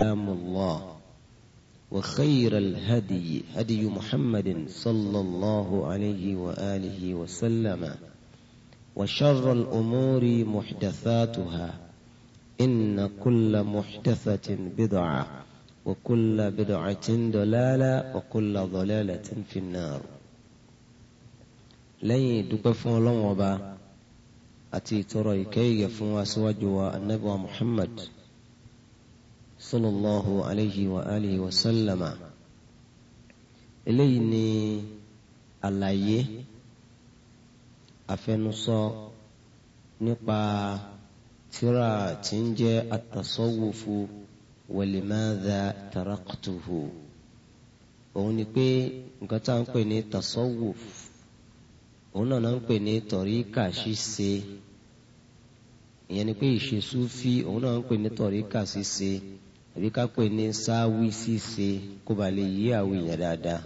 كلام الله وخير الهدي هدي محمد صلى الله عليه وآله وسلم وشر الأمور محدثاتها إن كل محدثة بدعة وكل بدعة ضلالة وكل ضلالة في النار لن دقفوا لنوبا أتي ترى كيف يفوا النبوة محمد صلى الله عليه وآله وسلم إليني ni àlàyé àfẹnusọ ترى تنجى التصوف ولماذا jẹ́ àtàsọ́wòfu walimadha taraktuhu òun ni pé nǹkan tá à ń pè ní tasawuf òun náà náà ń pè ní tọ̀ríkà ṣíṣe ìyẹn ni pé ìṣesúfì òun náà ń pè ní tọ̀ríkà ṣíṣe àbí ká pè ní sáwí ṣíṣe kó ba lè yí àwọn èèyàn dáadáa.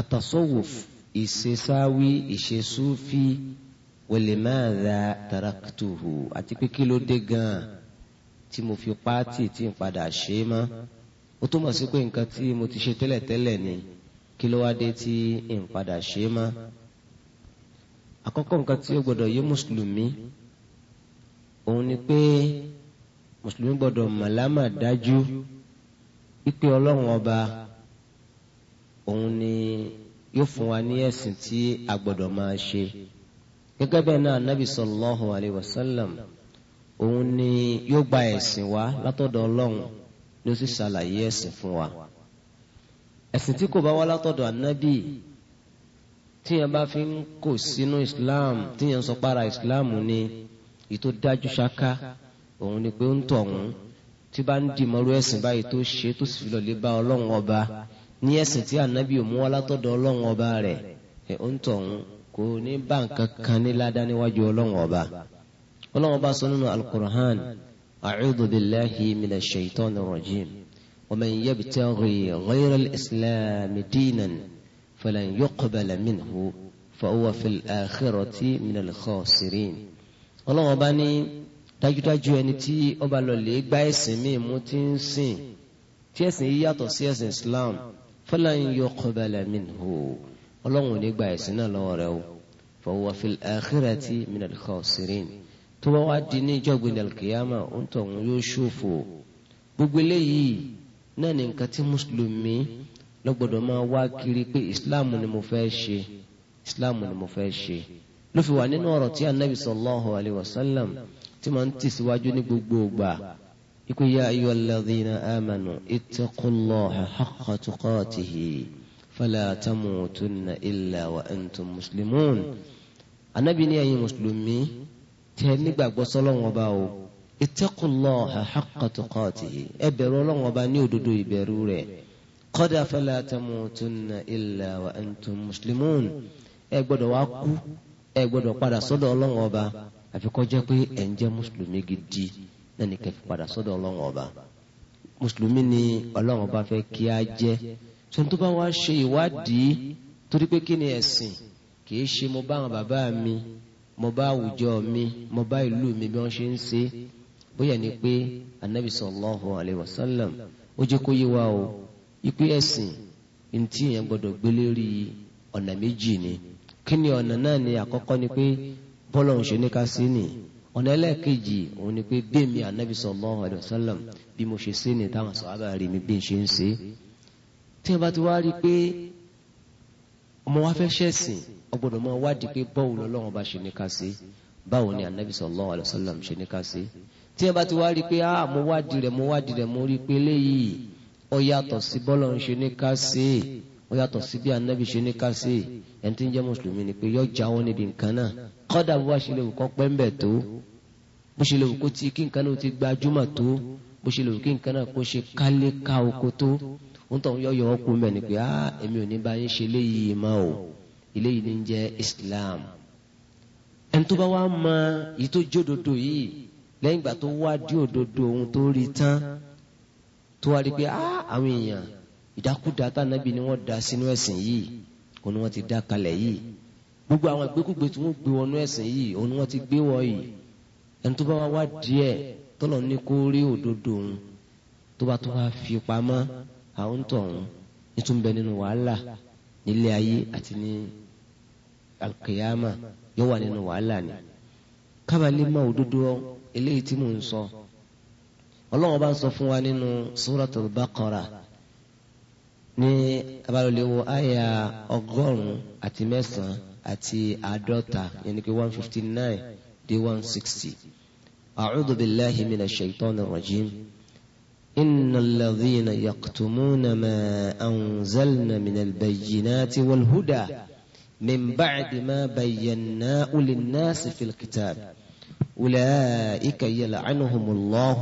àtàsọ́wòf ìṣe sáwí ìṣe súfì wọlé máa ra tàràkìtùhù àti pé kí ló dé gan-an tí mo fi pààtì tí n padà ṣe é mọ́ ó túmọ̀ sí pé nǹkan tí mo ti ṣe tẹ́lẹ̀tẹ́lẹ̀ ni kí ló wá dé tí n padà ṣe é mọ́. àkọ́kọ́ nǹkan tí ó gbọ́dọ̀ yé mùsùlùmí òun ni pé mùsùlùmí gbọ́dọ̀ màlámà dájú wípé ọlọ́run ọba òun ni yóò fún wa ní ẹ̀sìn tí a gbọ́dọ̀ máa ṣe gẹ́gẹ́ bẹ́ẹ̀ náà nabi sallallahu alayhi wa sallam òun ni yóò gba ẹ̀sìn wa látọ̀dọ̀ ọlọ́run ló sì ṣàlàyé ẹ̀sìn fún wa ẹ̀sìn tí kò bá wá látọ̀dọ̀ ànábì tíyẹn bá fi ń kò sínú islam tíyẹn sọ para islam ni ètò dájú ṣáká òun ni pé ó ń tọ̀ ọ̀hún tí bá ń di mọ́rú ẹ̀sìn báyìí tó ṣe tó sì fi lọ lè bá ọlọ́run ọba ní ẹ̀sìn tí ànábì ò mú wá látọ̀dọ̀ ọlọ́run ọba rẹ̀ ẹ̀ ó ń tọ̀ ọ̀hún kò ní bá nǹkan kan ní ládá níwájú ọlọ́run ọba ọlọ́run ọba sọ nínú alukur'an a'udhu billahi minash shaitani rajim wa man yabtaghi ghayra ọlọ́run ọba ní dájúdájú ẹni tí ọba lọ́lẹ̀ gba ẹ̀sìn míì mú ti ń sìn tí ẹ̀sìn yìí yàtọ̀ sí ẹ̀sìn Islam falan yuqbala minhu ọlọ́run ò ní gba ẹ̀sìn náà lọ́wọ́ rẹ o fa huwa fil akhirati minal khasirin tó bá wá di ní ìjọ́gbìn alkiyama ó ń tọ̀hún yóò ṣòfò gbogbo eléyìí náà ní nǹkan tí mùsùlùmí lọ́gbọ́dọ̀ máa wá kiri pé Islam ni mo fẹ́ ṣe Islam ni mo fẹ́ ṣe ló fi wà nínú ọ̀rọ̀ tí anabi sallallahu alayhi wa sallam tí máa ń tẹ̀síwájú ní gbogbo ìgbà ikú ya ayyuhal ladhina amanu ittaqullaha haqqa tuqatihi fala tamutunna illa wa antum muslimun anabi ní ẹ̀yin mùsùlùmí tẹ nígbàgbọ́ sọ́lọ́wọ́n ọba o ittaqullaha haqqa tuqatihi ẹ bẹ̀rù ọlọ́wọ́n ọba ní òdodo ìbẹ̀rù rẹ̀ kọ́dà fala tamutunna illa wa antum muslimun gbọ́dọ̀ wá kú ẹ gbọ́dọ̀ padà sọ́dọ̀ Ọlọ́run ọba àfi kó jẹ́ pé ẹ̀ ń jẹ́ mùsùlùmí gidi náà ní kẹfì padà sọ́dọ̀ Ọlọ́run ọba mùsùlùmí ni Ọlọ́run ọba fẹ́ kí á jẹ́ tó ń tó bá wá ṣe ìwádìí torí pé kí ni ẹ̀sìn kì í ṣe mo bá àwọn bàbá mi mo bá àwùjọ mi mo bá ìlú mi bí wọ́n ṣe ń ṣe bóyá ni pé anabi sallallahu alayhi wa sallam ó jẹ́ kó yé wa o ipe ẹ̀sìn ntí yẹn gbọ́dọ̀ gbélé rí ọ̀nà méjì ni kí ni ọ̀nà náà ni àkọ́kọ́ ni pé bọ́lọ̀ ń ṣe ní ká sí ni ọ̀nà ẹlẹ́ẹ̀kejì òun ni pé bí èmi ànábì sallallahu alaihi wasallam bí mo ṣe sí ni táwọn sọ̀rọ̀ rí mi bí n ṣe ń ṣe tí wọ́n bá ti wá rí i pé ọmọ wa fẹ́ ṣẹ̀sìn ọgbọ́dọ̀ máa wádìí pé bọ́ọ̀ lọ́lọ́wọ́n bá ṣe ní ká sí báwo ni ànábì sallallahu alaihi wasallam ṣe ní ká sí tí wọ́n bá ti wá rí i pé ah mo wádìí rẹ̀ mo wádìí rẹ̀ mo rí i pé léyìí ó yàtọ̀ sí bọ́lọ̀ ń ṣe ní ká sí ó yàtọ̀ sí bí anabi ṣe ní ká ṣe ẹni tí ń jẹ́ mùsùlùmí ni pé yọjà wọn níbi nǹkan náà kọ́dà bó wá ṣe lè wù kọ́ pẹ́ńbẹ̀ tó bó ṣe lè wù kó ti kí nǹkan náà ti gbajúmọ̀ tó bó ṣe lè wù kí nǹkan náà kó ṣe kálé ká oko tó ń tọ̀ yọ yọ ọkùnrin mẹ́ni pé á èmi ò ní bá yín ṣe léyìí mọ́ o eléyìí ní jẹ́ Islam ẹni tó bá wá mọ èyí tó jó dodo yìí lẹ́yìn ìgbà tó wá dí òdodo ohun tó rí tán tó wá rí pé á àwọn èèyàn ìdákúdá tánàbí ni wọ́n da sínú ẹ̀sìn yìí òun ni wọ́n ti dá kalẹ̀ yìí gbogbo àwọn ìgbékúgbé tí wọ́n gbé wọnú ẹ̀sìn yìí òun ni wọ́n ti gbé wọ yìí ẹni tó bá wá wá díẹ̀ ní kó rí òdodo òun tó bá tó wá fi pamọ́ àwọn tọ̀hún nítúmbẹ nínú wàhálà nílé ayé àti ní alkiyama yóò wà nínú wàhálà ni kábàlẹ́ mọ òdodo eléyìí tí mò ń sọ ọlọ́run bá ń sọ fún wa nínú suratul baqara ní abalọ̀lẹ̀ wo àyà ọgọ́rùn-ún àti mẹ́sàn-án àti àádọ́ta yẹn ni pé one fifty nine dé one sixty. أعوذ بالله من الشيطان الرجيم إن الذين يكتمون ما أنزلنا من البينات والهدى من بعد ما بيناه للناس في الكتاب أولئك يلعنهم الله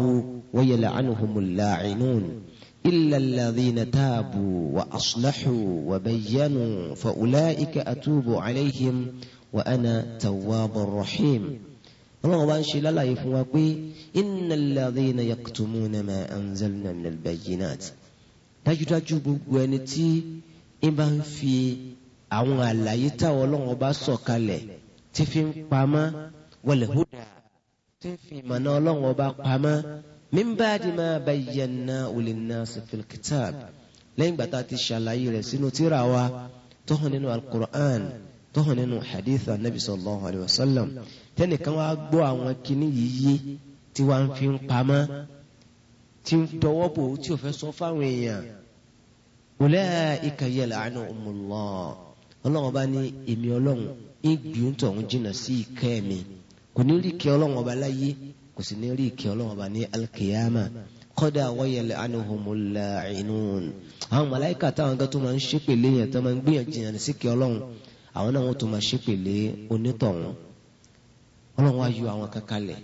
ويلعنهم اللاعنون إلا الذين تابوا وأصلحوا وبينوا فأولئك أتوب عليهم وأنا تواب رحيم الله بان شي لا إن الذين يكتمون ما أنزلنا من البينات dájúdájú gbogbo ẹni tí ń bá ń fi àwọn àlàyé táwọn ọlọ́run ọba sọ̀kalẹ̀ tí fi ń pamọ́ wọlé húdà tí fi ìmọ̀nà ọlọ́run ọba pamọ́ min ba'di ma bayyannāhu linnāsi fil kitāb lẹ́yìn gbàtà ti ṣàlàyé rẹ̀ sínú tírà wa tó hàn nínú al-Qur'an tó hàn nínú hadith anabi sallallahu alayhi wa sallam tẹnìkan wá gbọ́ àwọn kinní yìí yé tí wàá fi ń pamọ́ tí ń tọwọ́ bò tí ò fẹ́ sọ fáwọn èèyàn ulā'ika yal'anuhumullah ọlọ́run ọba ní èmi ọlọ́run ń gbìyànjú ọ̀hún jìnnà sí ìkẹ́ mi kò ní rí kẹ́ ọlọ́run ọba láyé kò sì ní rí ìkẹ́ ọlọ́run ọba ní alkiyama kọ́dà wọ́yẹ̀lẹ̀ anuhumula inun. àwọn màláìka táwọn kan tó máa ń ṣépèlé yẹn tó máa ń gbìyànjú yẹn sí ìkẹ́ ọlọ́run àwọn náà wọ́n tó máa ṣépèlé onítọ̀hún. ọlọ́run wá yọ àwọn kan kalẹ̀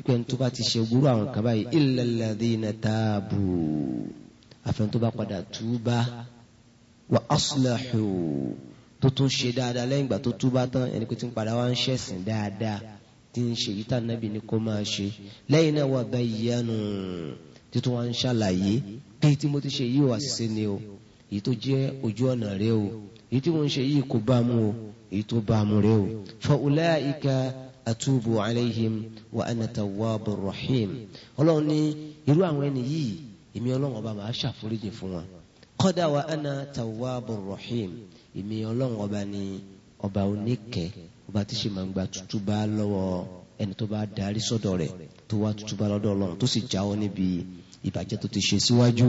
ìpè tó bá ti ṣe gbúrú àwọn kan báyìí ilẹ̀lẹ́dínà táàbù àfẹn tó bá padà túbá wà aslahu tó tún ṣe dáadáa lẹ́yìn ìgbà tó túbá tán ẹni pé tí ń padà wá ń ṣẹ̀sìn dáadáa tí ń ṣe yìí tá nàbì ni kó máa ṣe lẹ́yìn náà wà bayyanu títún wá ń ṣàlàyé pé tí mo ti ṣe yìí wà ṣiṣẹ́ ni o èyí tó jẹ́ ojú ọ̀nà rẹ o èyí tí mo ń ṣe yìí kò bá mu o èyí tó bá mu rẹ o fa ulaika atubu alayhim wa ana tawwabur rahim ọlọ́run ní irú àwọn ẹni yìí èmi ọlọ́run ọba máa ṣàforíjì fún wọn kọ́dà wa ana tawwabur rahim èmi ọlọ́run ọba ni ọba oníkẹ́ ọba tí sì máa ń gba tutu bá lọ́wọ́ ẹni tó bá darí sọ́dọ̀ rẹ̀ tó wá tutu bá lọ́dọ̀ ọlọ́run tó sì jáwọ́ níbi ìbàjẹ́ tó ti ṣe síwájú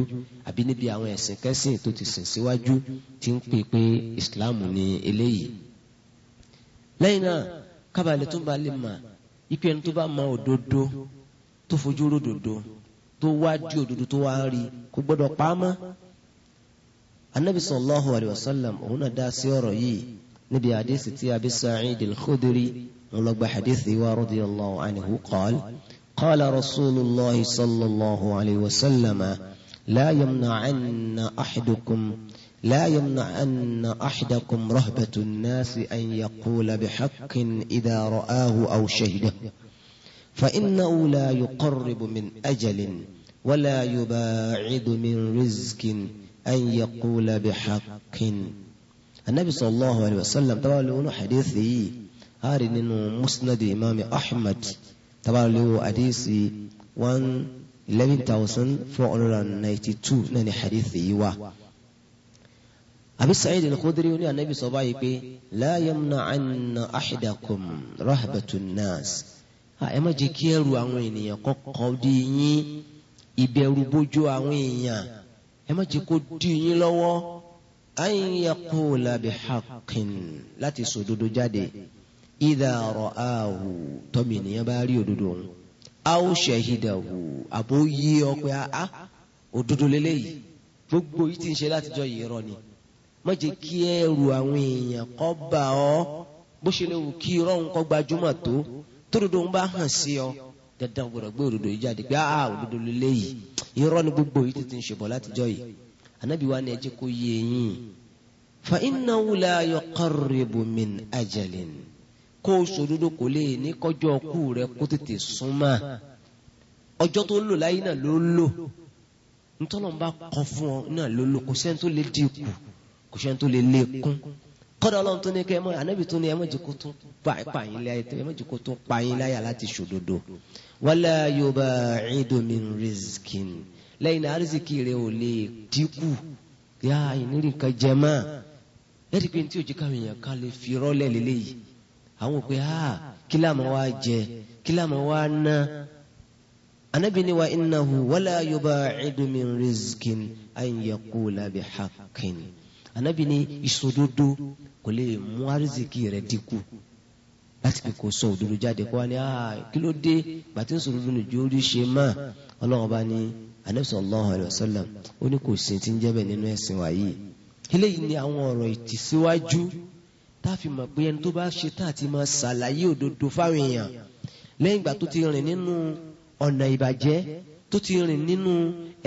àbí níbi àwọn ẹ̀sìn kẹ́sìn tó ti sìn síwájú ti ń pè pé Islam ni eléyìí. lẹ́yìn náà kábàlẹ̀ tó ń ba lè mà ipe ẹni tó bá mọ òdodo tó fojú ròdodo tó wá di òdodo tó wá rí kò gbọ́dọ̀ pa á mọ́. anabi sallallahu alayhi wa sallam òun náà dá sí ọ̀rọ̀ yìí نبي حديث تي أبي سعيد الخدري ولقب حديث رضي الله عنه قال قال رسول الله صلى الله عليه وسلم لا يمنعن أحدكم لا يمنعن أحدكم رهبة الناس أن يقول بحق إذا رآه أو شهده فإنه لا يقرب من أجل ولا يباعد من رزق أن يقول بحق anabi sallallahu alayhi wa sallam tabaali wọnú hadithi yìí hari nínú musnadi imaami ahmed tabaali wọ hadithi one eleven thousand four hundred and ninety two nani hadithi yìí wa. abi sa'id al-khudri ni anabi sọ báyìí pé la yamna'anna ahdakum rahbatun nas ẹ má jẹ́ kí ẹrù àwọn ènìyàn kọ́kọ́ di yín ìbẹ̀rù bójú àwọn èèyàn ẹ má jẹ́ kó di yín lọ́wọ́ an yaqula bihaqqin láti sòdodo jáde idha ra'ahu tọ́mi ènìyàn bá rí òdodo òun aw shahidahu àbó yí ọpẹ àá òdodo lélẹ́yìí gbogbo yìí ti ń ṣe látijọ́ yìí rọ ni má jẹ́ kí ẹrù àwọn èèyàn kó bà ọ́ bó ṣe lè wù kí rọ́hùn kó gbajúmọ̀ tó tódodo ń bá hàn sí ọ dandan gbọdọ̀ gbé òdodo yìí jáde pé àá òdodo lélẹ́yìí irọ́ ni gbogbo yìí ti ń ṣe bọ̀ látijọ́ yìí anabi wa ni ẹ jẹ́ kó yé yín fa innahu la yuqarribu min ajalin kó o sòdodo kò lè ní kọjọ́ ọkú rẹ kó tètè súnmọ́ ọjọ́ tó lò láyé náà ló lò ntọ́lọ́mùbá kọ fún ọ náà ló lò kò sẹ́ni tó lè dínkù kò sẹ́ni tó lè lékún kọ́dọ̀ ọlọ́run tó ní kẹ́ ẹ mọ́ ànábì tó ní ẹ mọ́ jìkó tó ń pa ìpààyàn láyà tó ẹ mọ́ jìkó tó ń pa yín láyà láti sòdodo wala yubaidu min rizkin lẹ́yìn náà arísìkì rẹ̀ ò lè dínkù yá ìnírí nǹkan jẹ mọ́ ẹ̀rí pé tí òjìká èèyàn kan lè fi rọ́lẹ̀ lélẹ́yìí àwọn òpè ha kí láàmú wa jẹ kí láàmú wa ná anabi ni wa innahu wala yuba'idu min rizqin an yaqula bihaqqin anabi ni ìṣòdodo kò lè mú arísìkì rẹ̀ dínkù láti pé kò sọ òdodo jáde kó wá ní kí ló dé gbàtí ń sòdodo nìjó rí ṣe máa ọlọ́run bá ní anabi sallallahu alayhi wa sallam ó ní kò sí ti ń jẹ́bẹ̀ nínú ẹ̀sìn wa yìí eléyìí ni àwọn ọ̀rọ̀ ìtìsíwájú tá a fi mọ̀ pé ẹni tó bá ṣe tá a ti máa ṣàlàyé òdodo fáwọn èèyàn lẹ́yìn ìgbà tó ti rìn nínú ọ̀nà ìbàjẹ́ tó ti rìn nínú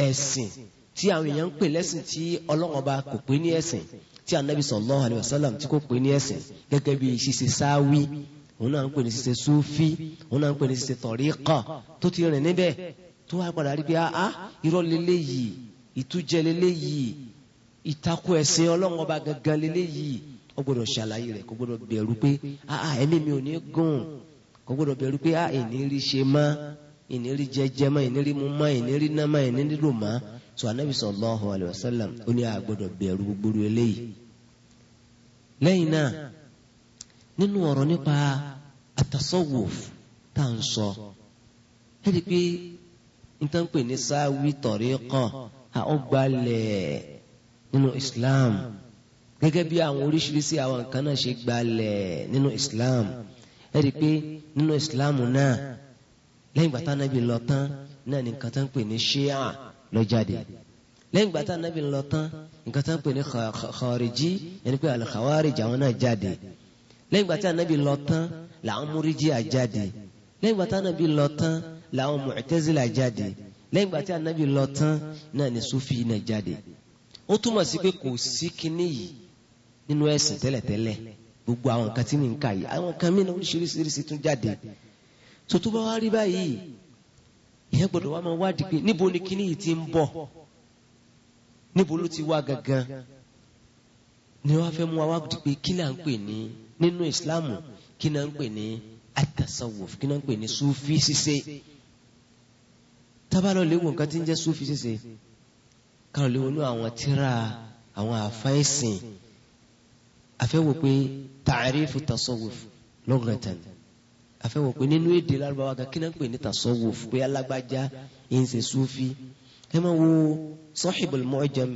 ẹ̀sìn tí àwọn èèyàn ń pè lẹ́sìn tí ọlọ́run ọba kò pé ní ẹ̀sìn tí anabi sallallahu alayhi wa sallam tí kò pé ní ẹ̀sìn gẹ́gẹ́ bí ṣíṣe sáwí òun náà ń pè ní ṣíṣe súfí òun náà ń pè ní ṣíṣe tọ̀ríkà tó ti rìn níbẹ̀ tó wá padà rí bí a ah, ah, irọ́ lélẹ́ yìí ìtújẹ lélẹ́ yìí ìtakò ẹ̀sìn ọlọ́run ọba gangan lélẹ́ yìí ó gbọ́dọ̀ ṣàlàyé rẹ̀ kó gbọ́dọ̀ bẹ̀rù pé a ah, ẹ̀mí mi ò ní gùn kó gbọ́dọ̀ bẹ̀rù pé a ìní rí ṣe mọ́ ìní rí jẹjẹ mọ́ ìní rí mu mọ́ ìní rí ná mọ́ ìní rí lò mọ́ tó anabi sallallahu alayhi wa sallam ó ní a bẹ̀rù gbogbo eléyìí lẹ́yìn nítorí pé ní sáwí tariqa àọ́gbalẹ̀ nínú Islam gẹ́gẹ́ bí àwọn oríṣiríṣi àwọn nǹkan náà ṣe gbalẹ̀ nínú Islam ẹ rí i pé nínú Islam náà lẹ́yìn gbàtà nàbì lọ tán náà ní nǹkan tó ń pè ní ṣíà lọ jáde lẹ́yìn gbàtà nàbì lọ tán nǹkan tó ń pè ní khawariji ẹni pé al àwọn náà jáde lẹ́yìn gbàtà nàbì lọ tán làwọn múríjì àjáde lẹ́yìn gbàtà nàbì lọ tán làwọn Mu'tazila jáde lẹ́yìn gbàtí anabi lọ tán náà ni sufi náà jáde ó túmọ̀ sí pé kò sí kinní yìí nínú ẹ̀sìn tẹ́lẹ̀tẹ́lẹ̀ gbogbo àwọn nǹkan tí mi ń kà yìí àwọn nǹkan mi náà oríṣiríṣiríṣi tún jáde tó bá wá rí báyìí ìyẹn gbọ́dọ̀ wá máa wádìí pé níbo ni kinní yìí ti ń bọ̀ níbo ló ti wá gangan ni wọ́n fẹ́ mú wa wá di pé kí náà ń pè ní nínú ìsìláàmù kí náà ń pè ní at kí náà ń pè ní sufi ṣíṣe tábàlọ́ léwu nǹkan tí ń jẹ́ sufi ṣíṣe káwọn léwu ní àwọn tíra àwọn àfáìsìn àfẹ́wò pé tààrífù tasawuf lọ́gàtàn àfẹ́wò pé nínú èdè lárúbáwá kan kí náà ń pè ní tasawuf pé alágbájá ń ṣe sufi ẹ máa wo sahibul mu'jam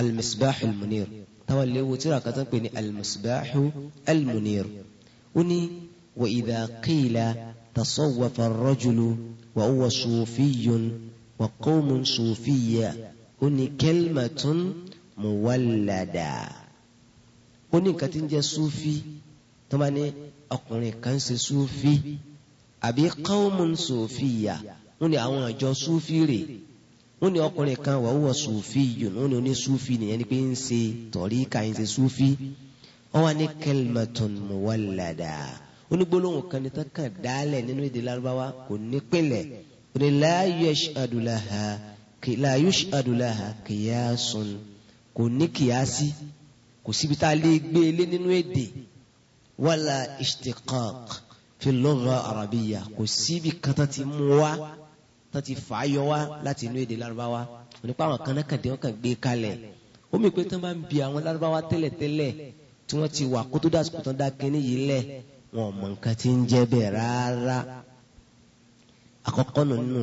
al-misbah al-munir táwọn kan tó ń pè ní al-misbah al-munir ó ní wa idha وهو صوفي وقوم صوفية أني كلمة مولدة أني كتنجة صوفي تماني أقولي كنس صوفي أبي قوم صوفية أني أوان جو صوفي ري wọ́n ní ọkùnrin kan wà wọ́n sùfì yìí wọ́n ní oní sùfì nìyẹn ni pé ń ṣe tọ̀ríkà ń ṣe sùfì ó wà ní kẹlmẹ̀tún mọ̀wálàdà onígbólóhùn kan ní tán kàn dálẹ̀ nínú èdè lárúbáwá kò nípìnlẹ̀ òní láyúṣ adùláhà kìyàsùn kò ní kìyàsí kò síbi tá a lè gbé e lé nínú èdè wàlà ishtiqaq fi lugha arabiya kò síbi kan tán ti mú wa tán ti fà á yọ wa láti inú èdè lárúbáwá onípa àwọn kan náà kàn dé wọn kàn gbé e kalẹ̀ ó pé tán bá ń bi àwọn lárúbáwá tẹ́lẹ̀tẹ́lẹ̀ tí wọ́n ti wà kótó dàsìkò wọn mọ nǹkan tí ń jẹ́ bẹ́ẹ̀ rárá àkọ́kọ́ nù nínú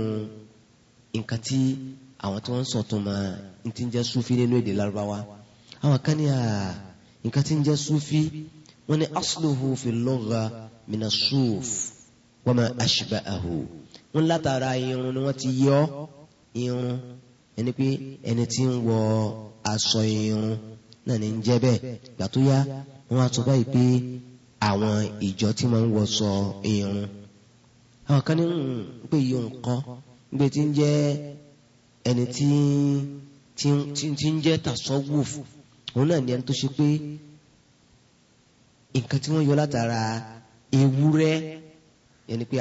nǹkan tí àwọn tí wọ́n ń sọ̀tún mọ́ ní ti ń jẹ́ sufi nínú èdè Lárúbáwá àwọn kan ní nǹkan tí ń jẹ́ sufi wọ́n ní asluhu fi lugha mina suf wa ma ashba'ahu wọ́n látara irun ni wọ́n ti yọ irun ẹni pé ẹni tí ń wọ aṣọ irun náà ní ń jẹ́ bẹ́ẹ̀ gbà tó á sọ báyìí pé àwọn ìjọ tí wọ́n ń wọṣọ irun àwọn kan ní pé yìí ń kọ́ gbé tí ń jẹ́ ẹni tí tí ń jẹ́ tasawuf òun náà ní ẹni tó ṣe pé nǹkan tí wọ́n yọ látara ewúrẹ́ yẹni pé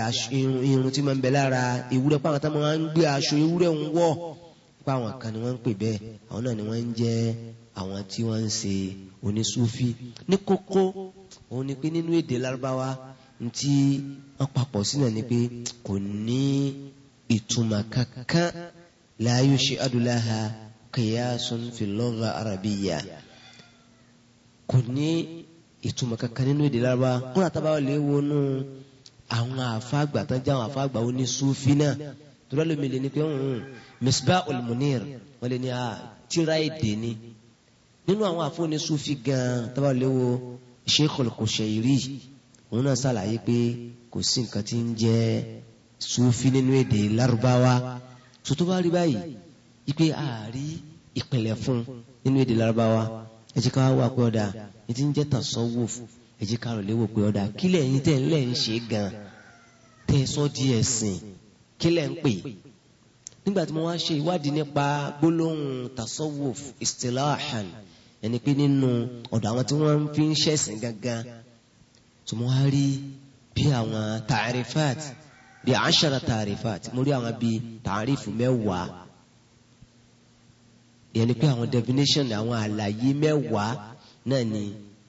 irun tí máa ń bẹ lára ewúrẹ́ pàwọn táwọn máa ń gbé aṣọ ewúrẹ́ ń wọ̀ pàwọn kan ni wọ́n ń pè bẹ́ẹ̀ àwọn náà ni wọ́n ń jẹ́ àwọn tí wọ́n ń ṣe onísúfì ní kókó òun ni pé nínú èdè lárúbáwá ntí wọn papọ̀ sínú ni pé kò ní ìtumọ̀ kankan la yushadu laha qiyasun fil lugha arabiyya kò ní ìtumọ̀ kankan nínú èdè lárúbáwá kúrò àtàbáwá lè wọnú àwọn àfáàgbà tán jẹ́ àwọn àfáàgbà oní sufi náà tura lomi le ni pe hun hmm, hmm, misbah olmunir wọn le ni a ah, tira èdè ni nínú àwọn àfọwọ́ni sufi gan tabawo lewo. Sheikhul Kushairi òun náà ṣàlàyé pé kò sí nǹkan tí ń jẹ́ sufi nínú èdè Lárúbáwá tuntun bá rí báyìí ipe àárí ìpìlẹ̀ fún nínú èdè Lárúbáwá ẹ jẹ́ ká wá pé ọ̀dà ẹ ti ń jẹ́ tasawuf ẹ ká rò léwò pé ọ̀dà kílẹ̀ yín tẹ̀ ń lẹ̀ ń ṣe gan tẹ̀ sọ́ di ẹ̀sìn kílẹ̀ ń pè nígbà tí mo wá ṣe ìwádìí nípa gbólóhùn tasawuf istilahan ẹni pé nínú ọ̀dọ̀ àwọn tí wọ́n fi ń ṣẹ̀sìn gangan tó mo rí bí àwọn tàrífàt bí àṣàrà tàrífàt mo rí àwọn bíi tàrífù mẹ́wàá ìyẹn ni pé àwọn definition àwọn àlàyé mẹ́wàá náà ni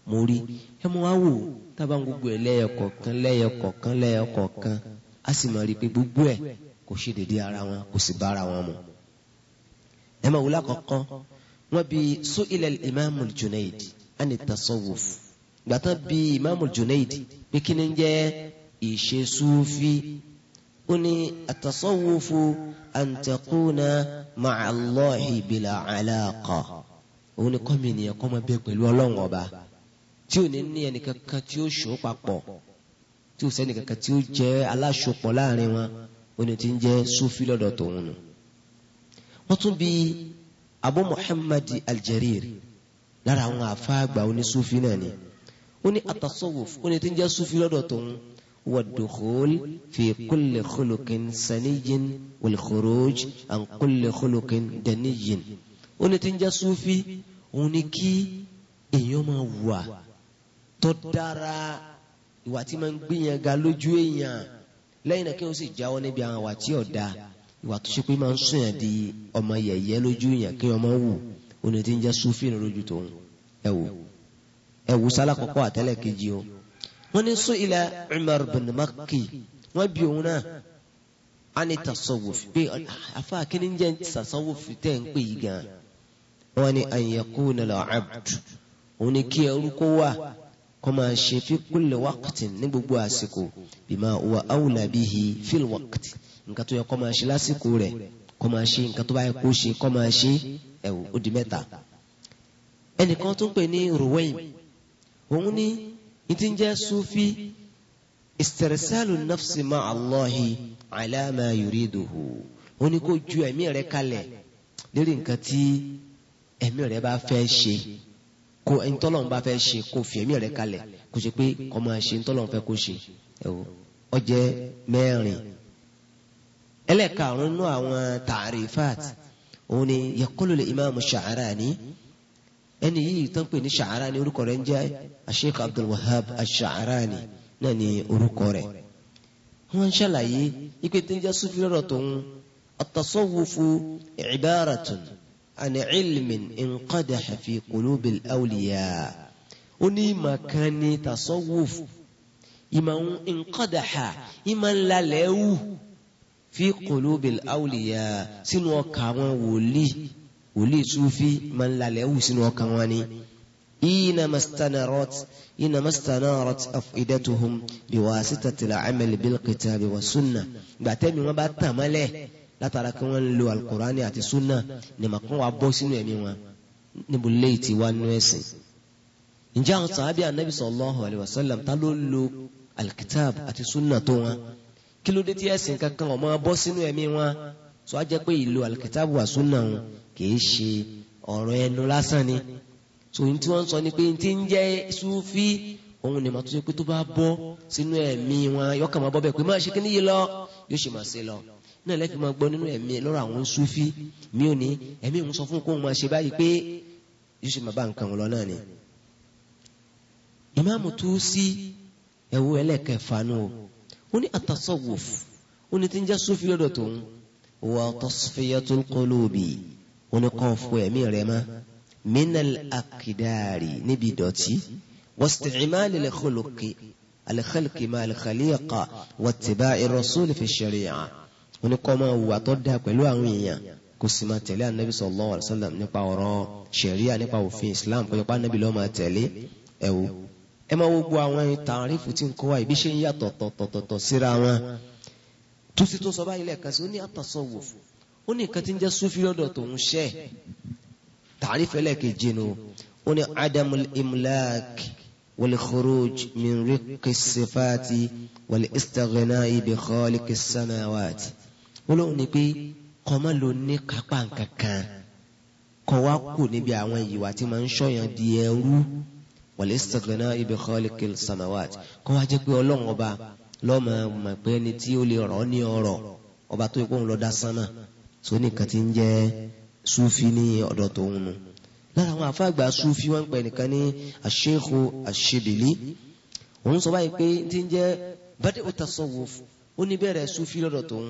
mo rí ẹ mo wá wò tábà ń gbogbo ẹ lẹ́yọkọ̀kan lẹ́yọkọ̀kan lẹ́yọkọ̀kan a sì mọ̀ rí i pé gbogbo ẹ̀ kò ṣe dédé ara wọn kò sì bá ara wọn mu ẹ máa wúlò àkọ́kọ́ wọ́n bi su'ila al-imam al-Junayd ani tasawuf gbàtà bi imam al-Junayd bí kíni jẹ́ ìṣe sufi ó ní at-tasawufu an taquna ma'a Allahi bila alaqa òun ni kọ́mi ènìyàn kọ́ máa bẹ pẹ̀lú ọlọ́run ọba tí ò ní ní ẹnìkankan tí ó sùn papọ̀ tí ò sẹ́nìkankan tí ó jẹ́ aláṣọpọ̀ láàrin wọn ó ní ti ń jẹ́ sufi tòun nù wọ́n tún bi abu muhammad aljarir lára àwọn àfáàgbà onísúfì náà ni ó ní atasawuf ó ní tí ń jẹ́ súfì lọ́dọ̀ tóun wà dukhul fi kulli khuluqin saniyyin wal khuruj an kulli khuluqin daniyyin ó ní tí ń jẹ́ súfì òun ni kí èèyàn máa wà tó dára ìwà tí máa ń gbìyànjú lójú èèyàn lẹ́yìn náà kí wọ́n sì jáwọ́ níbi àwọn àwà tí ìwà tó ṣe pé máa ń sùn yàn di ọmọ yẹ̀yẹ́ lójú yàn kí ọmọ wù oní ti ń jẹ́ sufin lójú tòun ẹ wò ẹ wò sálà kọ́kọ́ àtẹ́lẹ̀ kejì o wọ́n ní sún ilẹ̀ Umar bin Makki wọ́n bí òun náà á ní tasawuf pé afa kíni jẹ́ tasawuf tẹ̀ ń pè yí gan wọ́n ní an yakuna al-abd òun ní kí ẹrú wà kó máa ṣe fi kulli waqtin ní gbogbo àsìkò bima huwa awla bihi fil waqti nǹkan tó yẹ kó máa ṣe lásìkò rẹ̀ kó máa ṣe nǹkan tó bá yẹ kó ṣe kó máa ṣe ẹ̀wò ó mẹ́ta. ẹnìkan tó ń pè ní ruwain òun ní ìtí ń jẹ́ sufi istirsalu nafsi ma allahi ala ma yuriduhu òun ní kó ju ẹ̀mí rẹ̀ kalẹ̀ lérí nǹkan tí ẹ̀mí rẹ̀ bá fẹ́ ṣe kó ntọ́lọ́n bá fẹ́ ṣe kó fi ẹ̀mí rẹ̀ kalẹ̀ kó ṣe pé kó máa ṣe ntọ́lọ́n fẹ́ kó ṣe ẹ̀wò ó jẹ́ mẹ́rin ẹlẹ́karùn nínú àwọn tàrífàt òun ni yaqulu li imaamu Sha'rani ẹni yìí tán pè ní Sha'rani orúkọ rẹ̀ ń jẹ́ Sheikh Abdul Wahhab Sha'rani náà ni orúkọ rẹ̀ wọ́n ń ṣàlàyé ipe tí ń jẹ́ sufi lọ́rọ̀ tòun at-tasawwufu ibaratun an ilmin inqadaha fi qulubil awliya ó ní ìmọ̀ kan ní tasawwuf ìmọ̀ inqadaha fi qulubil awliya sínú ọkàn àwọn wòlíì wòlíì sufi máa ń lalẹ̀ wù sínú ọkàn wọn ni. إينما استنارت إينما استنارت أفئدتهم بواسطة العمل بالكتاب والسنة بعتمي ما بتمله لا تركون لو القرآن أتي السنة نمكون وابوسين يميوا نبليتي وانوسي إن جاء صحابي النبي صلى الله عليه وسلم تلو الكتاب أتي السنة توا kí ló dé tí ẹ̀sìn kankan ó máa bọ́ sínú ẹ̀mí wọn sọ á pé ìlú alikitaabu wa wọn kìí ṣe ọ̀rọ̀ ẹnu lásán ni so ní tí wọ́n sọ ni pé ti ń jẹ́ sufi òun ni màá tó yẹ pé tó bá bọ́ sínú ẹ̀mí wọn yọkàn máa bọ́ bẹ́ẹ̀ pé máa ṣe kíní yìí lọ yóò ṣe máa ṣe lọ náà lẹ́fì máa gbọ́ nínú ẹ̀mí lọ́rọ̀ àwọn sufi mi ò ní ẹ̀mí òun sọ fún kóun máa ṣe báyìí pé yóò ṣe máa bá nǹkan lọ náà ni. ìmáàmù tó sí ẹ̀wọ́ ẹlẹ́kẹ̀ẹ́fà nù ó ní at-tasawwuf ó ní tí ń jẹ́ sufi lọ́dọ̀ tòun wa tasfiyatul qulubi ó ní kọ́ fún ẹ̀mí rẹ mọ́ minal akidari níbi dọ̀tí wasti'mal al-khuluqi al-khalqi ma al-khaliqa wattiba'i rasul fi shari'a ó ní kọ́ máa wùwà tó dáa àwọn èèyàn kò sì máa tẹ̀lé anabi sallallahu alaihi wasallam nípa ọ̀rọ̀ sharia nípa òfin islam kọjọpá anabi lọ́ọ́ máa tẹ̀lé ẹ̀wò ẹ máa gbogbo àwọn tàrífù tí ń kọ́ wa ìbí ṣe ń yàtọ̀ tọ̀tọ̀tọ̀ síra wọn túsí tó sọ báyìí lẹ́ẹ̀kan sí ó ní àtàsọ̀wò ó ní nǹkan tí ń jẹ́ súfì lọ́dọ̀ tòun ṣẹ́ tàrífù ẹlẹ́ẹ̀kejì nu ó ní adamul imlak wal khuruj min riqi sifati wal istighna'i bi khaliqi ó lóun ní pé kọ́mọ́ ló ní kápá nǹkan kan kọ́ wa kù níbi àwọn ìwà tí máa ń ṣọ̀yàn di ẹrú wal-istighna'i bi khaliqil samawat kó wá jẹ́ pé ọlọ́run ọba lọ́mọ mọ̀ pé ẹni tí ó lè rọ̀ ní ọ̀rọ̀ ọba tó yẹ kó ń lọ dá sánà tó nìkan ti ń jẹ́ sufi ní ọ̀dọ̀ tòun nù lára àwọn àfáàgbà sufi wọn pè nìkan ní aṣeéhu aṣebìlí òun sọ báyìí pé ti ń jẹ́ bàdéhù tasawuf ó ní bẹ̀rẹ̀ sufi lọ́dọ̀ tòun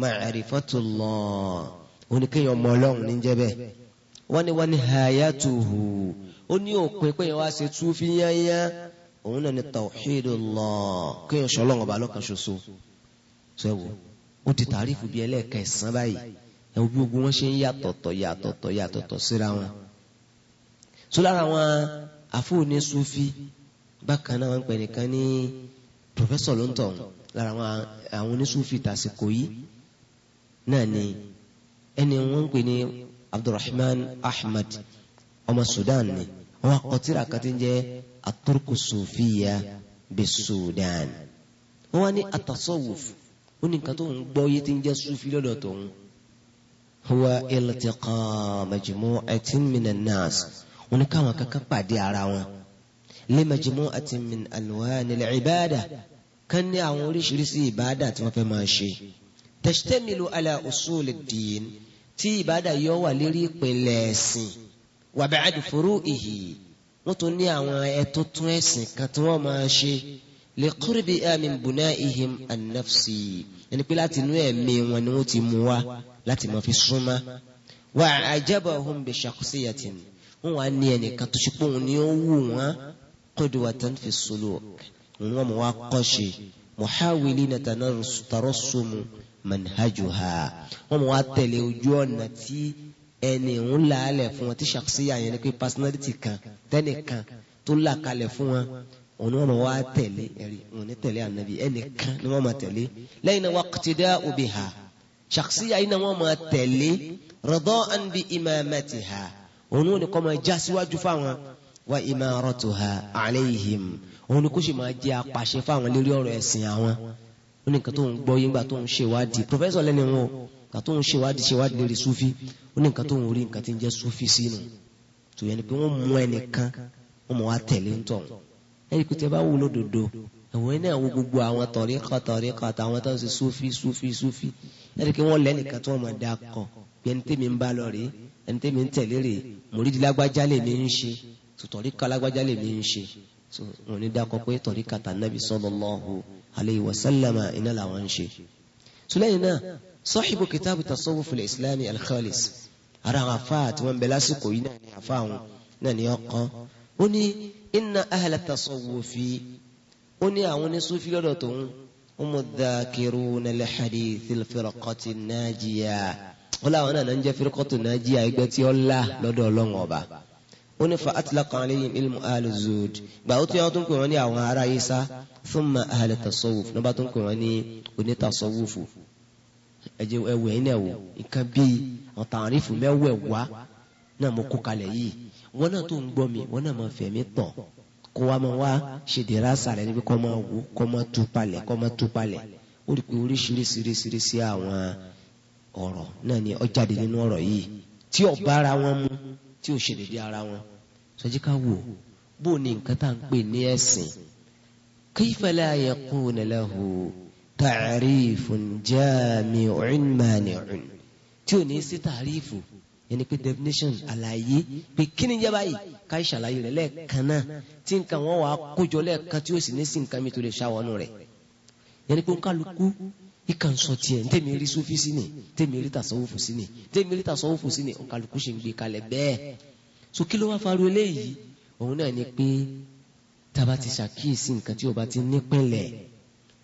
ma'rifatullah ó ní kéèyàn ó ní òpin pé yẹn wá ṣe Sufi yányá òun náà ni tawhidullah kéèyàn ṣọlọ́run ọba lọ́kan ṣoṣo ṣe wò ó ti tàrífù bíi ẹlẹ́ẹ̀kẹsán báyìí ẹ wo bí gbogbo wọn ṣe ń yàtọ̀tọ̀ yàtọ̀tọ̀ yàtọ̀tọ̀ síra wọn. tó lára àwọn àfúnni Sufi bákan náà wọn pè nìkan ní pòfẹ́sọ̀ ló ń tọ̀ lára àwọn oníṣúfì tàsíkò yìí náà ni ẹni wọn ń pè ní Abdulrahman Ahmad ọmọ Sudan ni wọn kọ tírà kan tí ń jẹ́ aturku sufiya bi Sudan wọn wá ní atasawuf ó ní nǹkan tó ń gbọ́ yé tí ń jẹ́ sufi lọ́dọ̀ tó ń huwa iltiqa majmu'atin minan nas wọn ní káwọn kankan pàdé ara wọn li majmu'atin min alwanil ibada kan ní àwọn oríṣiríṣi ìbáàdà tí wọ́n fẹ́ máa ṣe tashtamilu ala usulid din tí ìbáàdà yọ wà lérí ìpínlẹ̀ ẹ̀sìn wàbẹ̀ádù fúrú ìhì wọ́n tún ní àwọn ẹ̀túntún ẹ̀sìn kan tí wọ́n máa ṣe lè kúrìbì àmì bùnà ìhìm ànáfsì ẹni pé láti inú ẹ̀mí wọn ni wọ́n ti mú wa láti máa fi súnmọ́ wà àjẹbọ̀ ọ̀hún bẹ̀ ṣàkóṣeyàtì wọn wà ní ẹnìkan tó ṣe pé òun ni ó wù wọn kódù wà tán fi solo òun wọn mọ wá kọ́ṣe muhawili na tarọ́sùmù manhajuha wọn mọ wá tẹ̀lé ojú ọ̀nà tí ẹni ń la alẹ̀ fún wọn tí ṣàkóṣeyà yẹn ni pé personality kan tẹ́nìkan tó là kalẹ̀ fún wọn òun wọn wá tẹ̀lé ẹ̀rí òun ní tẹ̀lé ànábì ẹnìkan ni wọ́n máa tẹ̀lé lẹ́yìn náà waqtida'u biha ṣàkóṣeyà yìí náà wọ́n máa tẹ̀lé rada'an bi imamatiha òun wọn ni kọ́ máa já síwájú fáwọn wa imaratuha alayhim òun ni kó sì máa jẹ́ apàṣẹ fáwọn lérí ọ̀rọ̀ ẹ̀sìn àwọn ó ní nǹkan ń gbọ́ yín gbà tó ń ṣèwádìí pòfẹ́sọ̀ lẹ́nu wọn gbàtó ń ṣèwádìí ṣèwádìí lérí sufi ó ní nǹkan tó ń rí nǹkan tí ń jẹ́ sufi sínú tó ni pé wọ́n mú ẹnìkan wọ́n mọ̀ wá tẹ̀lé ń tọ̀ ẹ̀rí kùtẹ́ bá wúlò dòdò ẹ̀wọ̀n iná ẹ̀wọ̀n gbogbo àwọn tọ̀ríkọ̀ tọ̀ríkọ̀ àtàwọn tó ń ṣe sufi sufi sufi ẹ̀rí kí wọ́n lẹ́nìkan tó wọ́n mọ̀ dá kọ̀ pé ẹni tẹ́mi ń bá lọ rèé ẹni tẹ́mi ń tẹ̀lé rèé mòrídìí lágbájá lè mi ń ṣe tọ̀ríkọ̀ lágbájá lè mi ń ṣe wọn ní dákọ pé tọ̀ríkọ̀ tànàbì sallallahu alayhi wa sallama iná làwọn ń ṣe. sùlẹ́yìn náà sọ́ọ̀hìbù kìtàbù tasawuf al-islami al-khalis ara àwọn afa àti wọn bẹ lásìkò yìí náà ní afa àwọn náà ní ọkọ ó ní inna ahla tasawufi ó ní àwọn oníṣòfì lọ́dọ̀ tòun umu dhakiruna li hadithil firqati najiya ó láwọn náà náà ń jẹ́ firqatu najiya ẹgbẹ́ tí ó la lọ́dọ̀ ọlọ́run ọba ó ní fa atlaqa alayhim ilmu ahli zuhd gbà ó tún yà ó tún pè wọ́n ní àwọn ará yìí sá thumma ahla tasawuf ní wọ́n bá tún pè wọ́n ní onítasawufu ẹjẹ ẹwẹ yín náà wò nǹkan bíi àwọn tààrífù mẹ́wẹ̀ẹ̀wá náà mo kó kalẹ̀ yìí wọn náà tó ń gbọ́ mi wọn náà máa fẹ̀ mí tọ̀ kó wa máa wá ṣèdèrè àṣà rẹ níbi kọ́ máa wò kọ́ máa tú palẹ̀ kọ́ máa tú palẹ̀ ó rí i pé oríṣiríṣiríṣi àwọn ọ̀rọ̀ náà ni ó jáde nínú ọ̀rọ̀ yìí tí ó bá ara wọn mu tí ò ṣèdèdè ara wọn sọjí ká wò bó ni nǹkan tá à ń pè ní ẹ̀sìn kayfa la yaquna lahu tàrífùn jáàmìún mànìún tí ò ní sí tàrífù yẹni pé definition àlàyé pé kí ni jẹ́ báyìí ká ìṣàlàyé rẹ̀ lẹ́ẹ̀kan náà tí nǹkan wọn wàá kójọ lẹ́ẹ̀kan tí ó sì ní sí nǹkan mi tó lè ṣàwọnú rẹ̀ yẹni pé nkálukú ìkàn sọ tiẹ̀ ní tèmi rí sufi sí ni tèmi rí tasawufu sí ni tèmi rí tasawufu sí ni nkálukú ṣe ń gbé kalẹ̀ bẹ́ẹ̀ so kí ló wá faru eléyìí òun náà ni pé tá ti ṣàkíyèsí nǹkan tí o ti nípìnlẹ̀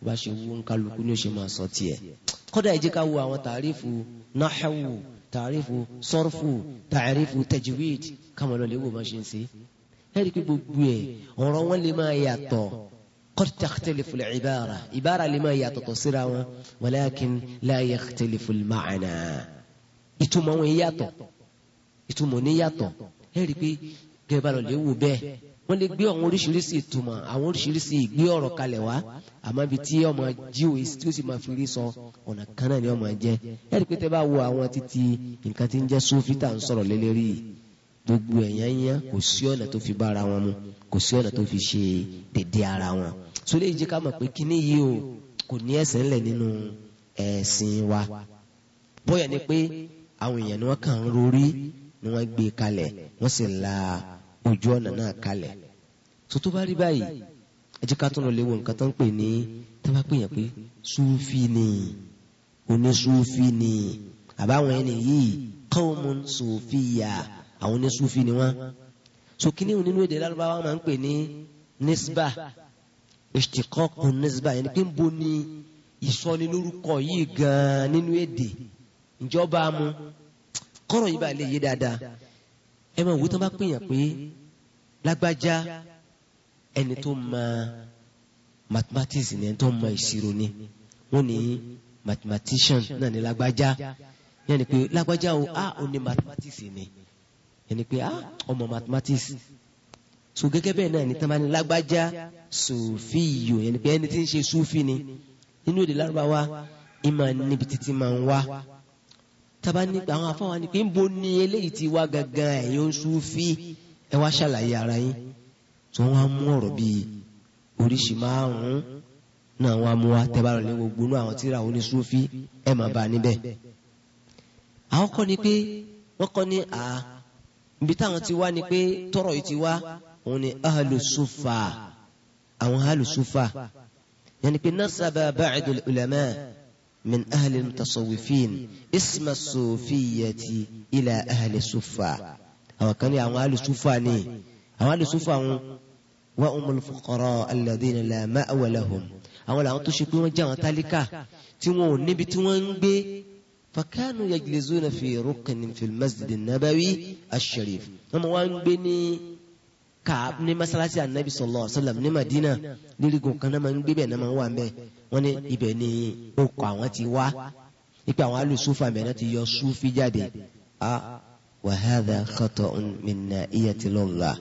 bá ṣe wú ń kálukú ní o ṣe máa sọ tiẹ̀ kódà ẹ jẹ́ ká wo àwọn tàrífù náhẹ́wù tàrífù sọ́rfù tàrífù tajwid káwọn lọ lè wò bá ṣe ń ṣe ẹ rí i pé gbogbo ẹ ọ̀rọ̀ wọn lè máa yàtọ̀ qad takhtalifu al-ibara ibara lè máa yàtọ̀ tọ̀ síra wọn walakin la yakhtalifu al-ma'na ìtumọ̀ wọn yàtọ̀ ìtumọ̀ ní yàtọ̀ ẹ rí i pé gẹ́gẹ́ lọ lè bẹ́ẹ̀ wọ́n lè gbé àwọn oríṣiríṣi ìtumọ̀ àwọn oríṣiríṣi ìgbé ọ̀rọ̀ kalẹ̀ wá àmọ́ ibi tí ọmọ jíwò tí ó sì máa fi rí sọ ọ̀nà kan náà ni ọmọ jẹ́ ẹ̀rí pé tẹ́ bá wo àwọn títí nǹkan tí ń jẹ́ sófin tá à ń sọ̀rọ̀ lélẹ́rí gbogbo ẹ̀yàn yẹn kò sí ọ̀nà tó fi bá ara wọn mu kò sí ọ̀nà tó fi ṣe dédé ara wọn so lè jẹ́ ká mọ̀ pé kíní yìí o kò ní ẹsẹ̀ ńlẹ̀ nínú ẹ̀sìn wa bóyá ni pé àwọn èèyàn ni wọ́n kàn ń rorí ni wọ́n gbé kalẹ̀ wọ́n sì la ojú ọ̀nà náà kalẹ̀ tó tó bá rí báyìí ẹ jẹ́ ká tún lọ léwu nǹkan tó ń pè ní tó bá pè yàn pé súfì ni onísúfì ni àbáwọn ẹni yìí qawmun sufiyya àwọn onísúfì ni wọ́n so kíní nínú èdè lárúbáwá máa ń pè ní nisba ishtiqaqu nisba yẹn ni pé ń bo ni ìsọnilórúkọ yìí gan-an nínú èdè ìjọba mu kọ́rọ̀ yìí bá lè yé dáadáa ẹ máa wò tó bá pèèyàn pé lágbájá ẹni tó mọ mathematics ni ẹni tó mọ ìṣirò ni wọ́n ní mathematician náà ní lágbájá yẹn pé lágbájá o a ò ní mathematics ni yẹn pé a ọmọ mathematics so gẹ́gẹ́ bẹ́ẹ̀ náà ní tí wọ́n bá ní lágbájá sòfíìyò yẹn ni pé ẹni tí ń ṣe sùfì ni nínú èdè lárúbáwá ìmọ̀ níbi títí máa ń wá taba ní àwọn afáwa ni pé ń bo ni eléyìí ti wá gangan ẹ̀yin oṣù fi ẹ wá ṣàlàyé ara yín tí wọ́n á mú ọ̀rọ̀ bíi oríṣi márùn náà wọ́n mú wa tẹ́ bá rẹ̀ lé gbogbo àwọn tíra òní sufi ẹ̀ máa bá a níbẹ̀. àwọn kọ́ ni pé wọ́n kọ́ ni à ibi táwọn ti wá ni pé tọrọ yìí ti wá òun ni ahlusufa àwọn ahlusufa yẹn ni pé nasaba ba'd ulama. من أهل المتصوفين اسم الصوفية إلى أهل الصفة أو كان يعني أهل الصفة ني أهل الصفة وهم الفقراء الذين لا مأوى لهم أو لهم تشكون جاء تلك تمون نبي تمون فكانوا يجلسون في ركن في المسجد النبوي الشريف هم وان بني كعب ني مسلسل النبي صلى الله عليه وسلم ني مدينة للي كان من بيبي نما وان بيه wọ́n ní ibẹ̀ ni okọ̀ àwọn ti wá ipa àwọn alùsùfà mẹ́rin ti yọ súfì jáde a wa hadha khata'un min na'iyatillah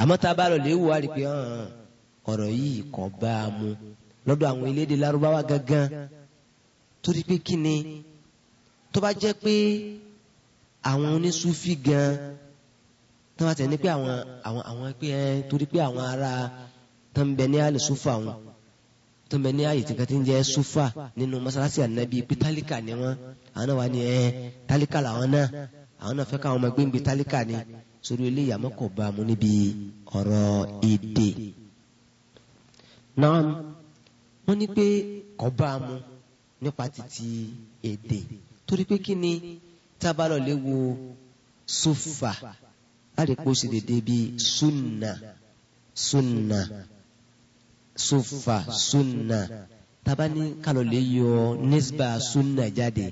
àmọ́ tá a bá lọ lè wù á rí pé ọ̀rọ̀ yìí kò bá a mu lọ́dọ̀ àwọn elédè lárúbáwá gangan torí pé kí ni tó bá jẹ́ pé àwọn onísúfì gan tó bá tẹ̀ ní pé àwọn àwọn àwọn pé ẹ torí pé àwọn ará tó ń bẹ ní alùsùfà wọn tó ń bẹ ní ààyè tí ń jẹ́ sufa nínú masalasi anabi pé tálíkà ni wọn àwọn náà wà ní ẹ tálíkà làwọn náà àwọn náà fẹ́ káwọn ọmọ ẹgbẹ́ ń gbé tálíkà ni sórí eléyà mọ́kọ̀ bá mu níbi ọ̀rọ̀ èdè. náà wọ́n ní pé kọ́ bá mu nípa títí èdè torí pé kí ni tábàlọ̀ lè wo sufa láti pọ̀ sí dédé bíi sunna sunna. sunna sufa sunna taba ni kalo le yọ nisba sunna jáde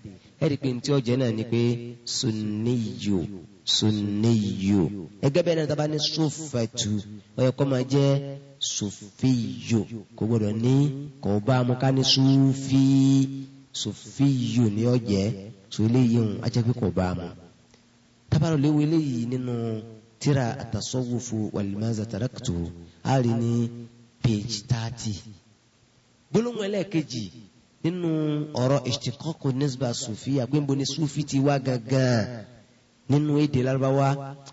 ẹ̀rí pé ntí ọjọ́ náà ni pé sunniyo sunniyo ẹgẹ́ bẹ́ẹ̀ náà taba ni sufatu ọyọ kọ́ máa jẹ́ sufiyo kò gbọdọ̀ ní kò bá mu ká ní sufi sufiyo ni ọ jẹ́ so eléyìí ń pé kò bá mu tabaro léwu eléyìí nínú tíra àtàsọ́wọ́fù wàlímàzà tàràkìtò àárín ní page thirty gbólóhùn ẹlẹ́ẹ̀kejì nínú ọ̀rọ̀ ìṣtìkọ́kù nisba sufi agbéǹbo ni sufi ti wá gangan nínú èdè Lárúbáwá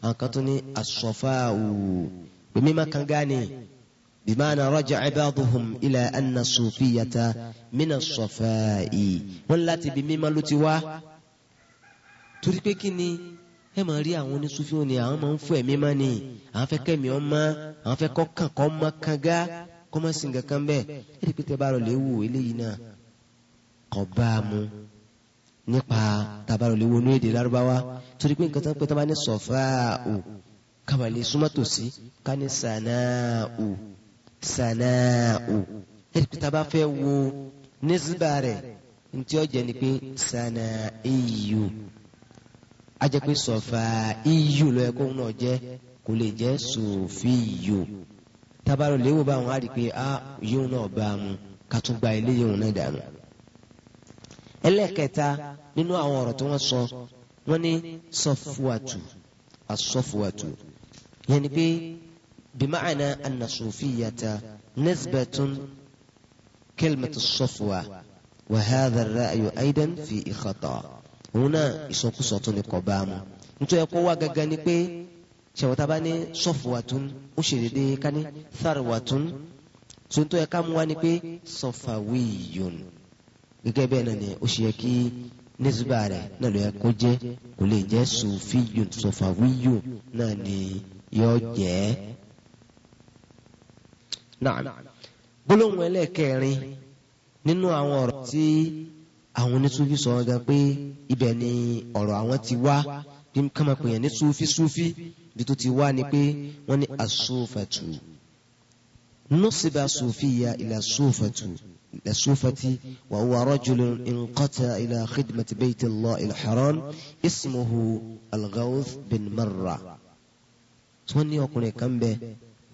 àwọn kan tó ní asọ̀fáàwù pèmí má kan gánì bimaana raja ibaaduhum ila anna sufiyata mina sọfaa'i wọn láti bí mímá ló ti wá torí pé kí ni ẹ máa rí àwọn onísúfì ni àwọn máa ń fọ ẹ̀mí má ni àwọn fẹ́ kẹ́mi ọmọ àwọn fẹ́ kọ́kàn kọ́ mọ́ kanga kọ́ mọ́ sìn kankan bẹ́ẹ̀ ẹ rí pété bá rọ léwu eléyìí náà kọ́ bá a mu nípa tabarò léwu ní èdè lárúbáwá torí pé nǹkan tó ń pè tó bá ní sọ̀fáàù kàmàlì súnmọ́tòsí ká ní sànáàù sànáàù ẹ rí pété bá fẹ́ wo nísìbà rẹ̀ ntí ọjà ni pé sànáàù ajẹ́ pé sọ̀fà iyù lọ́yẹ kó náà jẹ́ kò lè jẹ́ sòfì yò tabarò léwu báwọn á rí i pé a ah, yóò náà bá a mu ká tún gba ilé yóò náà dànù. ẹlẹ́kẹta nínú àwọn ọ̀rọ̀ tí wọ́n sọ wọ́n ní sọ́fùwàtù asọ́fùwàtù yẹn ni pé bimaana anna sofiyata nisbatun kelmatu sọ́fùwà wa hadha ar fi ikhata' òun náà ìsọkúsọ tó ní kọ bá a mu nítorí ẹ̀kọ́ wà gangan ni pé sẹwọtaba ní sọfùwàtún ó ṣe dédé ká ní tharwatun tuntun ẹ̀ka mu wá ni pé sọfàwíyòn gẹ́gẹ́ bẹ́ẹ̀ náà ni ó ṣe yẹ kí nisba rẹ̀ náà ló yẹ kó jẹ́ kò lè jẹ́ sọfìyòn sọfàwíyòn náà ni yọ jẹ́ náà gbólóhùn ẹlẹ́ẹ̀kẹrin nínú àwọn ọ̀rọ̀ tí àwọn onísúfì sọ gan pé ibẹ̀ ni ọ̀rọ̀ àwọn ti wá bí kama pè yàn ní súfì súfì bí tó ti wá ni pé wọ́n ní asúfàtù nusiba sufiya ila sufatu ila sufati wa huwa rajulun inqata ila khidmati bayti Allah al-haram ismuhu al-Ghawth bin Marra tí wọ́n ní ọkùnrin kan bẹ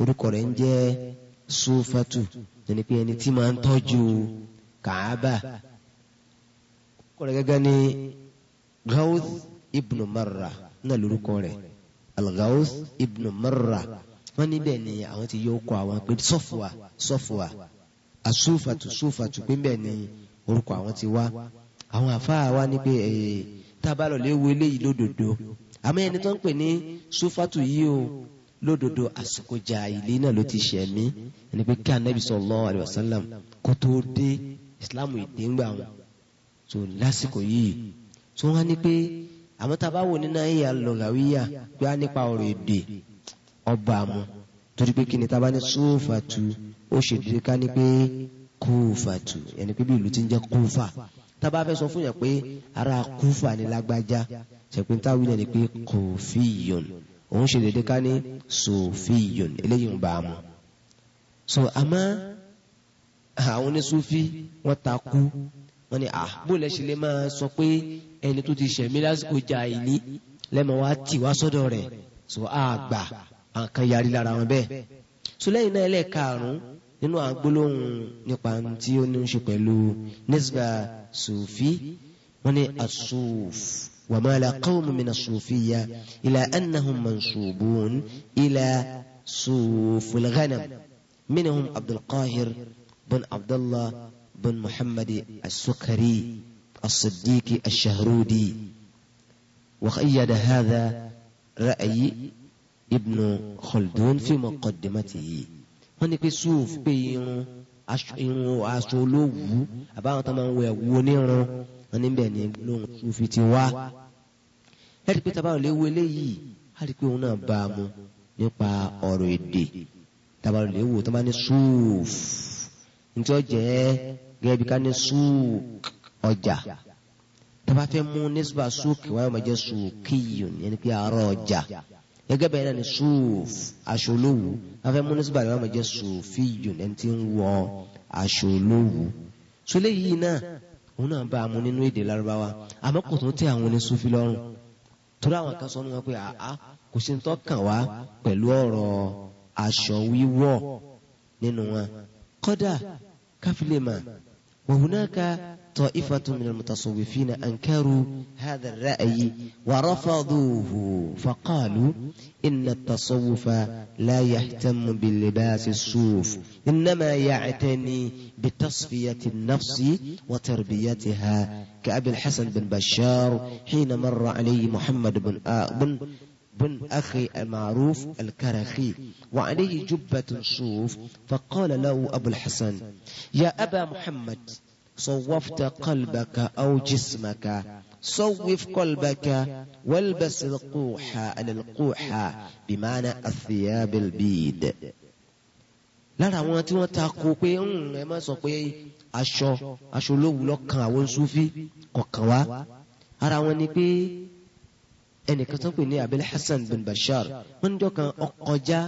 orúkọ rẹ̀ ń jẹ́ sufatu ẹni pé ẹni tí máa ń tọ́jú rẹ̀ gẹ́gẹ́ ni Gawth ibn Marra náà lórúkọ rẹ̀ Al-Gawth ibn Marra wọ́n níbẹ̀ ni àwọn ti yọ ọkọ̀ àwọn pé sọ́fùwà sọ́fùwà asúfàtù súfàtù pé bẹ́ẹ̀ ni orúkọ àwọn ti wá àwọn àfáà wa ní pé ẹ̀ẹ́ tábàlọ̀ lè wo eléyìí lódodo àmọ́ ẹni tó ń pè ní súfàtù yìí o lódodo àsìkò jà ìlé náà ló ti ṣẹ̀mí ẹni pé kí anabi sallallahu alaihi wasallam kó tó dé ìsìlámù ìdíngbà wọn so lásìkò yìí so wọn ní pé àmọ́ tá a bá wò nínú ayé alọ́gàwíyà pé a nípa ọ̀rọ̀ èdè ọba mu torí pé kíni tá a bá ní sófàtú ó ṣe dédé ká ní pé kófàtú ẹni pé bí ìlú ti ń jẹ́ kófà tá a bá fẹ́ sọ fún yàn pé ara kófà ni lágbájá ṣẹ̀pin tá a wí náà ni pé kófìyàn òun ṣe dédé ká ní sòfìyàn eléyìí ń bá a mu so àmọ́ àwọn onísúfí wọ́n ta kú wọ́n ní à ah, bó lẹ ṣe lè máa sọ pé ẹni tó ti ṣẹ̀mí lásìkò jà ìní lẹ́mọ̀ wá tì wá sọ́dọ̀ rẹ̀ so àgbà àǹkan yarí lára wọn bẹ́ẹ̀. so náà ẹlẹ́ẹ̀karùn-ún nínú àgbólóhùn nípa tí ó ní í ṣe pẹ̀lú nisba sufi wọ́n ní asuf وما لا قوم من الصوفية إلى أنهم منسوبون إلى صوف الغنم منهم عبد القاهر بن عبد الله بن محمد السكري الصديق الشهرودي وقيد هذا رأي ابن خلدون في مقدمته wọ́n ní pé sùúfù pé irun irun aṣọ olówùú àbáwọn tó máa ń wọ ẹ̀wù onírun wọn níbẹ̀ ni lóhun sùúfù ti wá. ẹ̀rí pé tabawo lè wo eléyìí á rí pé òun náà bá a mu nípa ọ̀rọ̀ èdè tabawo lè wo tó bá ní sùúfù nítorí jẹ́ gẹ́gẹ́ bí ká ní súùk ọjà tọ́ba fẹ́ mú nísbà súùkì wáyé ọmọ jẹ́ súùkìyùn yẹn ni pé àárọ̀ ọjà gẹ́gẹ́ bẹ́ẹ̀ náà ni súùf aṣọ olówó wọ́n fẹ́ mú nísbà wáyé ọmọ jẹ́ súùfìyùn ẹni tí ń wọ aṣọ olówó sólẹ́ yìí náà òun náà bá a mú nínú èdè Lárúbáwá àmọ́ kò tún tẹ àwọn oníṣúfì lọ́rùn torí àwọn kan sọ ní wọn pé àá kò sí ní tó wá pẹ̀lú ọ̀rọ̀ aṣọ wíwọ̀ nínú wọn kódà káfílẹ̀ máa وهناك طائفة من المتصوفين أنكروا هذا الرأي ورفضوه فقالوا إن التصوف لا يهتم باللباس الصوف إنما يعتني بتصفية النفس وتربيتها كأبي الحسن بن بشار حين مر عليه محمد بن, آه بن بن أخي المعروف الكرخي وعليه جبة صوف فقال له أبو الحسن يا أبا محمد صوفت قلبك أو جسمك صوف قلبك والبس القوح القوحة بمعنى الثياب البيد لا àwọn tí wọ́n ta ko pé hmm, ẹ má لو pé aṣọ aṣọ olówó ẹnìkan tó pè ní Abil Hassan bin Bashar wọn jọ kan ọkọjá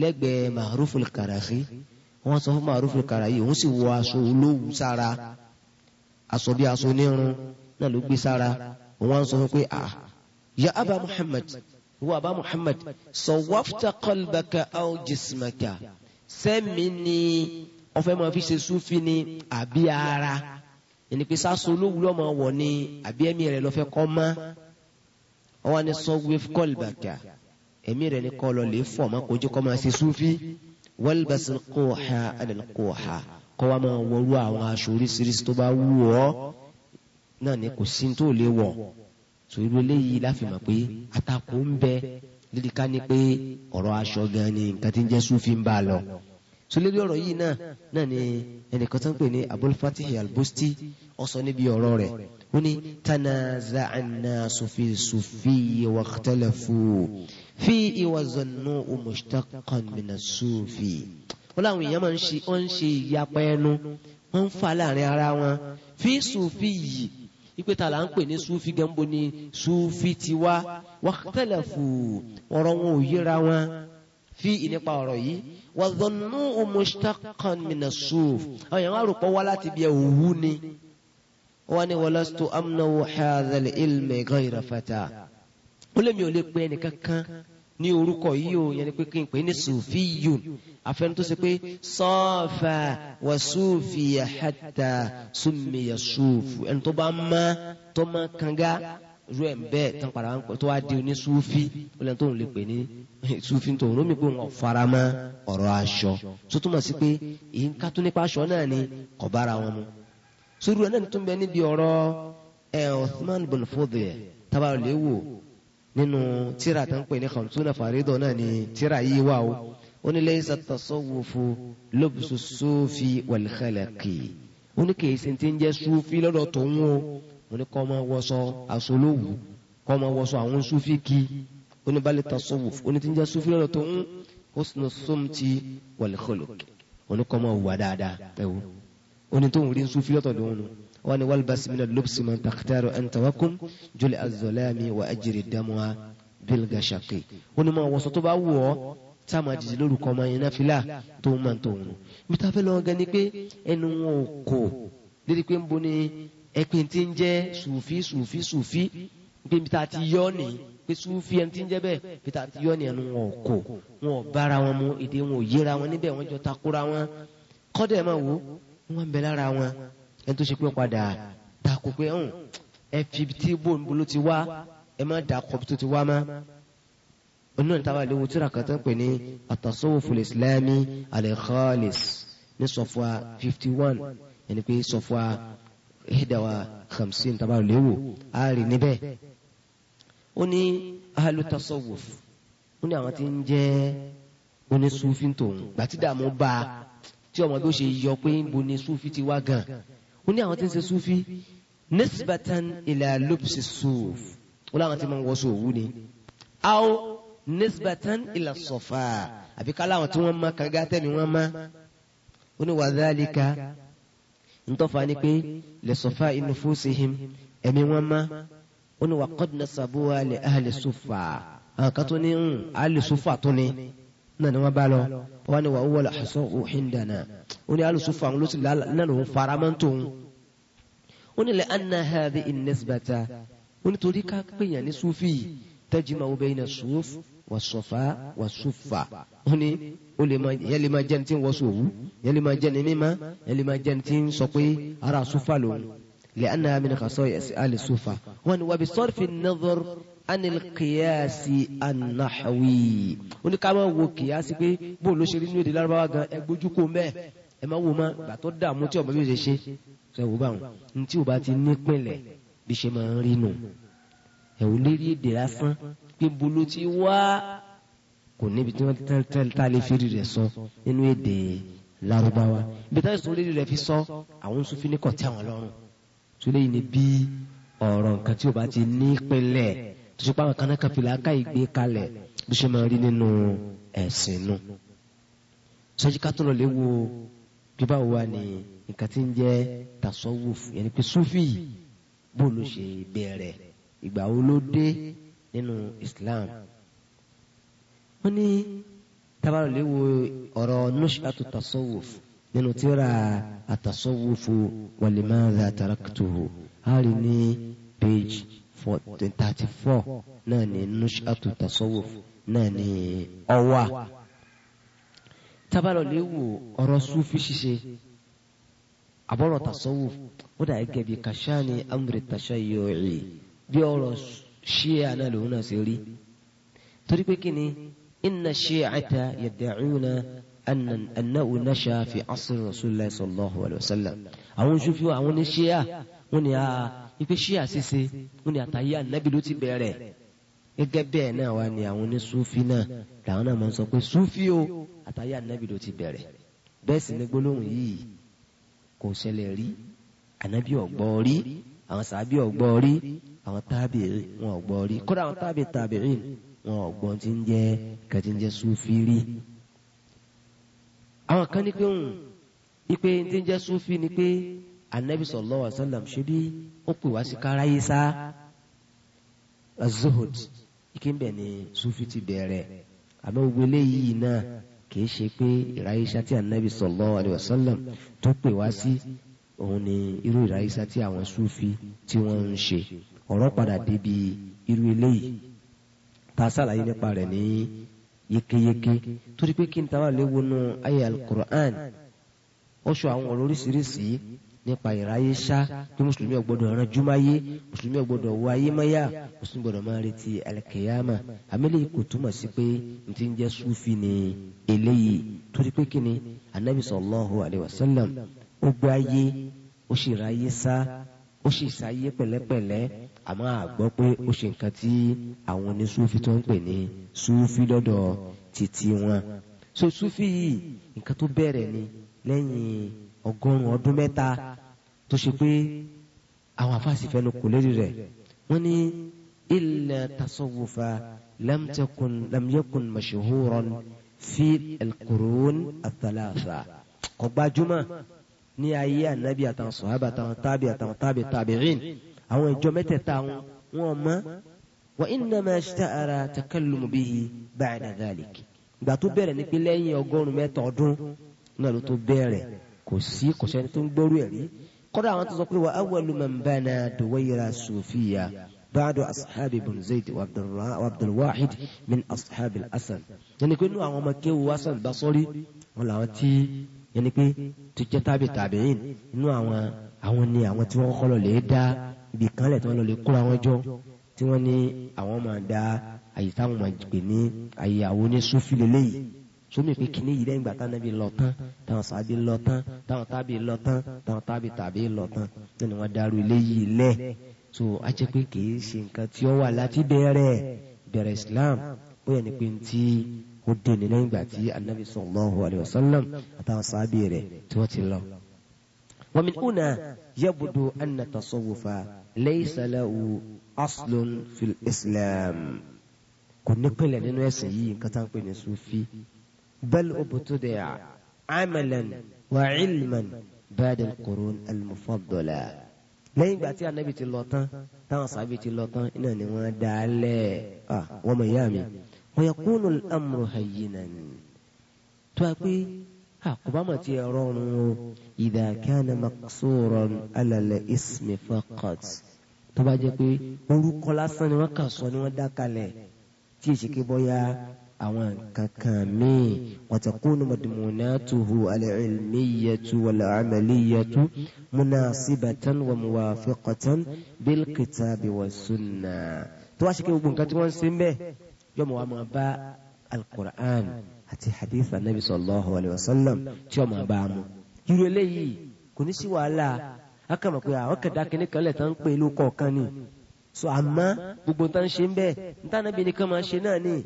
lẹ́gbẹ̀ẹ́ Ma'ruf al-Karahi wọn sọ fún Ma'ruf al-Karahi òun sì wọ aṣọ olówù sára aṣọ bí aṣọ onírun náà ló gbé sára wọn sọ fún pé ah ya aba Muhammad wa aba Muhammad sawwafta qalbaka aw jismaka sẹ́mi ni ọ̀fẹ́ máa fi ṣe súfì ni àbí ara ẹni sáṣọ olówù lọ́mọ wọ̀ ni àbí ẹ̀mí rẹ̀ lọ́fẹ́ kọ́ mọ́ wọn ni sọgbẹf kọlbàkà ẹmí rẹ ni kọlọ lè fọ ọmọ kojú kọ máa ṣe sufi wọlbàṣẹ kóòha alẹ kóòha kọ wa máa wọrú àwọn aṣọ oríṣiríṣi tó bá wù ọ náà ni kò sí tó lè wọ tó irú eléyìí láfi mọ̀ pé àtakò ń bẹ lílì ká ní pé ọ̀rọ̀ aṣọ gan ni nǹkan tí ń jẹ́ sufi ń bá a lọ solérí ọ̀rọ̀ yìí náà náà ni ẹnìkan tó ń pè ní abulfatihi albusti ó níbi ọ̀rọ̀ rẹ̀ wọ́n ní tanaza'na sufi sufi wàhtalafu fi ìwà zannu mushtaqan mina sufi. wọ́n láwọn èèyàn máa ń ṣe wọ́n ń ṣe ìyapa ẹnu wọ́n ń fa láàrin ara wọn fi sufi yìí ipe ta la ń pè ní sufi gẹ́nbo ni sufi tiwa wàhtalafu ọ̀rọ̀ wọn ò yíra wọn fi ìnípa ọ̀rọ̀ yìí wà zannu mina sufi. àwọn èèyàn wá rò pọ̀ wá láti bí ẹ̀ òwú ni wọ́n ní walastu amnahu hadhal ilmi ghayra fata ó lé mi ò lè pe ẹnìkan kan ní orúkọ yìí o yẹn ni pé kí n pè é ní sufiyun àfẹnu tó ṣe pé sọ́ọ̀fà wà sufiya hatta summiya sufu ẹni tó bá má tó má kanga ru ẹ̀ bẹ́ẹ̀ tán padà wọn tó wá di ní sufi ó lẹ́nu tó ń lè pè ní sufi tó ń pé wọn fara ọ̀rọ̀ aṣọ tó túmọ̀ sí pé ìyín tó nípa aṣọ náà ni kò bára wọn mu sórí ẹni tó ń bẹ níbi ọ̀rọ̀ ẹ̀ Uthman bin Fudayl tabalẹ̀ wò nínú tíra tó ń pè ní khamsuna farido náà ni tíra yìí wà o ó ní laysa tasawwufu lubsu sufi wal khalaqi ó ní kèé sèǹtì ń jẹ́ sufi lọ́dọ̀ tó ń wò ó ní kọ́ máa wọṣọ asolówù kọ́ máa wọṣọ àwọn sufi kí ó ní bal tasawwuf ó ní ti ń jẹ́ sufi lọ́dọ̀ tó ń husnu sumti wal khuluq ó ní kọ́ máa wà dáadáa ẹ̀wọ̀n oní tó ń rí sufi lọ́tọ̀ lóhùn nù wọn ni walbas mina lubsi man takhtaru anta wakum juli azolami wa ajiri damuwa bilgashaki ó ní ma wọsọ tó bá wù ọ tá a máa dìde lórúkọ ọmọ yẹn náà fìlà tó ń máa tó ń nù mi ta fẹ́ lọ gan ni pé ẹnu wọn ò kò dédé pé ń bo ni ẹpin tí ń jẹ́ sùfí sùfí sùfí pé mi ta ti yọ ni pé sùfí ẹni tí ń jẹ́ bẹ́ẹ̀ mi ta ti yọ ni ẹnu wọn ò kò wọn ò bára wọn mu èdè wọn ò yéra wọn níbẹ̀ wọn jọ takora wọn kọ́dẹ̀ máa wò wọ́n ń bẹ lára wọn ẹni tó ṣe pé padà takò pé ọ̀hún ẹ fi tí bóńbó ló ti wá ẹ má dà kọ́ tó ti wá má. onú ìta wa léwu tíra kan pè ní at-tasawwuful islami al-khalis ní sọfà fifty one ẹni pé sọfà hidawa khamsin taba léwu a rí níbẹ̀. ó ní ahlu tasawwuf ó ní àwọn tí ń jẹ́ onísùfín tòun bá a tí ọmọ bí ó ṣe yọ pé ń bo ni sufi ti wá gan ó ní àwọn tí ń ṣe sufi nisbatan ila lubsi suf ó láwọn tí máa ń wọṣọ òwú ni aw nisbatan ila sọfà àbí ká láwọn tí wọ́n má kanga tẹ̀mí wọ́n má ó ní wàdálíkà ntọ́fà ni pé lè sọfà inufusihim ẹ̀mí wọ́n má ó ní wàkọ́dùnà sàbúwà lè ahli sufa àwọn kan tó ní hmm, ahli sufa tó ní náà ni wọ́n bá lọ wọ́n ní wà wọ́n lọ àṣọ òhìn dáná ó ní alùsùfù àwọn olóṣèlú náà lòún faramọ́ntò òun ó ní lẹ́ anna hadhi in-nisbata ó ní torí ká pèèyàn ní sufi tajma'u bayna suf wa safa wa suffa ó ní ó lè máa yẹ lè máa jẹni tí ń wọ sòwú yẹ lè máa jẹni mímá yẹ lè máa jẹni tí ń sọ pé ara sufa lòun lẹ́ anna min sufa wọ́n ní wàbí sarfi an anil kìyàsí anahawi oníkàmọ́ wo kìyàsí pé bó ló ṣe rí nínú èdè lárúbáwá gan ẹgbójú kó mẹ́ ẹ má wo ma gbà tó dààmú tí ọmọ bí o ṣe ṣe ṣe wò báwọn ntí o bá ti nípìnlẹ̀ bí ṣe máa ń rí nù ẹ ò lérí èdè lásán pé bolo ti wá kò níbi tí wọ́n tẹ́lẹ̀tẹ́lẹ̀ lè fi rí rẹ̀ sọ nínú èdè lárúbáwá ibi táyà sọ lérí rẹ̀ fi sọ àwọn sùn ní kọ̀tí àwọn lọ́rùn tó léyìn ní bí ọ̀rọ̀ nǹkan tí o bá ti nípìnlẹ̀ tòṣùpá àwọn kanáà kàfìlà ká ìgbé kalẹ̀ bí ṣe máa rí nínú ẹ̀sìn nù. sọ́jí kátó lọ lè wo bí báwo wà ní nǹkan tí ń jẹ́ tasawuf yẹnni pé sufi bó ṣe bẹ̀rẹ̀ ìgbà wo ló dé nínú Islam. wọ́n ní tábàlù lè wo ọ̀rọ̀ nushatu tasawuf nínú tíra àtasawufu walimadha taraktuhu a rí ní page fourteen thirty four náà ní nushatu tasawuf náà ní ọwà tábàlọ̀ lè wò ọ̀rọ̀ sufi ṣíṣe àbọ̀rọ̀ tasawuf ó dà gẹ́gẹ́ bí kashani amri tashayyu'i bí ọ̀rọ̀ ṣíà náà lòun náà ṣe rí torí pé kí ni inna shi'ata yad'una annahu nasha fi asr rasulillah sallallahu alayhi wa sallam àwọn sufi àwọn oníṣíà wọn ni a. Ah, ipe ṣíà ṣíṣe wọn ni àtàyè ànábì ló ti bẹ̀rẹ̀ gẹ́gẹ́ bẹ́ẹ̀ náà wà ní àwọn oníṣúfì náà làwọn náà máa ń sọ pé ṣúfì o àtàyè ànábì ló ti bẹ̀rẹ̀ bẹ́ẹ̀ sì ni gbólóhùn yìí kò ṣẹlẹ̀ rí ànábì ọ̀gbọ́ rí àwọn sàábì ọ̀gbọ́ rí àwọn tábì wọn ọ̀gbọ́ rí kódà àwọn tábì tábì rìn wọn ọ̀gbọ́n ti ń jẹ́ kẹ́tí ń jẹ́ ṣúfì rí. àwọn kan ní pé ń pé ń ti ń jẹ́ ṣúfì ni pé anabi sallallahu alaihi wasallam ṣe bí ó pè wá sí káráyé sá azuhud ìkínbẹ ni sufi ti bẹ̀rẹ̀ àmọ́ gbogbo eléyìí náà kìí ṣe pé ìráyéṣá tí anabi sallallahu alaihi wasallam tó pè wá sí òun ni irú ìráyéṣá tí àwọn sufi tí wọ́n ń ṣe ọ̀rọ̀ padà débi irú eléyìí tá a nípa rẹ̀ ní yékéyéké torí pé kí n ta wà léwu nu ayé al-Qur'an ó ṣọ àwọn ọ̀rọ̀ oríṣiríṣi nípa ìráyé ṣá pé mùsùlùmí ọ̀gbọ́dọ̀ ọ̀ràn jùmáyé mùsùlùmí ọ̀gbọ́dọ̀ wọ ayé mọ́yà mùsùlùmí ọ̀gbọ́dọ̀ máa retí alkiyama àmẹ́lẹ́ kò túmọ̀ sí pé n ti ń jẹ́ súfì ní eléyìí torí pé kíni anabi sallallahu alayhi wa sallam ó gbé ayé ó sì ráyé ṣá ó sì ṣáyé pẹ̀lẹ́pẹ̀lẹ́ àmọ́ àgbọ́ pé ó ṣe nǹkan tí àwọn onísúfì tó ń pè ní súfì lọ́dọ̀ títí wọn so sufi yìí nǹkan tó bẹ̀rẹ̀ ni lẹ́yìn ọgọ́rùn ọdún mẹ́ta tó ṣe pé àwọn àfáàsì fẹnu kò lérí rẹ̀ wọ́n ní illa tasawufa lam takun lam yakun mashuhuran fi alqurun athalatha kò gbajúmọ̀ ní ayé anabi àtàwọn sọ̀hábà àtàwọn tábì àtàwọn tábì tabi'in àwọn ìjọ mẹ́tẹ̀ẹ̀ta wọn mọ́ wa innama ishta'ara takallamu bihi ba'da dhalik ìgbà tó bẹ̀rẹ̀ ní pé lẹ́yìn ọdún náà ló tó bẹ̀rẹ̀ kò sí kò sẹ́ni tó ń gbọ́rú ẹ̀ rí kọ́dà àwọn tó sọ pé wa awwalu man bana duwayra sufiya ba'du ashabi ibn zayd wa abdul wahid min ashabi al-hasan yẹni pé inú àwọn ọmọ kéwu hasan basori wọn làwọn tí yẹni pé tó jẹ́ tàbí tàbíyìn inú àwọn àwọn ni àwọn tí wọ́n kọ́lọ̀ lè dá ibì kan lẹ̀ tí wọ́n lọ lè kóra wọn jọ tí wọ́n ní àwọn máa da àyè táwọn máa gbè ní àyè àwọn oníṣúfì lélẹ́yìí sómi pé kíní yìí lẹ́yìn gbàtà nàbí lọ tán táwọn sábì lọ tán táwọn tábì lọ tán táwọn tábì tàbí lọ tán nínú wọn darú eléyìí lẹ so a jẹ pé kìí ṣe nǹkan tí ó wà láti bẹ̀rẹ̀ bẹ̀rẹ̀ Islam ó yẹ ni pé ntí ó dènì lẹ́yìn ìgbà tí anabi sallallahu alayhi wa sallam àtàwọn sábì rẹ̀ tí wọ́n ti lọ. wa min una yabudu anna tasawufa laysa lahu aslun fil Islam kò ní pẹ̀lẹ́ nínú ẹ̀sìn yìí nǹkan tá à ń pè ní sufi. بل ابتدع عملا وعلما بعد القرون المفضلة lẹ́yìn ìgbà tí anabi ti lọ tán táwọn sábì ti lọ tán iná ni wọ́n dá a lẹ̀ wọ́n mọ̀ ìyá mi wọ́n yẹ kúnnù amúrò hayyinan tó a pé àkùbámọ̀ ti rọrùn o idha kana maqsuran ala al-ismi faqat tó bá jẹ́ pé orúkọ lásán ni wọ́n kà sọ ni wọ́n dá kalẹ̀ tí èsì ké bọ́yá àwọn kankan míì watakunu madmunatuhu al-ilmiyatu wal-amaliyatu munasibatan wa muwafiqatan bil-kitabi wa sunna. tó wá ṣe kí gbogbo nǹkan tí wọ́n ń ṣe ń bẹ́ẹ̀ yọmọ wa máa bá al-Qur'an àti hadith anabi sallallahu alayhi wa sallam tí ọmọ bá a mú. irú eléyìí kò ní sí wàhálà akàmọ̀ àwọn ah, kẹta kìnnì kan lẹ̀ tán ń pè lóko ọ̀kan ni. so àmọ́ gbogbo nǹkan ṣe ń bẹ́ẹ̀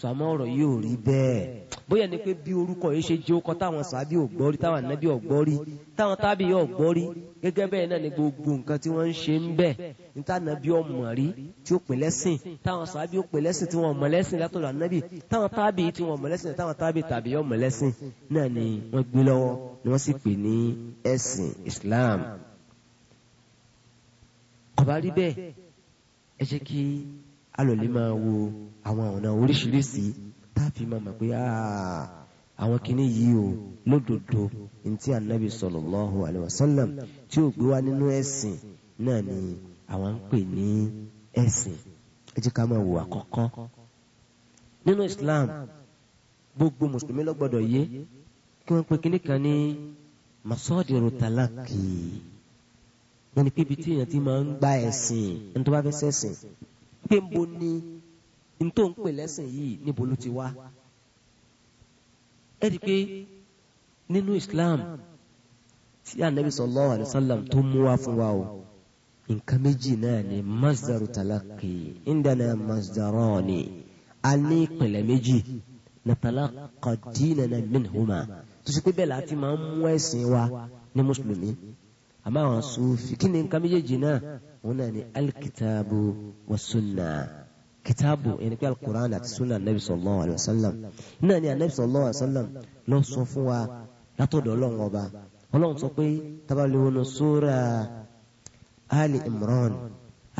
sọ àmọ́ ọ̀rọ̀ yìí ò rí bẹ́ẹ̀ bóyá ni pé bí orúkọ yìí ṣe jẹ́ ọkọ táwọn sàbí ò gbọ́ rí táwọn ànábì ò gbọ́ rí táwọn tábì ò gbọ́ rí gẹ́gẹ́ bẹ́ẹ̀ náà ni gbogbo nǹkan tí wọ́n ń ṣe ń bẹ̀ níta ànábì ò mọ̀ rí tí ó pè lẹ́sìn táwọn sàbí ò pè lẹ́sìn tí wọ́n mọ̀ lẹ́sìn látọ̀dọ̀ ànábì táwọn tábì tí wọ́n mọ̀ lẹ́sìn táwọn tábì tàbí ò mọ̀ náà ni wọ́n gbé lọ́wọ́ ni wọ́n sì pè ní ẹ̀sìn Islam kọ̀bárí bẹ́ẹ̀ ẹ jẹ́ kí alòlè máa wo àwọn ọ̀nà oríṣiríṣi tá a fi máa mọ̀ pé àwọn kìíní yìí o lódodo ntí anabi sallallahu alaihi wasallam tí ó gbé wá nínú ẹ̀sìn náà ni àwọn ń pè ní ẹ̀sìn ẹ ká máa wò àkọ́kọ́ nínú Islam gbogbo mùsùlùmí ló gbọ́dọ̀ yé kí wọ́n pe kínní kan ní masọ́ọ̀dìrú tàlákì yẹn ni pé ibi tí èèyàn ti máa ń gba ẹ̀sìn ẹni tó bá fẹ́ sẹ́sìn pé ń bo ní ntó ń pè lẹ́sìn yìí níbo ló ti wá. ẹ rí i pé nínú Islam tí anabi sallallahu alayhi wa sallam tó mú wá fún wa o nǹkan méjì náà ni masdaru talaki indana masdarani a ní ìpìlẹ̀ méjì natalaqa dinana minhuma tó ṣe pé bẹ́ẹ̀ láti máa ń mú ẹ̀sìn wa ní mùsùlùmí àmọ́ àwọn Sufi kí ni nǹkan méjèèjì náà wọn náà ni alikitaabu wa sunna kìtàbù ẹni pé alukur'an àti sunna anabi sallallahu alayhi wa sallam náà ni anabi sallallahu alayhi wa sallam ló sọ fún wa látọ̀dọ̀ ọlọ́run ọba ọlọ́run sọ pé tábàlẹ́wò ní sura ali imran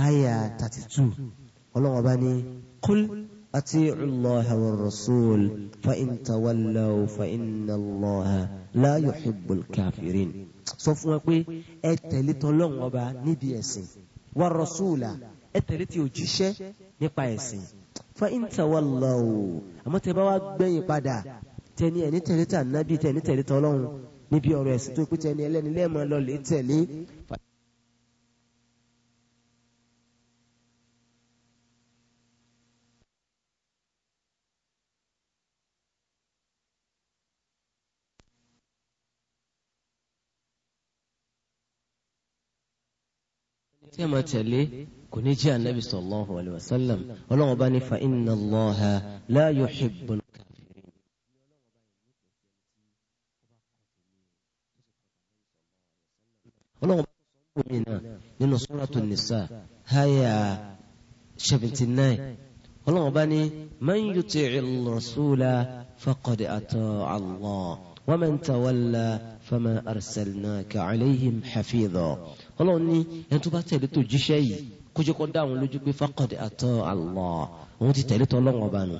aya thirty two ọlọ́run ọba ní kul ati'u allaha wa rasul fa in tawallaw fa inna allaha la yuhibbul kafirin sọ fún wa pé ẹ tẹ̀lé tọ́lọ́run ọba níbi ẹ̀sìn wa rasula ẹ tẹ̀lé ti òjíṣẹ́ nípa ẹ̀sìn fa in tawallaw àmọ́ tẹ bá wá gbẹ̀yìn padà tẹni ẹni tẹ̀lé tà nábì tẹni tẹ̀lé tọ́ lọ́hùn níbi ọ̀rọ̀ ẹ̀sìn tó pé tẹni ẹlẹ́ni lẹ́ẹ̀mọ́ lọ lè tẹ̀lé. tí a máa tẹ̀lé kò ní jẹ́ anabi sallallahu alayhi wa sallam ọlọ́run bá ní fa inna Allaha la yuhibbul kafirin. ọlọ́run bá ní omi náà nínú suratu nisa haya seventy nine ọlọ́run bá ní man yuti'ir rasula faqad ata'a Allah wa man tawalla fama arsalnaka alayhim hafiza ọlọ́run ní ẹni tó bá tẹ̀lé tó jíṣẹ́ yìí kójú kó dáhùn lójú pé faqad ata Allah òun ti tẹ̀lé tọ́lọ́wọ́n ọba nù.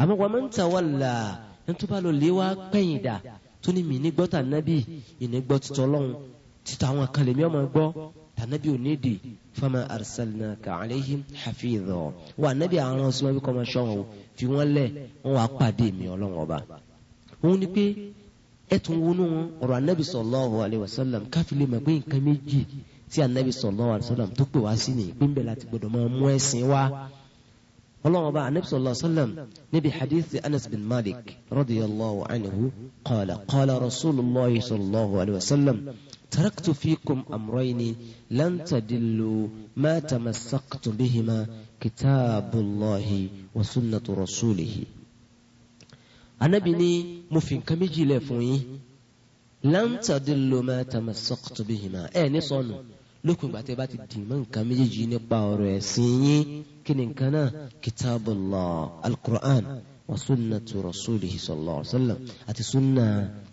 àmọ́ wa man tawalla ntúbà ló lé wá pẹ́yìn dà tó ní mi ní gbọ́ tànàbí ìní gbọ́ títọ́ lọ́hùn títà àwọn kan lèmi ọmọ gbọ́ tànàbí ò ní dì fama arsalnaka alayhim hafidha wà nàbí àwọn ọsùn wọn bí kọ́mọ sọ́hùn o fi wọ́n lẹ̀ wọ́n wàá pàdé mi ọlọ́wọ́n òun ni pé ẹ tún wọnú ọ̀rọ̀ ànábì sallallahu alayhi wa káfílẹ̀ mọ̀ pé nǹkan méjì tí anabi sallallahu alaihi wasallam tó pè wá sí ni pínpẹ láti gbọ́dọ̀ máa mú ẹsìn wá ọlọ́run bá anabi sallallahu alaihi wasallam níbi hadith anas bin malik radiyallahu anhu qala qala rasulillah sallallahu alaihi wasallam taraktu fikum amrayni lan tadillu ma tamassaktu bihima kitabullahi wa sunnatu rasulihi. anabi ni mo fi nǹkan méjì lẹ̀ fún yín lan ma tamassaktu bihima ẹ̀ ní sọnù lókun ìgbà tẹ́ bá ti dì mọ́ nǹkan méjèèjì nípa ọ̀rọ̀ ẹ̀sìn yín kí ni nǹkan náà kitabullah alukur'an wa sunnatu rasulihi sallallahu alaihi wa sallam àti sunna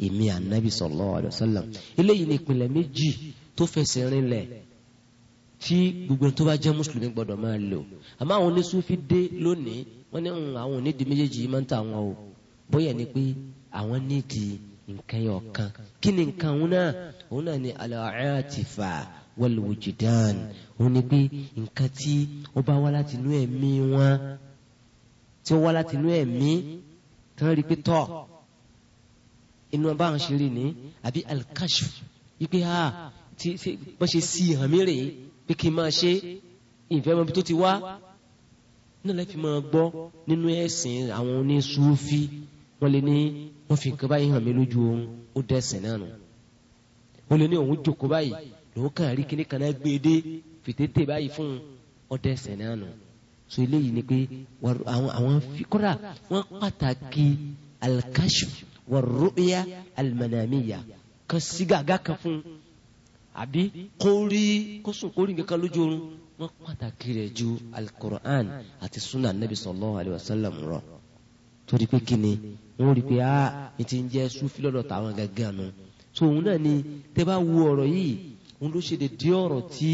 ìmí anabi sallallahu alaihi wa sallam eléyìí ni ìpìlẹ̀ méjì tó fẹsẹ̀ rinlẹ̀ tí gbogbo tó bá jẹ́ mùsùlùmí gbọ́dọ̀ máa lò àmọ́ àwọn oníṣúfi dé lónìí wọ́n ní hmm, àwọn onídìí méjèèjì máa ń ta àwọn o bóyá ni pé àwọn nídìí nǹkan yọ̀ọ̀kan kí ni nǹkan òun náà òun náà ni al-aatifa wal wujdan òun ni pé nǹkan tí ó bá wá láti inú ẹ̀mí wọn tí ó wá láti inú ẹ̀mí tán rí pé tọ́ inú ọba àwọn ṣe rí ni àbí al-kashf ha tí wọ́n ṣe sí ìhàn mi rèé pé kí n máa ṣe ìfẹ́ mọ́bi tó ti wá náà lẹ́fi máa gbọ́ nínú ẹ̀sìn àwọn oníṣúfì wọ́n lè ní wọ́n fi nǹkan báyìí hàn mí lójú oorun ó dẹ̀sìn náà nù ó lè ní òun jòkó báyìí lòun kàn rí kíní kan náà gbé dé fìtètè báyìí fún ọdẹ ẹsẹ̀ náà nù so eléyìí ni pé àwọn àwọn kódà wọn pàtàkì alikashu warru'ya alimanamiya kan sigaga kan fún àbí kórí kósùn kórí nǹkan lójú oorun wọn pàtàkì rẹ̀ ju alikoro'an àti sunnah nabi sallallahu alayhi wa sallam rọ torí pé kíni wọn rí i pé a ti ń jẹ sufi lọ́dọ̀ táwọn gẹ́gẹ́ nu so òun náà ni tẹ́ bá wo ọ̀rọ̀ yìí òun ló ṣe dédé ọ̀rọ̀ tí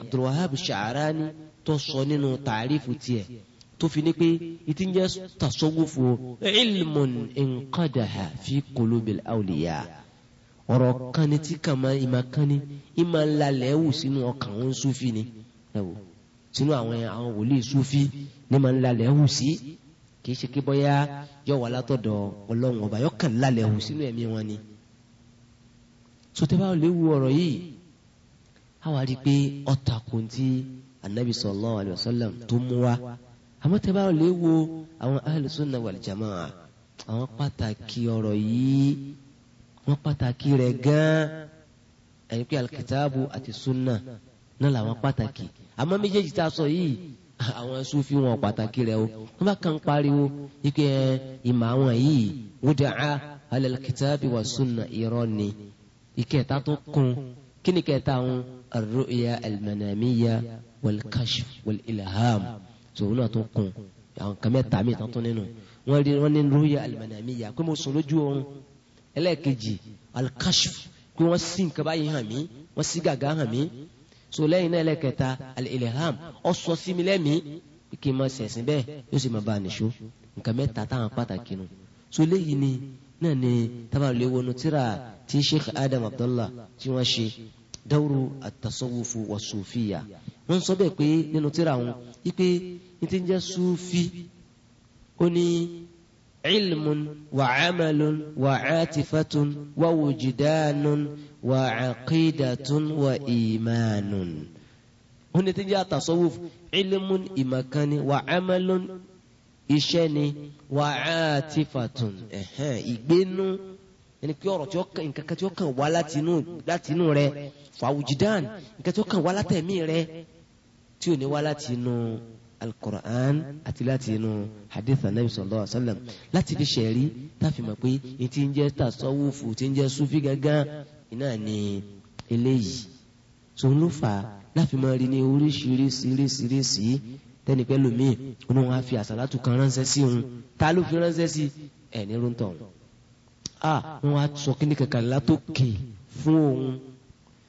Abdulwahab Sha'arani tó sọ nínú tàrífù tiẹ̀ tó fi ní pé ìtí ń jẹ́ tasawufu ilmun inqadaha fi qulubil awliya ọ̀rọ̀ kan ni tí ìmà kan ìmà ńlá sínú ọkàn òun Sufi ni ẹ̀wò sínú àwọn àwọn wòlíì Sufi ní ma ńlá lẹ́wù sí kì í ṣe kí bọ́yá yọ wà látọ̀dọ̀ ọlọ́run ọba yọ kàn lálẹ́ hù sínú ẹ̀mí wọn sotẹ́bà lè wu ọ̀rọ̀ yìí àwa rí i pé ọ̀tà kun ti anabi sallallahu alayhi wa sallam tó mú wa àmọ́ tẹ́bà lè wo àwọn ahlu sunna wal jamaa àwọn pàtàkì ọ̀rọ̀ yìí wọ́n pàtàkì rẹ̀ gan-an ẹni pé alikitaabu àti sunna náà làwọn pàtàkì àmọ́ méjèèjì tá a sọ yìí àwọn sufi wọn pàtàkì rẹ̀ o wọ́n bá kàn pariwo yìí pé ìmọ̀ àwọn yìí wúdà á ala alikitaabi wa sunna irọ́ ni ìkẹta tó kún kí ni kẹta ń arru'ya almanamiya walkashf walilham tòun náà tó kún àwọn kan mẹ́ta mi tán tún nínú wọ́n rí wọ́n ní ru'ya almanamiya pé mo sùn lójú oorun ẹlẹ́ẹ̀kejì alkashf pé wọ́n sì nǹkan báyìí hàn mí wọ́n sì gàgà hàn mí so lẹ́yìn náà ẹlẹ́kẹta alilham ó sọ mi kí n máa ṣẹ̀sìn bẹ́ẹ̀ yóò sì máa bá a nìṣó nǹkan mẹ́ta táwọn pàtàkì nù so léyìí náà ni tábàlú ewu nu tíra tí sheikh adam abdullah tí wọ́n ṣe dawru at-tasawwuf wa sufiya wọ́n sọ bẹ́ẹ̀ pé nínú tíra wọn ipe ní ti ń jẹ́ sufi ó ní ilmun wa amalun wa atifatun wa wujidanun wa aqidatun wa imanun ó ní ti ń jẹ́ at-tasawwuf wa amalun iṣẹ́ ni wa atifatun ẹ̀hẹ́n ìgbénu yẹni pé ọ̀rọ̀ tí ó kàn nǹkan kan tí ó kàn wá láti inú láti inú rẹ fàwùjìdán nǹkan tí ó kàn wá látẹ̀mí rẹ tí ò ní wá láti inú alukur'an àti láti inú hadith anabi sallallahu alaihi sallam láti fi ṣẹ̀rí táfi mọ̀ pé etí ń jẹ́ tasawufu tí ń jẹ́ sufi gangan iná ni eléyìí tó ń lò fà láfi máa rí ní oríṣiríṣiríṣiríṣi tẹnipẹ́ lómi òun á fi àsàlátù kan ránṣẹ́ sí òun ta ló fi ránṣẹ́ sí ẹ̀ ní rúntọ̀hún a wọn á sọ kíní kankan látòkè fún òun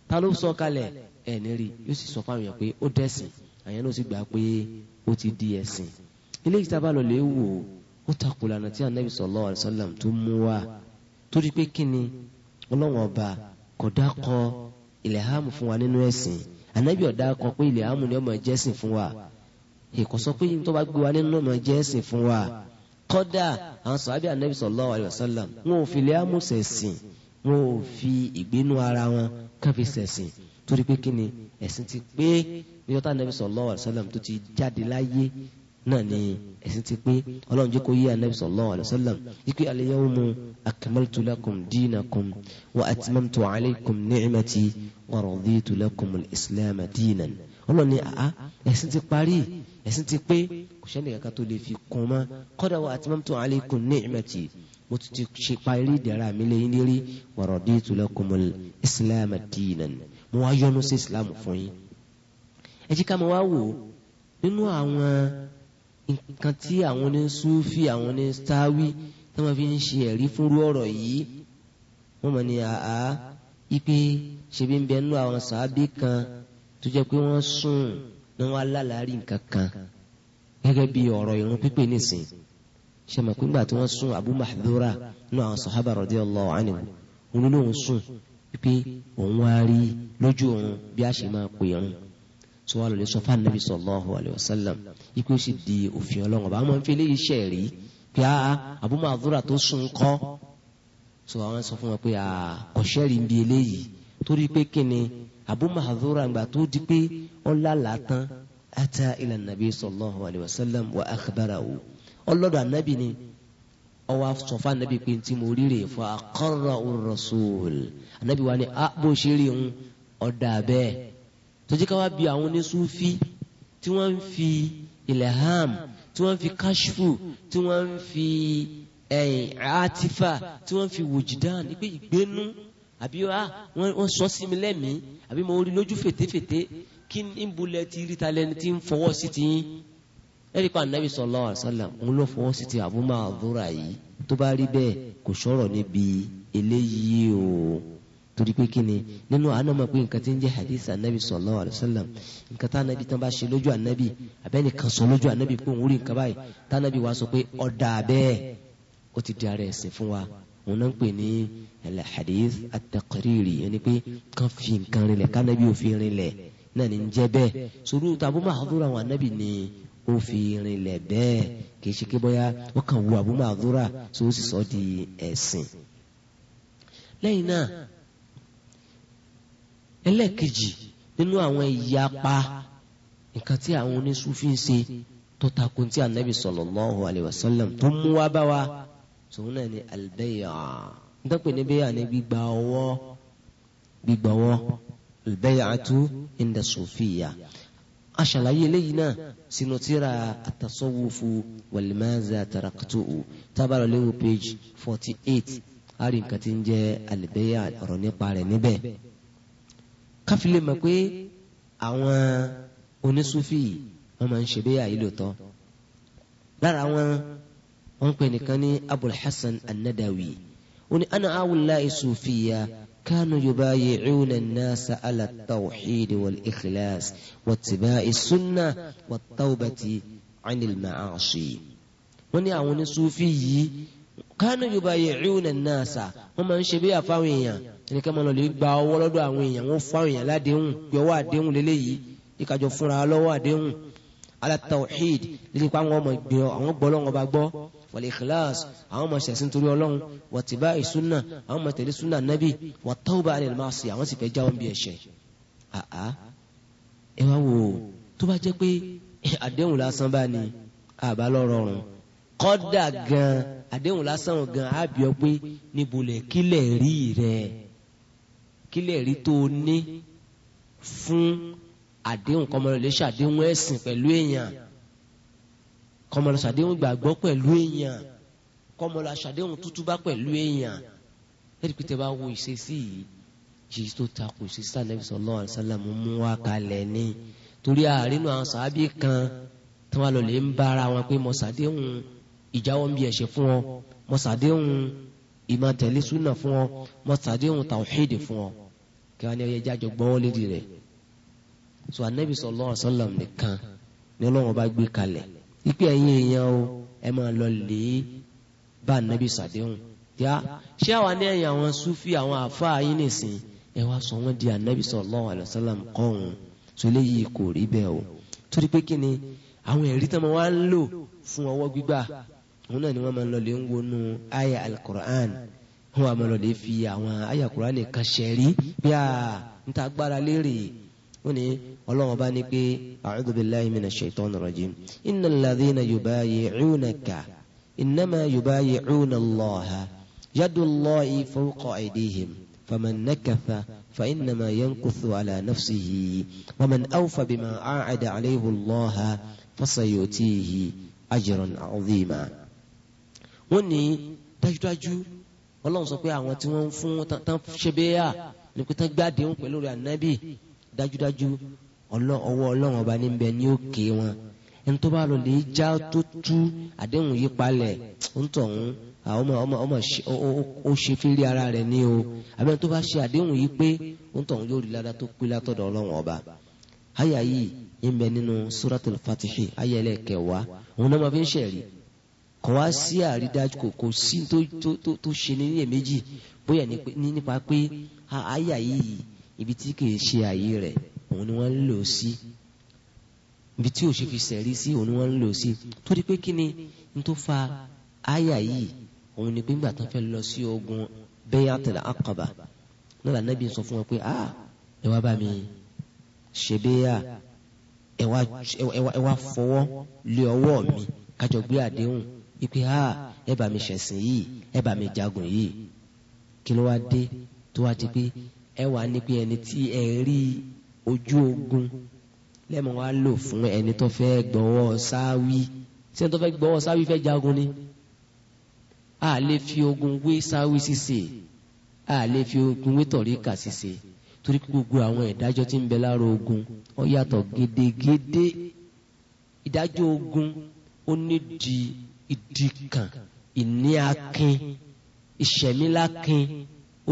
ta ló sọ kalẹ̀ ẹ̀ nírí yóò sì sọ fáwọn yẹn pé ó dẹ̀sìn àyẹn náà sì gbà pé ó ti di ẹ̀sìn ilé ìtaba lọ lè wò ó takò lànà tí anabi sallallahu alaihi wasallam tó mú wa torí pé kíni ọlọ́wọ́n ọba kọ̀dá kọ ìlẹ̀hámù fún wa nínú ẹ̀sìn anabi ọ̀dá kọ pé ìlẹ̀hámù ni ọmọ ẹ̀jẹ̀sìn fún wa èkó sọ pé yìí tó bá gbé wa nínú ọmọ ẹ̀jẹ̀sìn fún wa kọ́dà àwọn sàbí anabi sallallahu alayhi wa sallam wọn ò fi lẹ́yàmú sẹ̀sìn wọn ò fi ìgbénu ara wọn káfi sẹ̀sìn torí pé kíni ẹ̀sìn ti pé níjọ́ tá anabi sallallahu alayhi wa sallam tó ti jáde láyé náà ni ẹ̀sìn ti pé ọlọ́run jẹ́ kó yé anabi sallallahu alayhi wa sallam ikú al-yawma akmaltu lakum dinakum wa atmamtu kò sẹ́ni kankan tó lè fi kún mọ́ kọ́dà wa atmamtu alaykum ni'mati mo tún ti ṣe parí ìdára mi lẹ́yìn lérí wa raditu lakumul islam dinan mo wá yọ́nú sí islam fún yín. ẹ jí ká mo wá wò ó nínú àwọn nǹkan sufi àwọn ní stawi tí wọ́n fi ń ṣe ẹ̀rí fúnrú ọ̀rọ̀ yìí wọ́n mọ̀ ní àá ipe ṣebí ń bẹ nínú àwọn sàábì kan tó jẹ́ pé wọ́n sùn ní wọ́n alálàárí gẹ́gẹ́ bí ọ̀rọ̀ irun pípé nìsín sẹ́mọ̀kú ńgbà tí wọ́n sún Abu Mahdura náà àwọn sọ̀hábà radiyallahu anhu òun lóun sùn pípé òun wá rí lójú òun bí a ṣe máa pè irun tí wọ́n lò lè sọ fún anabi sallallahu alayhi wa sallam ikú sì di òfin ọlọ́run ọba àwọn fi eléyìí ṣẹ̀ rí pé a Abu Mahdura tó sùn kọ́ so àwọn sọ fún wọn pé a kò ṣẹ́rí eléyìí torí pé kíni Abu Mahdura ńgbà tó di pé ọlá làá tán ata ila nabi sallallahu alayhi wa sallam wa akhbarahu ọlọ́dọ̀ anabi ni ọwọ́ sọ̀fà anabi pé ntí mo rí rè fa akọ́rọ̀ rasul anabi wa ni a bó ṣe rí ń ọ̀dà bẹ́ẹ̀ tọ́jú ká wá bí àwọn oníṣúfí tí wọ́n ń fi ilham tí wọ́n ń fi kashfu tí wọ́n ń fi ẹ̀yìn atifa tí wọ́n ń fi wujudan pé ìgbénu àbí wọ́n sọ sí mi lẹ́mìí àbí mo rí lójú fètèfètè kí n bolẹ̀ ti rí talẹ́ni tí ń fọwọ́ sí ti yín ẹ̀rí pa anabi sallallahu alaihi wasallam òun ló fọwọ́ sí ti Abu Mahdhura yìí tó bá rí bẹ́ẹ̀ kò sọ̀rọ̀ níbi eléyìí o torí pé kí ni nínú àánú ma pé nǹkan tí ń jẹ́ hadith anabi sallallahu alaihi wasallam nǹkan tá anabi tán bá ṣe lójú anabi abẹ́ni kan sọ lójú anabi pé òun rí nǹkan báyìí tá anabi wá sọ pé ọ̀dà bẹ́ẹ̀ ó ti di ara ẹ̀sìn fún wa òun náà ń pè ní al-hadith at-taqriri ẹni pé kàn fi nǹkan rinlẹ̀ kánábì òfin rinlẹ̀ náà ní ń jẹ́ bẹ́ẹ̀ sùúrù tàbí màdúrà àwọn anábì ni ó fi rinlẹ̀ bẹ́ẹ̀ kì í ṣe kí bóyá wọ́n kàn wo àbú màdúrà tó sì sọ di ẹ̀sìn. lẹ́yìn náà ẹlẹ́ẹ̀kejì nínú àwọn ìyapa nǹkan tí àwọn oníṣúfì ń ṣe tó takun tí anabi sallallahu alayhi wa sallam tó mú wá bá wa tòun náà ni albay'a ntọ́pẹ̀ níbẹ̀ yà ni gbígbà ọwọ́ gbígbà ọwọ́ al-bay'atu inda sufiya aṣàlàyé eléyìí náà sínú tíra at-tasawwufu wal-maza taraktu'u tábàrọ̀ léwu page forty eight àrí nǹkan tí ń jẹ́ al-bay'a ọ̀rọ̀ nípa rẹ̀ níbẹ̀ káfílẹ̀ mọ̀ pé àwọn onísúfì wọn máa ń ṣe bẹ́yà yìí lóòótọ́ lára wọn wọn pè nìkan ní abul hasan an-nadawi ó ní ana awùlá isufiya. كانوا يبايعون الناس على التوحيد والإخلاص واتباع السنة والتوبة عن المعاصي wọ́n ní àwọn oníṣúfì yìí kánú yorùbá yẹ ríúnà náà sà wọ́n máa ń ṣe bíyà fáwọn èèyàn ẹnìkan máa lọ lè gba ọwọ́ lọ́dọ̀ àwọn èèyàn wọ́n fáwọn èèyàn ládéhùn yọwọ́ àdéhùn lélẹ́yìí ìkàjọ fúnra lọ́wọ́ àdéhùn alátàwọ̀hìd lè pa àwọn ọmọ ìgbìyànjú àwọn gbọ́ lọ́wọ́ bá gbọ́ wal ikhlas àwọn máa ṣẹ̀sìn torí ọlọ́run wàtíbá ìsúnà àwọn máa tẹ̀lé súnà nábì wàtọ́wọ́bà alẹ́ máa ṣe àwọn sì fẹ́ jáwọ́ bí ẹ̀ṣẹ̀. àá ẹ wá wò ó tó bá jẹ́ pé àdéhùn lásán bá ní àbá lọ́rọ̀ ọ̀run kọ́dà gan àdéhùn lásán gan àbí ọ pé níbo lẹ̀ kílẹ̀ rí rẹ̀ kílẹ̀ rí tó ní fún àdéhùn kọ́mọ kọmọlọ sàdéhùn gbàgbọ́ pẹ̀lú èèyàn kọmọlọ sàdéhùn tútúbá pẹ̀lú èèyàn ẹ̀rí pété bá wo ìṣesí yìí jìí tó takò ìṣesí Ànábì sallallahu alaihi wasallam mú wa kalẹ̀ ní torí àárínú àwọn sàábì kan tí wọn lọ lè ń bára wọn pé mo sàdéhùn ìjáwọ́ ń bí ẹ̀ṣẹ̀ fún ọ mo sàdéhùn súnà fún ọ mo tàwíìdì fún ọ kí wọn ní ọyẹ jájọ gbọ́wọ́ lédi rẹ̀ so Ànábì sallallahu alaihi nìkan ni Ọlọ́run bá gbé kalẹ̀ ipe ẹ̀yin èèyàn o ẹ máa lọ lè bá nàbì sàdéhùn yá ṣé àwa ní ẹ̀yìn àwọn sufi àwọn àfáà yín nìsín ẹ wá sọ wọn di ànábì sallallahu alaihi wasallam kọ́hún tó léyìí kò rí bẹ́ẹ̀ o torí pé kí ni àwọn ẹ̀rí tí wọ́n wá ń lò fún ọwọ́ gbígbà òun náà ni wọ́n máa ń lọ lè ń wọnú àyà alukur'an wọ́n máa lọ lè fi àwọn àyà alukur'an kan ṣẹ̀rí bí a ń ta agbára lérè wọ́n ní ọlọ́run bá ní pé a'udhu billahi minash shaitani rajim innal ladhina yubayi'unaka innama yubayi'una Allaha yadullahi fawqa aydihim faman nakatha fa innama yankuthu ala nafsihi waman awfa bima a'ada alayhi Allaha fasayutihi ajran 'azima. wọ́n ní dájúdájú ọlọ́run sọ pé àwọn tí wọ́n ń fún tán ṣe bẹ́ẹ̀ yà ní pé tán gbá àdéhùn pẹ̀lú rẹ̀ ànábì dájúdájú ọwọ́ ọlọ́run ọba níbẹ̀ ní òkè wọn ẹni tó bá lọ lè já tó tú àdéhùn yí palẹ̀ ń tọ̀hún ọmọ ọmọ ọmọ ó ṣe fi rí ara rẹ̀ ní o àbẹ́ni tó bá ṣe àdéhùn yí pé ń tọ̀hún yóò rí ládàá tó pé látọ̀dọ̀ ọlọ́run ọba àyà yìí ń bẹ nínú suratul fatihi àyà ẹlẹ́kẹ̀wàá òun náà máa fi ń ṣẹ̀rí kọ́ wá sí àrídájú kò kò sí tó tó tó ṣe ní ẹ̀ méjì bóyá nípa pé àyà yìí ibi tí kì í ṣe àyè rẹ̀ òun ni wọ́n ń lò sí ibi tí ò ṣe sí òun ni wọ́n ń lò sí torí pé kí ni n tó fa àyà yìí òun ni pé ńgbà tán fẹ́ lọ sí ogun Bayatul Aqaba náà lànàbí sọ fún wọn pé a ah, ẹ wá bá mi ṣe bẹ́yà ẹ wá fọwọ́ lé ọwọ́ mi kájọ gbé àdéhùn ipe a ah, ẹ bá mi ṣẹ̀sìn yìí ẹ bá mi jagun yìí kí ló wá dé tó wá di pé ẹ wà ní pé ẹni tí ẹ rí ojú ogun lẹ́mọ̀ wá lò fún ẹni tó fẹ́ gbọ́wọ́ sáwí ṣé tó fẹ́ gbọ́wọ́ sáwí fẹ́ jagun ni a lè fi ogun wé sáwí ṣíṣe a lè fi ogun wé tọ̀ríkà ṣíṣe torí gbogbo àwọn ìdájọ́ tí ń bẹ lára ogun ó yàtọ̀ gédégédé ìdájọ́ ogun ó ní di ìdìkàn ìní akin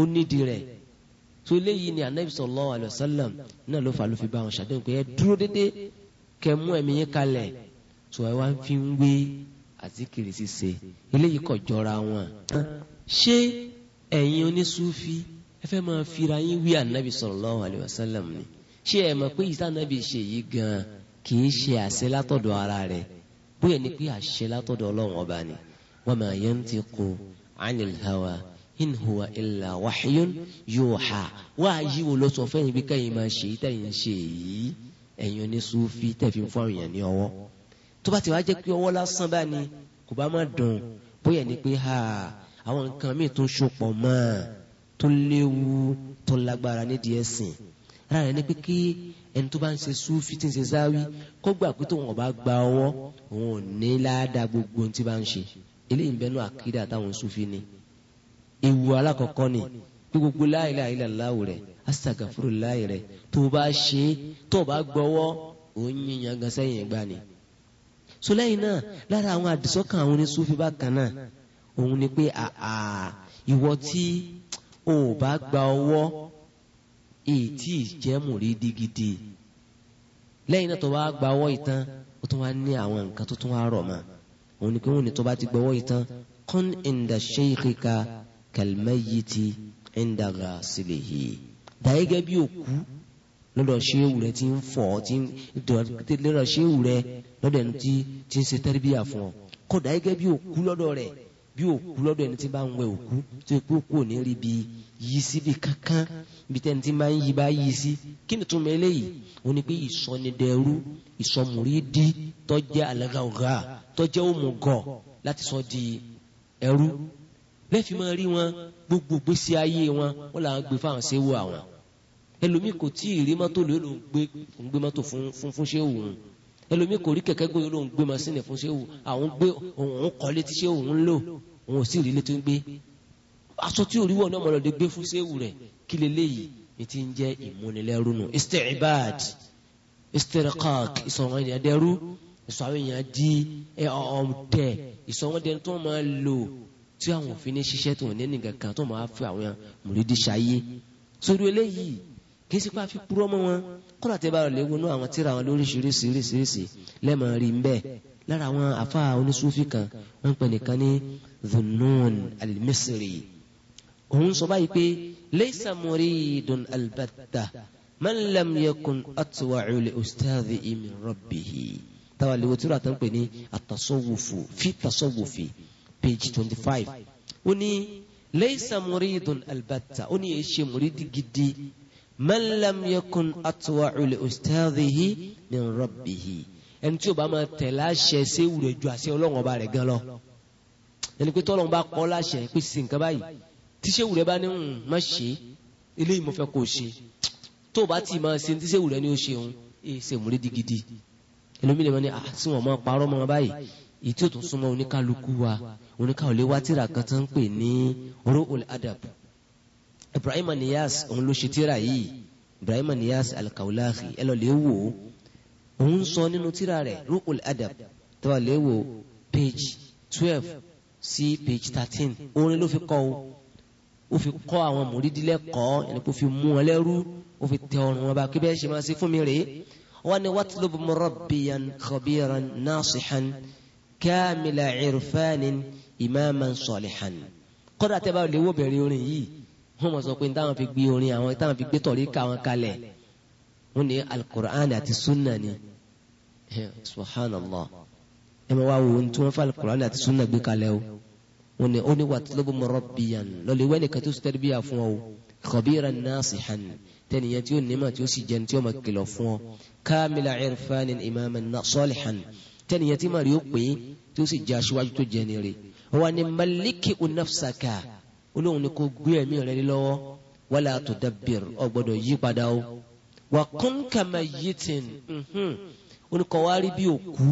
ó nídìí rẹ̀ so léyìí ni anabi sallallahu alayhi wa sallam náà ló fà ló fi bá wọn ṣàdéhùn pé ẹ dúró dédé kẹ mú ẹ̀mí yín kalẹ̀ tó ẹ wá fi ń wé àzikiri ṣíṣe eléyìí kò jọra wọn. ṣé ẹ̀yin onísúfí ẹ fẹ́ máa fira yín wí anabi sallallahu alayhi ni ṣé ẹ mọ̀ pé ìsá anabi ṣe yìí gan-an kì í ṣe àṣẹ látọ̀dọ̀ ara rẹ̀ bóyá ni pé àṣẹ látọ̀dọ̀ ọlọ́run ọba ni wa ma yantiqu anil hawa in huwa illa wahyun yuha wáyí wo ló sọ fún ẹ̀yin bí kẹ́yìn máa ṣe tẹ̀yìn ṣe yìí ẹ̀yin oníṣúfì tẹ̀fí fún àwọn èèyàn ní ọwọ́ tó bá ti wá jẹ́ pé ọwọ́ lásán bá ní kò bá má dùn bóyá ni pé ha àwọn nǹkan míì tó ń sopọ̀ mọ́ ọ tó léwu tó lágbára nídìí ẹ̀sìn ara rẹ̀ ni pé kí ẹni tó bá ń ṣe súfì tí ń ṣe sáwí kó gbà pé tóun ọba gba ọwọ́ òun ò ní ládàá gbogbo ohun tí bá ń ṣe eléyìí ń bẹnu àkídà táwọn súfì ni ewu alákọ̀ọ́kọ́ ni bí gbogbo la ilaha illallah rẹ̀ astaghfirullah rẹ̀ tó bá ṣe tó bá gbọ́wọ́ òun yíyan gan sẹ́yìn gbà ni. so lẹ́yìn náà lára àwọn àdìsọ́kàn àwọn oníṣúfì bákan náà òun ni pé àà ìwọ tí o ò bá gba ọwọ́ ètí ìjẹ́mù rí digidi lẹ́yìn náà tó bá gba ọwọ́ ìtàn ó tún wá ní àwọn nǹkan tó tún wá rọ̀ mọ́ òun ni pé òun ni tó bá ti gbọ́wọ́ ìtàn kun inda sheikhika kàlmẹ́yìtì ẹ̀ńdàgà sílẹ̀ yìí. dàgẹ́gẹ́ bí òkú lọ́dọ̀ ṣéwù rẹ̀ ti ń fọ̀ ti ń lọ́dọ̀ ṣéwù rẹ̀ lọ́dọ̀ ẹni tí ti ń ṣe tẹ́rìbíyà fún ọ. kó dàgẹ́gẹ́ bí òkú lọ́dọ̀ rẹ̀ bí òkú lọ́dọ̀ ẹni tí bá ń wẹ òkú tó yẹ pé òkú ò ní rí bi yí síbi kankan bí tẹ́ni tí máa ń yí bá yí sí kí ni túmọ̀ eléyìí ó ní pé ìsọnidẹrú ìsọmùrídìí tọ́jẹ́ àlàgà ọ̀gá tọ́jẹ́ láti sọ di ẹrú lẹ́fì máa rí wọn gbogbo gbèsè ayé wọn wọn là ń gbé fáwọn séwò àwọn ẹlòmíì kò tí ì rí mọ́tò lóyún ló ń gbé ń gbé mọ́tò fún fún fún séwò wọn ẹlòmíì kò rí kẹ̀kẹ́ gbóyún ló ń gbé masínì fún séwò àwọn gbé òun kọ́ létí séwò ń lò òun ò sì rí létí ń gbé aṣọ tí òrí wọ̀ ní ọmọlọ́dẹ gbé fún séwò rẹ̀ kí leléyìí ètí ń jẹ́ ìmúnilẹ́rúnù ìsọ̀rọ̀ di ọ̀ọ́dẹ ìsọ̀rọ̀ dẹni tó máa lò tí àwọn òfin ní ṣiṣẹ́ tó ní nìkan kan tó máa fi àwọn mùrídìí ṣayé sórí eléyìí kì í sì fi purọ́ mọ́ wọn kọ́nà tẹ́ bá rẹ̀ léwu náà àwọn tíra àwọn lóríṣiríṣiríṣiríṣi lẹ́mọ̀ rí ń bẹ́ẹ̀ lára àwọn afa onísúfì kan wọ́n ń pè nìkan ní Dhunnun al-Misri òun sọ báyìí pé laysa muridun albatta man lam yakun atwa'u li ustadhihi min rabbihi táwa tíra tó ń pè ní at fi at page twenty five ó ní laysa muridun albatta ó ní èyí ṣe muridi gidi man lam yakun atwa'u li ustadhihi min rabbihi ẹni tí o bá máa tẹ̀ láṣẹ ṣé wùrẹ̀ ju àṣẹ ọlọ́run ọba rẹ̀ gan lọ ẹni pé tọ́lọ́run bá kọ́ láṣẹ pé sì nǹkan báyìí tí ṣé wùrẹ̀ bá ní ń hmm, má ṣe eléyìí mo fẹ́ kó o ṣe tó o bá ti máa ṣe tí ṣé wùrẹ̀ ni o ṣe òun èyí ṣe múlẹ̀ digidi ẹlòmíràn ni àti wọn máa parọ́ mọ́ báyìí èyí tí súnmọ́ oníkálukú wa oníkà ò lè wá tírà kan tó ń pè ní ru'ul adab Ibrahim Niyas òun ló ṣe tírà yìí Ibrahim Niyas al-Kaulahi ẹ lọ lè wò ó òun sọ nínú tírà rẹ̀ ru'ul adab tó wà lè wò page twelve sí page thirteen orin ló fi kọ́ o ó fi kọ́ àwọn mùrídìlẹ́kọ̀ọ́ ẹni kó fi mú wọn lẹ́rú ó fi tẹ ọrùn wọn bá kí bẹ́ẹ̀ ṣe máa ṣe fún mi rèé wọ́n ní watlub murabbiyan khabiran nasihan kamila irfanin imaman salihan kódà tẹ́ bá lè wò bẹ̀rẹ̀ orin yìí wọ́n mọ̀ sọ pé táwọn fi gbé orin àwọn táwọn fi gbé tọ̀rí ká wọn kalẹ̀ wọ́n ní alukur'an àti sunna ni subhanallah ẹ máa wá wo ohun tí wọ́n fa alukur'an àti sunna gbé kalẹ̀ o wọ́n ní ó ní watlubu murabbiyan lọ́lẹ̀ wẹ́ni kan tó bíyà fún ọ o khabiran nasihan tẹnìyàn tí ó nímọ̀ tí ó sì jẹun tí ó máa kìlọ̀ fún ọ kamila irfanin imaman salihan tẹnìyàn tí màrí ó pè é tí ó sì jẹ́ aṣíwájú tó jẹ́ ni wọn maliki unafsaka olóhùn ni kò gbé ẹ̀mí rẹ lé lọ́wọ́ wala tudabbir ọ gbọ́dọ̀ yí padà o wà kún kàmá yìí tìn oníkọ̀wárí bí òkú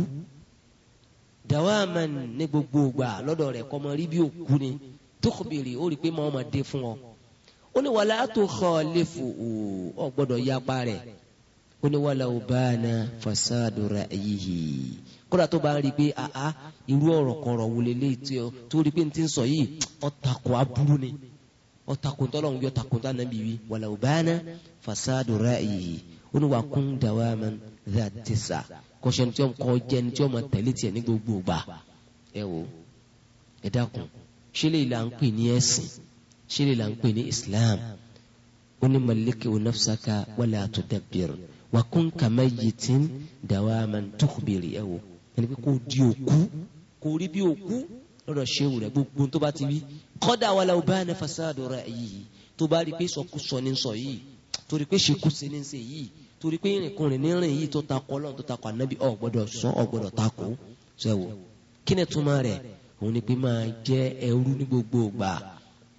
dawaman ní gbogbo ìgbà lọ́dọ̀ rẹ̀ kọ́mọ rí bí òkú ni tókùbìrì ó rí i pé máa ma dé fún ọ ó ní wàlá tó xọ léfò ó gbọ́dọ̀ yapa rẹ̀ ó ní wàlẹ̀ ọ̀bánà fasadu ra'yihi kódà tó bá ń rí i pé àá irú ọ̀rọ̀ kọ̀rọ̀ wulẹ̀ léètì ọ tó rí i pé n ti ń sọ yìí ọ̀tàkùn aburú ni ọ̀tàkùn tọ́lọ̀ ń gbé ọ̀tàkùn tá nàbí wí wàlẹ̀ ọ̀bánà fasadu ra'yihi ó ní wà kún dawaman that tisa kọ́sẹ́ni tí ó ń kọ́ jẹ́ni tí ó máa tẹ̀lé tiẹ̀ ní gbogbo gbà ẹ wo ẹ dákun ṣé lè ń pè ní ẹ̀sìn ṣé lè ń pè ní Islam ó ní maliki onafsaka wàlẹ̀ àtúndàbìrì wa kun kama yitin dawa man tukubiri ẹ wo ẹni pé kò di òkú kò rí bí òkú lọ́dọ̀ ṣéwù rẹ̀ gbogbo tó bá ti wí kọ́dà wàlà ọba ẹni fasádọ̀ rẹ̀ yìí tó bá rí pé sọkúsọ ní sọ yìí torí pé ṣekúṣe ní ṣe yìí torí pé ìrìnkùnrin ní rìn yìí tó ta kọ́ lọ́n tó ta kọ́ ànábì ọ̀ gbọ́dọ̀ sọ ọ̀ gbọ́dọ̀ ta kó ṣẹ́wò kí ni túmọ̀ òun ni pé máa jẹ́ ẹrú ní gbogbo ìgbà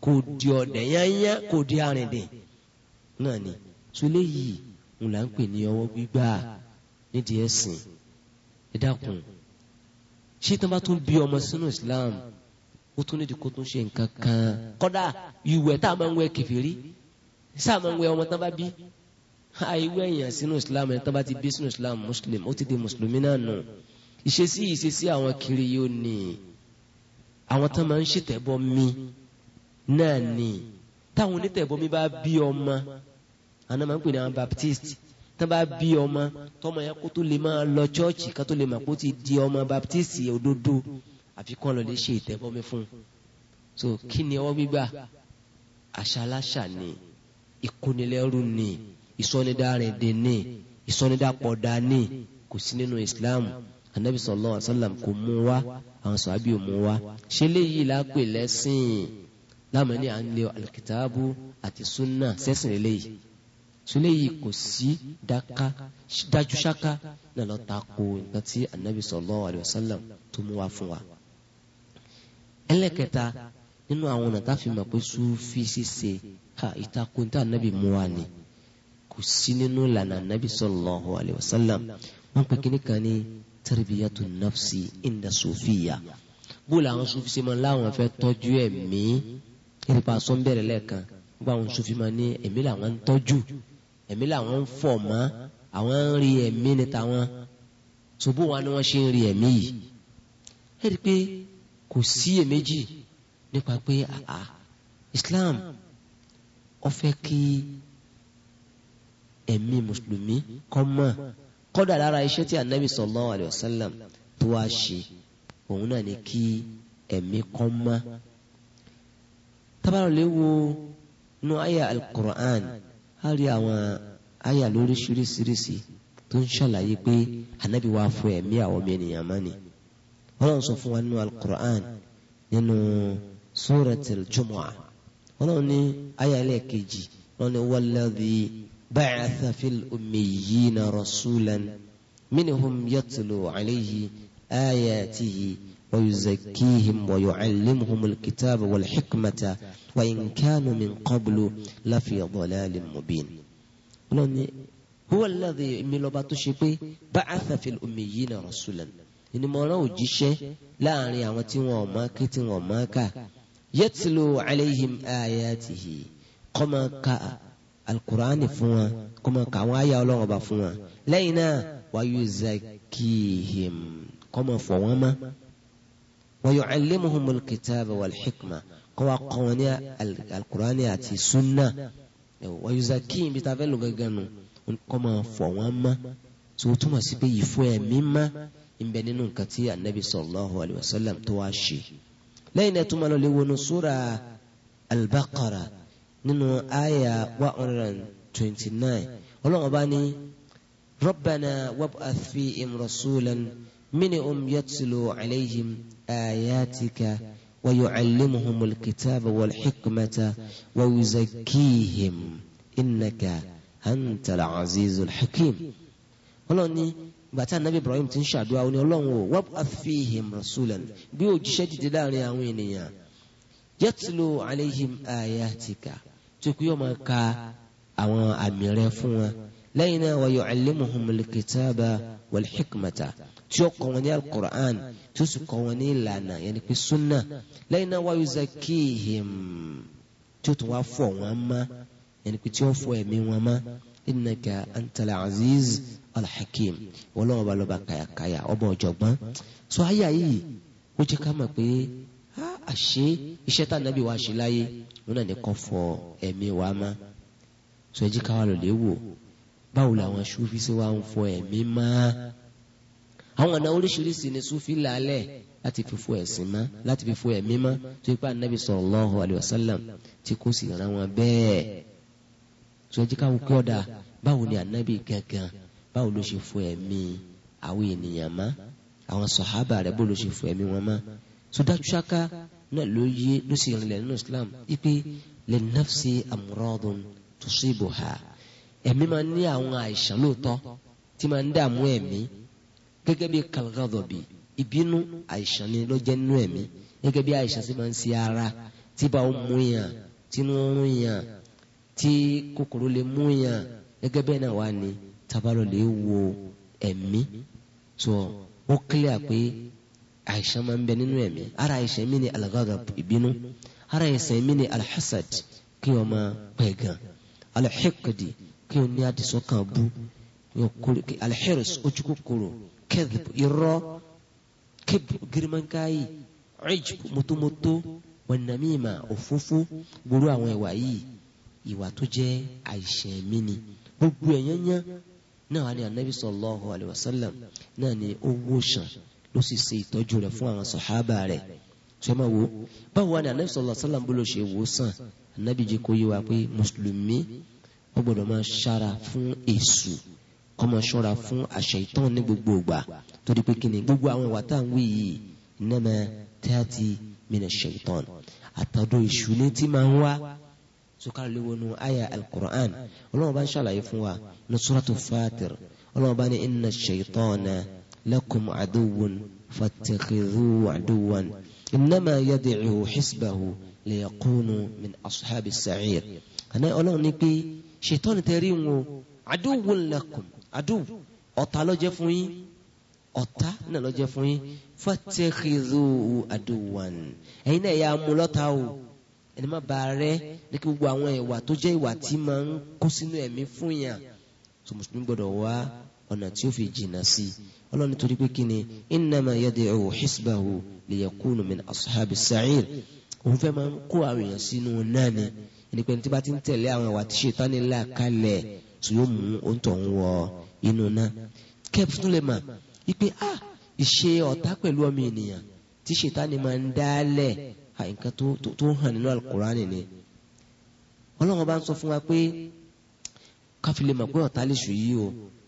kò di ọ̀dẹ̀ yányá kò di arìndìn náà ni sọlẹ́ yìí ń là ń pè ní ọwọ́ gbígbà nídìí ẹ̀sìn ẹ ṣé tí wọ́n bá tún bí ọmọ sínú Islam ó tún nídìí kó tún ṣe nǹkan kan kọ́dà ìwẹ̀ tá a máa ń wẹ̀ kẹfìrí sá a máa ń wẹ̀ ọmọ tán bá bí àìwẹ̀ èèyàn sínú Islam ẹ̀ tán bá ti bí sínú Islam Muslim ó ti di mùsùlùmí náà nù ìṣesí ìṣesí àwọn kiri yóò ní àwọn tán máa ń ṣètẹ́bọ mi náà ní táwọn onítẹ̀bọ mi bá bí ọmọ àná máa ń pè ní àwọn baptist tó bá bí ọmọ tọmọ yẹn kó tó lè máa lọ chọ́ọ̀chì ká tó lè máa kó ti di ọmọ baptist òdodo àfikún ọlọ́lẹ̀ ṣe ìtẹ́bọ́mi fún un so kí ni ọwọ́ gbígbà àṣàláṣà ni ìkúnilẹ́rù ni ìsọnidárinde ni ìsọnidápọ̀dà ni kò sí nínú Islam anabi sallallahu alaihi kò mú wa àwọn sàbí ò mú wa ṣé léyìí lápè lẹ́sìn láàmú ń lo alikitaabu àti sunna sẹ́sìn lélẹ́yìí sọlẹ kò sí daka dájú ṣáká náà lọ ta ko nǹkan tí anabi sallallahu alaihi wasallam tó mú wa fún wa. ẹlẹ́kẹta nínú àwọn ọ̀nà fi mọ̀ pé sufi ṣíṣe ha ìtakùn tá anabi mú wa ni kò sí nínú ìlànà anabi sallallahu alaihi wasallam wọn pe kíní kan ní tarbiyatu nafsi inda sufiya bó làwọn sufi ṣe máa láwọn fẹ́ tọ́jú ẹ̀mí ìrìpà sọ́nbẹ̀rẹ̀ lẹ́ẹ̀kan gbogbo àwọn sufi máa ní ẹ̀mí làwọn ń tọ́jú ẹ̀mí làwọn ń fọ̀ mọ́ àwọn ń rí ẹ̀mí ni tàwọn ṣubú wọn ni wọ́n ṣe ń rí ẹ̀mí yìí ẹ rí i pé kò sí èméjì nípa pé àá Islam ó fẹ́ kí ẹ̀mí mùsùlùmí kọ́ mọ̀ kọ́dà lára iṣẹ́ tí anabi sallallahu wa sallam tó wá ṣe òun náà ni kí ẹ̀mí kọ́ mọ́ tábàrọ̀ lè wo nu àyà al No a rí àwọn àyà lóríṣiríṣiríṣi tó ń ṣàlàyé pé anabi wa fọ ẹ̀mí àwọn ọmọ ènìyàn mọ́ ni Ọlọ́run sọ fún wa nínú alukur'an nínú suratul jumu'ah Ọlọ́run ní àyà ẹlẹ́ẹ̀kejì Ọlọ́run ní walladhi ba'atha fil ummiyina rasulan minhum yatlu alayhi ayatihi. ويزكيهم ويعلمهم الكتاب والحكمة وإن كانوا من قبل لفي ضلال مبين هو الذي ملوباتو شيبي بعث في الأميين رسولا إن مولا وجيشه لا أن يعمتي وماكي وماكا يتلو عليهم آياته كما كا القرآن فوا كما كا وآيا الله وبا لينا ويزكيهم كما فوا ويعلمهم الكتاب والحكمة قوى قوانيا القرآن أتي سنة ويزكيهم بتابلو غغانو كما فواما سوتما سيبي يفوى مما ìbẹ nínú nǹkan tí anabi sallallahu alayhi wa sallam tó wá ṣe lẹ́yìn náà tó máa lọ lè wọnú súra albaqara nínú àyà one hundred and twenty nine ọlọ́run bá ní rabbana wab'ath fihim rasulan minhum yatlu alayhim آياتك ويعلمهم الكتاب والحكمة ويزكيهم إنك أنت العزيز الحكيم ولوني bàtà nabi ibrahim ti ń ṣàdúrà ó ní ọlọ́run o wab'ath fihim rasulan bí òjíṣẹ́ dìde láàrin àwọn ènìyàn yatlu alayhim ayatika tó kú yóò máa ka àwọn àmì rẹ fún wọn lẹ́yìn náà wàyọ̀ alimuhumul kitaba wal hikmata tí ó kọ́ wọn ní alukur'an tí ó sì kọ́ wọn ní ìlànà yẹni pé sunna lẹ́yìn náà wàyọ̀ zakihim tí ó tún wá fọ̀ wọn mọ́ yẹni pé tí ó fọ̀ ẹ̀mí wọn mọ́ innaka antala aziz alhakim wọlọ́wọ́ bá lọ́ba kàyàkàyà ọba ọ̀jọ̀gbọ́n so ayé ayé ó jẹ́ ká mọ̀ pé àṣé iṣẹ́ tá nàbí wa ṣe láyé wọn náà ní kọ́ fọ̀ ẹ̀mí wa mọ́ so ẹ jẹ́ ká wà lọ́lẹ́ wò báwo làwọn sufi ṣe wá ń fọ ẹ̀mí mọ́ àwọn ọ̀nà oríṣiríṣi ni sufi làálẹ̀ láti fi fọ ẹ̀sìn mọ́ láti fi fọ ẹ̀mí mọ́ tó ipá anabi sallallahu alayhi wa sallam tí kò sì ràn wọn bẹ́ẹ̀ tó ẹjí káwọn kí ọ̀dà báwo ni anabi gangan báwo ló ṣe fọ ẹ̀mí àwọn ènìyàn mọ́ àwọn sọ̀hábà rẹ̀ bó ló ṣe fọ ẹ̀mí wọn mọ́ tó dájú ṣáká náà ló yé ló sì rìnlẹ̀ nínú Islam ipe lẹ́nàfṣe amradun tusibuha ẹ̀mí máa ń ní àwọn àìsàn lóòótọ́ tí máa ń dààmú ẹ̀mí gẹ́gẹ́ bí kàlgàdọ̀bì ìbínú àìsàn ni ló jẹ́ nínú ẹ̀mí gẹ́gẹ́ bí àìsàn sì máa ń ṣe ara tí bá ó mú yàn tí inú ń rún yàn tí kòkòrò lè mú yàn gẹ́gẹ́ bẹ́ẹ̀ náà wà ní tabalọ̀ lè wo ẹ̀mí tó ó kílíà pé àìsàn máa ń bẹ nínú ẹ̀mí ara àìsàn mi ni algadab ìbínú ara àìsàn mi ni alhassad kí wọ́n máa pẹ̀ gan alhikadi kí o ní àdìsọ́kàn bú alḥirs ojú kòkòrò kẹ́dìb irọ́ kib girimankayi cijb mutomoto wànàmíìmà òfófó gbòòrò àwọn ìwà yìí ìwà tó jẹ́ àìṣẹ̀mí ni gbogbo ẹ̀yán náà wà ní anabi sallallahu alayhi wa sallam náà ni ó wó sàn ló sì ṣe ìtọ́jú rẹ̀ fún àwọn sàhábà rẹ̀ tó máa wo báwo wà ní anabi sallallahu alayhi wa sallam bó ló ṣe wò sàn anabi jẹ́ kó yé wa pé mùsùlùmí ó gbọ́dọ̀ máa ṣára fún èṣù kó máa ṣọ́ra fún àṣẹ ìtàn ní gbogbo ìgbà torí pé kíni gbogbo àwọn ìwà tá à ń wí yìí innama tati minash shaitan àtàdọ̀ èṣù ní tí máa ń wá sukari wọnú àyà al-Qur'an ọlọ́run bá ń ṣàlàyé fún wa ní Fatir ọlọ́run bá ní inna shaitana lakum aduwwun fattakhidhuhu aduwwan innama yad'u hizbahu liyakunu min ashabi as-sa'ir. ní pé ṣètọ́ni tẹ rí wọn aduwwun lakum aduw ọ̀tá ló jẹ́ fún yín ọ̀tá náà ló jẹ́ fún yín fattakhidhu aduwwan ẹ̀yin náà yà á mú lọ́tà o ẹni má ba rẹ ní kí gbogbo àwọn ìwà tó jẹ́ ìwà tí máa ń kó sínú ẹ̀mí fún yàn tó mùsùlùmí gbọdọ̀ wá fi jìnnà sí i ọlọ́run nítorí pé kí ni innama yad'u liyakunu min ashabi sa'ir òun fẹ́ máa ń kó àwọn èèyàn ẹnìpẹ́ ní tí bá ti ń tẹ̀lé àwọn ìwà tí ṣètánì là kalẹ̀ tí yóò mú oúntọ̀ ń wọ inú náà kẹ́ẹ̀pù tún lè mà wípé a ah, ìṣe ọ̀tá pẹ̀lú ọmọ ènìyàn tí ṣètánì máa ń dálẹ̀ nǹkan tó hàn nínú alukurani ni ọlọ́run bá ń sọ fún wa pé káfílẹ̀ mọ̀ pé ọ̀tá lè ṣù yí o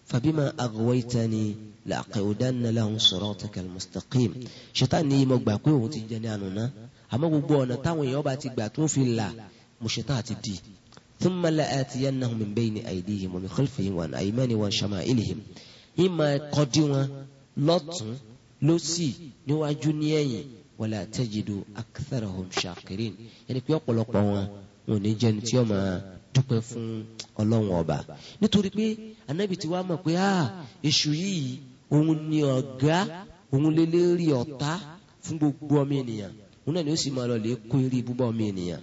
fabima aghwaytani la'aqudanna lahum siratakal mustaqim ṣètánì yìí mo gbà pé òun ti jẹ ní àná àmọ́ gbogbo ọ̀nà táwọn èèyàn bá ti gbà tó fi là mùsùlùmí àti dì thumma la'atiyannahum min bayni aydihim wa min khalfihim wa an aymanihim wa an shama'ilihim ìmọ̀ kọ́dí wọn lọ́tún lọ́sì níwájú ní ẹ̀yìn wala tajidu aktharahum shakirin ẹni pé ọ̀pọ̀lọpọ̀ wọn wọn ò ní jẹ́ ní tí ó máa dúpẹ́ fún ọlọ́run ọba nítorí pé anábì ti wá mọ̀ pé a èṣù yìí òun ni ọ̀gá òun lélẹ́rìí ọ̀tá fún gbogbo ọmọ ènìyàn òun náà ni ó sì máa lọ lè kó eré ibú bá ọmọ ènìyàn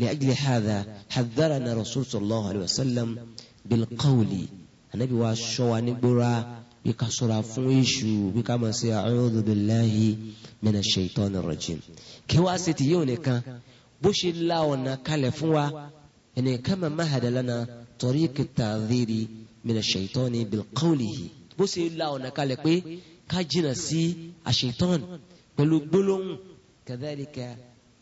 لأجل هذا حذرنا رسول صلى الله عليه وسلم بالقول النبي وشواني برا بك فويشو بك ما أعوذ بالله من الشيطان الرجيم كواسة يونيكا بوش الله ونكال فوا يعني كما مهد لنا طريق التعذير من الشيطان بالقوله بوش الله ونكال كاجنا الشيطان بلو بلو كذلك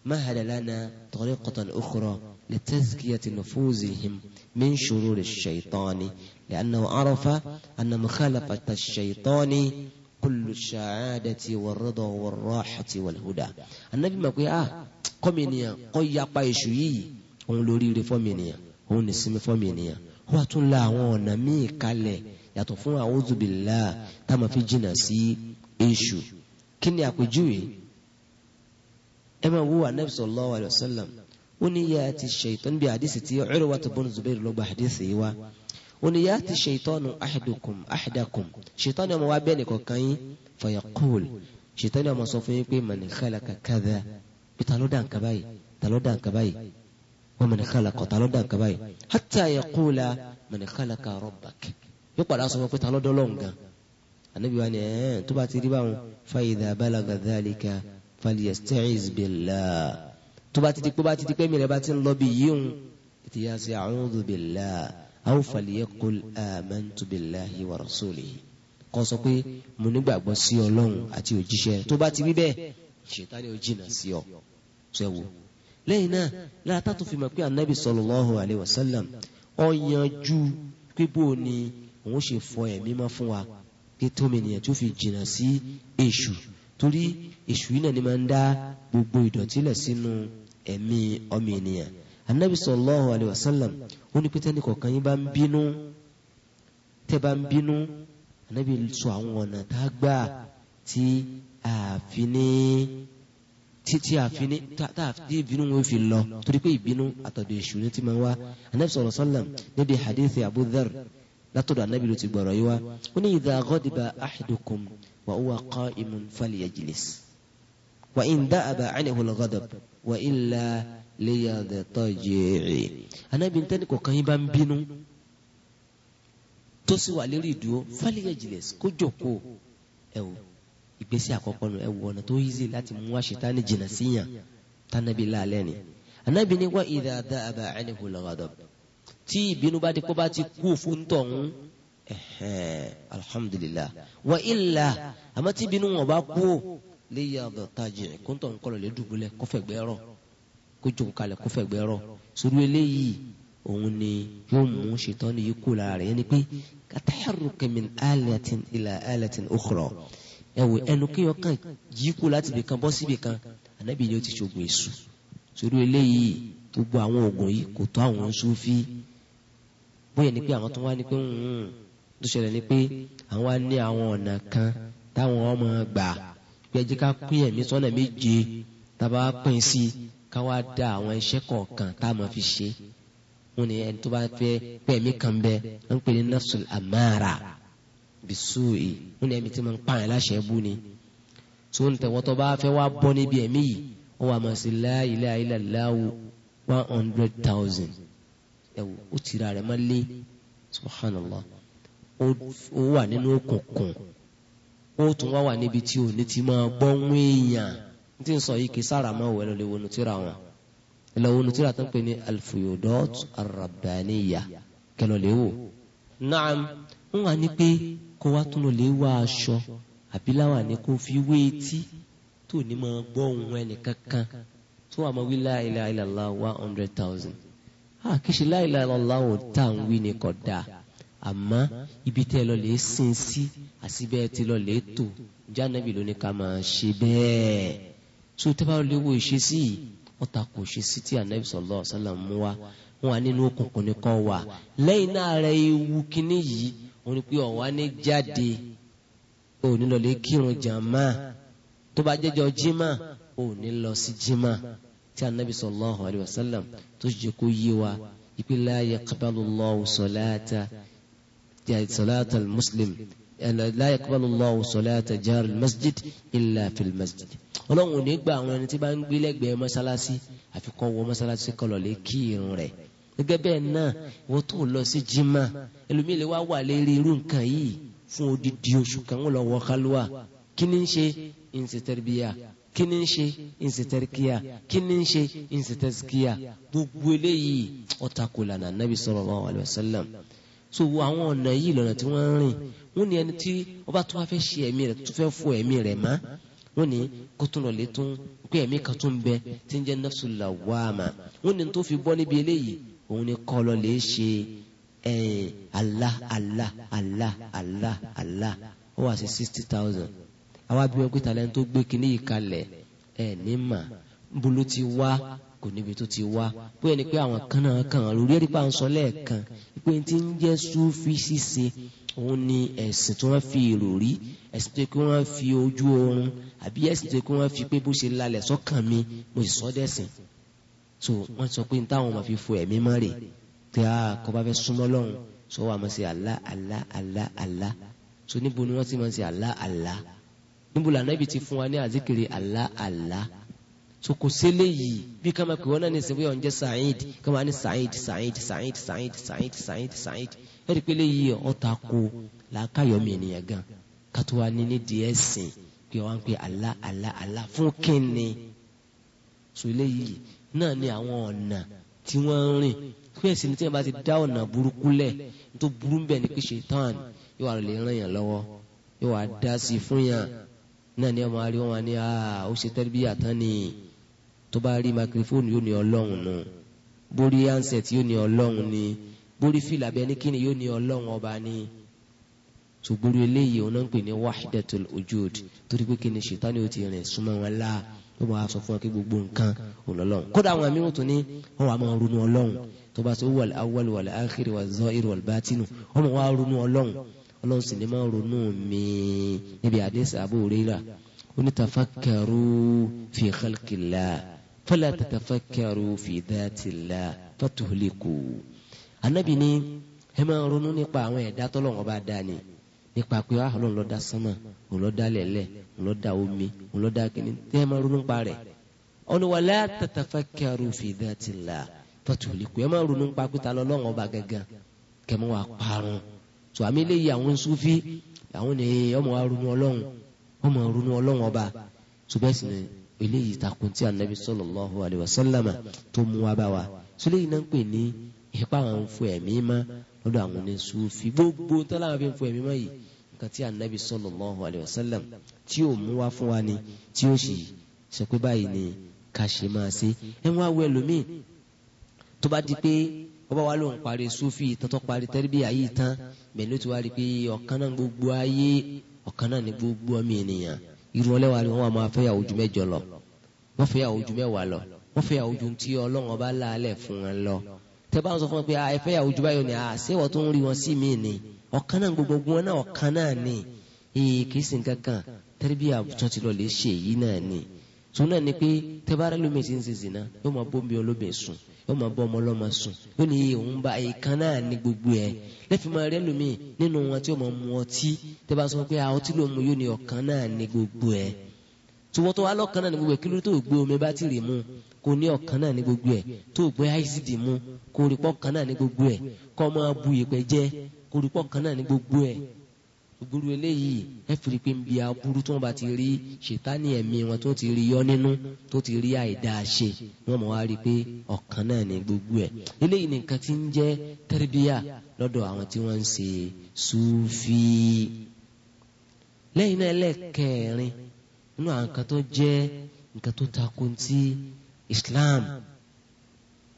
ما هل لنا طريقة أخرى لتزكية نفوسهم من شرور الشيطان لأنه عرف أن مخالفة الشيطان كل السعادة والرضا والراحة والهدى النبي ما يقول آه قمني قوي قيشي òun lórí ire fọ́ọ̀mù ènìyàn òun هو sinmi fọ́ọ̀mù ènìyàn wọ́n á tún la àwọn ọ̀nà míì kalẹ̀ yàtọ̀ fún ẹ máa wo anabi sallallahu alayhi wa sallam ó ní yá ti ṣètọ́ níbi àdìsí tí Urwatu bun Zubair ló gba àdìsí yìí wá ó ní yá ti ṣètọ́nu ahadukum ahadakum ṣètọ́nu ọmọ wa bẹ́ẹ̀ nìkan kan yín fayaqul ṣètọ́nu ọmọ sọ fún yín pé man khalaqa kadha pé ta ló dá nǹkan báyìí ta ló dá nǹkan báyìí wọ́n man khalaqa ta ló dá nǹkan báyìí hatta yaqula man khalaqa rabbak yóò padà falyasta'iz billah tó bá ti di pé bá ti di pé mi rẹ̀ bá ti ń lọ bí yíhun ti yá sí a'udhu billah aw falyaqul amantu billahi wa rasulihi kó sọ pé mo nígbàgbọ́ sí ọlọ́run àti òjíṣẹ́ tó bá ti rí bẹ́ẹ̀ ṣètàlẹ́ òjìnà sí ọ tó ẹ wò. lẹ́yìn náà lára tá tó fi mọ̀ pé anabi sallallahu alayhi wa sallam ọ yanjú pé bó o ní òun ṣe fọ ẹ̀mí mọ́ fún wa pé tómi nìyẹn tó fi jìnà sí èṣù torí èṣù yìí náà ni máa ń dá gbogbo ìdọ̀tí lẹ̀ sínú ẹ̀mí ọmọ ènìyàn anabi sallallahu alayhi wa sallam ó ní pété ní kọ̀ọ̀kan yín bá ń bínú tẹ́ bá ń bínú anabi sọ àwọn ọ̀nà tá a gbà tí àfiní títí àfiní tá ìbínú wọn fi lọ torí pé ìbínú àtọ̀dọ̀ èṣù ni ti máa wá anabi sallallahu alayhi níbi hadithi abu látọ̀dọ̀ anabi ló ti gbọ̀rọ̀ yìí wá ó ní idha ghadiba ahadukum wa huwa qa'imun falyajlis. وإن ذأب عنه الغضب وإلا ليضطجع Ànábì ntẹni kọ̀ọ̀kan yín bá ń bínú tó sì wà lérí ìdúró fálíyàjìlẹ̀ kó jókòó ẹ wò ìgbésẹ̀ àkọ́kọ́ nù ẹ wò ọ̀nà tó yíṣe láti mú wá ṣètánì jìnnà síyàn tánàbí làálẹ̀ ni Ànábì ní wá idha dha'aba anhu al-ghadab tí ìbínú bá di kó bá ti kú fún tọ̀hún alhamdulillah wa illa àmọ́ tí ìbínú wọn bá kú léyà bẹ tajì kóńtò ńkọlọ lè dùbúlẹ̀ kọfẹgbẹ rọ kó jòkó kalẹ̀ kọfẹgbẹ rọ sórí eléyìí òun ni yóò mú ṣetán ní yíkú lára rẹ̀ yẹn pé kataharuka min alatin ila alatin ukhra ẹ wò ẹnu kéèyàn kan yíkú láti bìkan bọ́ síbi kan ànábì ni ó ti ṣògùn èṣù sórí eléyìí gbogbo àwọn oògùn yìí kò tó àwọn Sufi bóyá ni pé àwọn tó wá ní pé ń tó ṣẹlẹ̀ ni pé àwọn á ní àwọn ọ̀nà kan táwọn ọmọ gbà gbẹ̀jì ká pín ẹ̀mí sọ́nà méje tàbá pín sí ká wá da àwọn iṣẹ́ kọ̀ọ̀kan tá a máa fi ṣe wọn ni ẹni tó bá fẹ́ pẹ̀mí kan bẹ ń pè ní nafsul amara bisui wọn ni ẹ̀mí tí mo ń pààyàn láṣẹ bú ni tó ń tẹ̀wọ́ tó bá fẹ́ wá bọ́ níbi ẹ̀mí yìí wọ́n wà máa sí la ilaha one hundred thousand ẹ̀wò ó tira rẹ̀ máa lé subhanallah ó wà nínú òkùnkùn wọ́n tún wá wà níbi tí ò ní ti máa gbọ́nwó èèyàn ní tí ń sọ yìí kì í sára máa wẹ̀ lọ́lẹ́ wọnú tíra wọn ìlọ wọnú tíra tó ń pè ní alfuyodot arabaniya kẹlọ lè naam ń wà ní pé kó wá tún lè wá aṣọ àbíláwà ni kó fi wé etí tó ní máa gbọ́ ohun ẹnì kankan tó wà máa wí la ilaha one hundred thousand. a ah, kì í ṣe la ilaha illallah ò tá à ń wí ni kò dáa àmọ́ ibi tẹ́ lọ lè sin sí àti bẹ́ẹ̀ ti lọ lè tò jánabi ló ní ká máa ṣe bẹ́ẹ̀ tó tẹ́ bá lè wo ìṣesí yìí wọ́n ta kò ìṣesí tí anabi sallallahu alaihi wasallam mú wa wọn wà nínú òkùnkùn nìkan wà lẹ́yìn náà rẹ ewu kínní yìí wọ́n ní pé ọ̀wá ní jáde ò ní lọ lè kírun jàmá tó bá jẹ́jọ́ jimá ò ní lọ sí jimá tí anabi sallallahu alaihi wasallam tó ṣe kó yé wa ìpínlẹ̀ yaqbalu Allahu salata. صلاة المسلم لا يقبل الله صلاة جار المسجد إلا في المسجد Ọlọ́run ò ní gba àwọn ẹni tí bá ń gbé lẹ́gbẹ̀ẹ́ mọ́sálásí àfi kó wọ mọ́sálásí kó lọ lè kí irun rẹ̀ gẹ́gẹ́ bẹ́ẹ̀ náà wọ́n tó lọ sí jimá ẹlòmíì lè wá wà lérí irú nǹkan yìí fún odidi oṣù kan wọ́n lọ wọ kálúwà kí ni ń ṣe ìǹsìtẹ́rìbíyà kí ni ń ṣe ìǹsìtẹ́rìkíyà kí ni ń ṣe ìǹsìtẹ́síkíyà gbogbo eléyìí ó tako ìlànà Ànábì sallallahu alaihi wasallam so àwọn ọ̀nà yìí lọ́nà tí wọ́n ń rìn wọ́n ní ẹni tí wọ́n bá tún wá fẹ́ ṣe ẹ̀mí rẹ̀ tó fẹ́ fọ ẹ̀mí rẹ̀ mọ́ wọ́n ní kó tún lọ lé tún pé ẹ̀mí kan tún bẹ tí ń jẹ́ nafsul lawama wọ́n ní tó fi bọ́ níbi eléyìí òun ni kọ́ lọ lè ṣe ẹ̀ Allah Allah Allah Allah Allah ó wà sí sixty thousand àwa bí wọn pé tàlẹ́ tó gbé kinní yìí kalẹ̀ ẹ̀ ní mà bolo ti wá kò níbi tó ti wá bóyá ni pé àwọn kan náà kàn án lórí ẹ̀rí pa ń sọ lẹ́ẹ̀kan pé ti ń jẹ́ súfì ṣíṣe òun ni ẹ̀sìn tí wọ́n fi ìròrí ẹ̀sìn tó kí wọ́n fi ojú oorun àbí ẹ̀sìn tó kí wọ́n fi pé bó ṣe lálẹ́ sọ́kàn mi mo sì sọ́ dẹ̀sìn so wọ́n sọ pé ní táwọn máa fi fo ẹ̀mí mọ́ rè tí a kọ́ bá fẹ́ súnmọ́ lọ́hùn sọ wà máa ṣe Allah Allah Allah Allah so níbo ni wọ́n ti máa ṣe Allah Allah níbo lànà ibi ti fún wa ní àzíkiri Allah Allah. Allah sokosele yìí bí kama pé wọn náà ní sèwéyà ọ̀njẹ́ Saheed kama ní Saheed Saheed Saheed Saheed Saheed Saheed Saheed ẹ̀rí pé léyìí ọ̀tá ko làákàyọ̀mí ènìyàn gan kátó wa ní ní díẹ̀ wọn pe Allah Allah Allah fún kínni so léyìí náà ní àwọn ọ̀nà tí wọ́n ń rìn fún ẹ̀sìn tí wọ́n bá ti dá ọ̀nà burúkú lẹ̀ tó burú bẹ́ẹ̀ ni pé ṣetán yóò wà lè ràn yàn lọ́wọ́ yóò wà dá fún yàn náà ní ọmọ àríwọ̀n wa ní ó ṣe tẹ́lifíyà tán nìyí tó bá rí microphone yóò ní ọlọ́run nù borí handset yóò ní ọlọ́run ni borí fìlà bẹ́ẹ̀ ní kíni yóò ní ọlọ́run ọba ni tùbúrú eléyìí ọ̀nà ń pè ní wahdatul wujud torí pé kíni ṣètánì ó ti rìn súnmọ́ wọn lá ó máa sọ fún wa kí gbogbo nǹkan ọlọ́run kódà àwọn àmì wòtún ní wọn wà máa ronú ọlọ́run tó sì ni máa ronú mi níbi àdéhùn àbúrò rírà onítàfàkàrú fi khalqillah fala tatafakkaru fi dhatillah fatuhliku anabi ni ẹ máa ronú nípa àwọn ẹ̀dá tọ́lọ́run bá dá ni nípa pé ah, Ọlọ́run ló dá sánmà òun ló dá lẹ̀lẹ̀ òun ló dá omi òun ló dá kínní tẹ́ ẹ máa ronú nípa rẹ̀ ọ̀nà wala tatafakkaru fi dhatillah fatuhliku ẹ máa ronú nípa pé ta lọ́lọ́run bá gángan kẹmọ wa parun tó àmì eléyìí àwọn sufi àwọn ni ọmọ wa ronú Ọlọ́run ọmọ ronú Ọlọ́run ọba tó bẹ́ẹ̀ sì ni eléyìí takun tí anabi sallallahu alayhi wa sallama tó mú wa bá wa sọlẹ́ yìí náà ń pè ní ipa àwọn fún ẹ̀mí mọ́ lọ́dọ̀ àwọn ní sufi gbogbo tọ́lá àwọn fi ń fún ẹ̀mí mọ́ yìí nǹkan tí anabi sallallahu alayhi wa sallam tí ó mú wa fún wa ni tí ó sì sọ pé báyìí ni ká ṣe máa ṣe ẹ wá wẹ lómìn tó bá di pé ọba wa ló parí sufi tọ́tọ́ parí tẹ́rìbíyà yìí tán bẹ́ẹ̀ ló ti wá rí i pé ọ̀kan náà gbogbo ayé ọ̀kan náà ni gbogbo ọmọ ènìyàn irú ọlẹ́wà ni wọ́n wà máa fẹ́yàwó ju mẹ́jọ lọ wọ́n fẹ́yàwó ju mẹ́wàá lọ wọ́n fẹ́yàwó ju tí ọlọ́run ọba láàlẹ̀ fún wọn lọ tẹ bá ń sọ fún wọn pé ẹ fẹ́yàwó ju báyọ̀ ni à ṣéwọ́ tó ń rí wọn sí mi ni ọ̀kan náà gbogbo wọn náà ọ̀kan náà ni èyí kì sìn kankan tẹ́rẹ́bíyà tó ti lọ lè ṣe èyí náà ni tún náà ni pé tẹ bá rẹ́ lómi ti ń ṣe zìnà yóò máa bómi olómi sùn yóò máa bọ́ ọmọ ọlọ́mọ sùn yóò ní òun bá ìkan náà ní gbogbo ẹ̀ lẹ́fì máa rẹ́ lómi nínú wọn tí ó máa mu ọtí tẹ́ bá sọ pé ọtí ló mu yóò ní ọ̀kan náà ní gbogbo ẹ̀ tòwọ́ tó wá lọ́kan náà ní gbogbo ẹ̀ kí ló tó gbé omi bátìrì mu kò ní ọ̀kan náà ní gbogbo ẹ̀ tó gbé àìsídì mu kò rí pọ́ kan náà ní gbogbo ẹ̀ kọ́ máa bu ìpẹ́ kò rí pọ́ kan náà ní gbogbo ẹ̀ gbogbo eléyìí ẹ fìrí pé ń bi aburú tí wọn bá ti rí ṣètánì ẹ̀mí wọn tó ti rí yọ nínú tó ti rí àìdá ṣe wọn mọ̀ wá rí i pé ọ̀kan náà ní gbogbo ẹ̀ eléyìí nìkan ti ń jẹ́ tẹ́rìbíyà lọ́dọ̀ àwọn tí wọ́n ń ṣe sùfì. lẹ́yìn náà ẹlẹ́kẹ̀rin nínú àwọn kan tó jẹ́ nǹkan tó takò tí Islam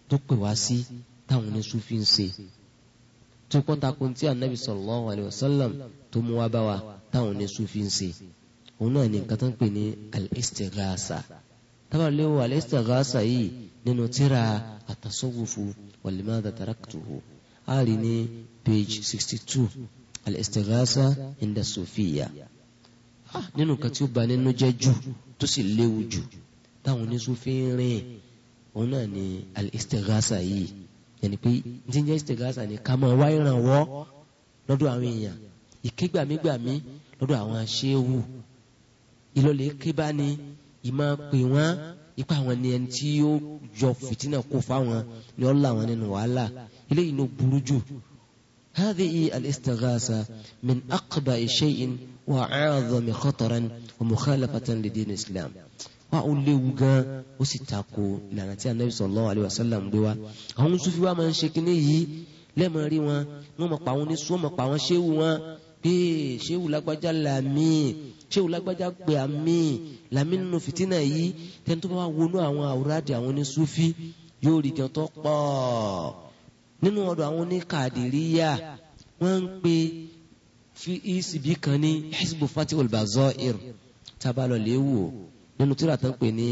tó pè wá sí táwọn oníṣùfì ń ṣe tó kọ́ńtàkó tí anabi sallallahu alayhi wa sallam tó mú wá bá wa táwọn ní sufi ń ṣe òun náà ní nǹkan tó ń pè ní al-istighasa tábàlẹ́ wo al-istighasa yìí nínú tíra àtàsọ́wọ́fù wàlímàdà taraktuhu a rí ní page sixty two al-istighasa inda sofiya nínú nǹkan tí ó bà nínú jẹ́ jù tó sì léwu jù táwọn oníṣòfin rìn òun náà ní al-istighasa yìí yẹni pé jíjẹ́ istigasa ni ká máa wá ìrànwọ́ lọ́dọ̀ àwọn èèyàn ìkégbàmígbàmí lọ́dọ̀ àwọn aṣẹ́wù ìlọlẹ̀ kébá ni ìmọ̀ pè wọ́n ipa àwọn ni ẹni tí ó yọ fìtínà kó fáwọn ni ó là wọn nínú wàhálà eléyìí ló burú jù. هذه الاستغاثة من أقبح شيء وأعظم خطرا ومخالفة لدين الإسلام wa ó léwu gan ó sì tako ìlànà tí anabi sallallahu alaihi wasallam gbé wa àwọn sufi wa máa ń ṣe kinní yìí lẹ́ẹ̀mọ́ rí wọn wọ́n mọ̀ pa àwọn oníṣu wọ́n mọ̀ pa àwọn ṣéwù wọn pé ṣéwù lágbájá làmì ṣéwù lágbájá pé àmì làmì nínú fìtínà yìí tẹ́ni tó bá wọnú àwọn àwòrán àwọn oníṣufi yóò rí gan tó pọ̀ nínú ọ̀dọ̀ àwọn oníkàdìríyà wọ́n ń pe fi ecb kan ní hezbo fatih olùbàzọ́ ir tabalọ̀ léwu o nínú tíra tó ń pè ní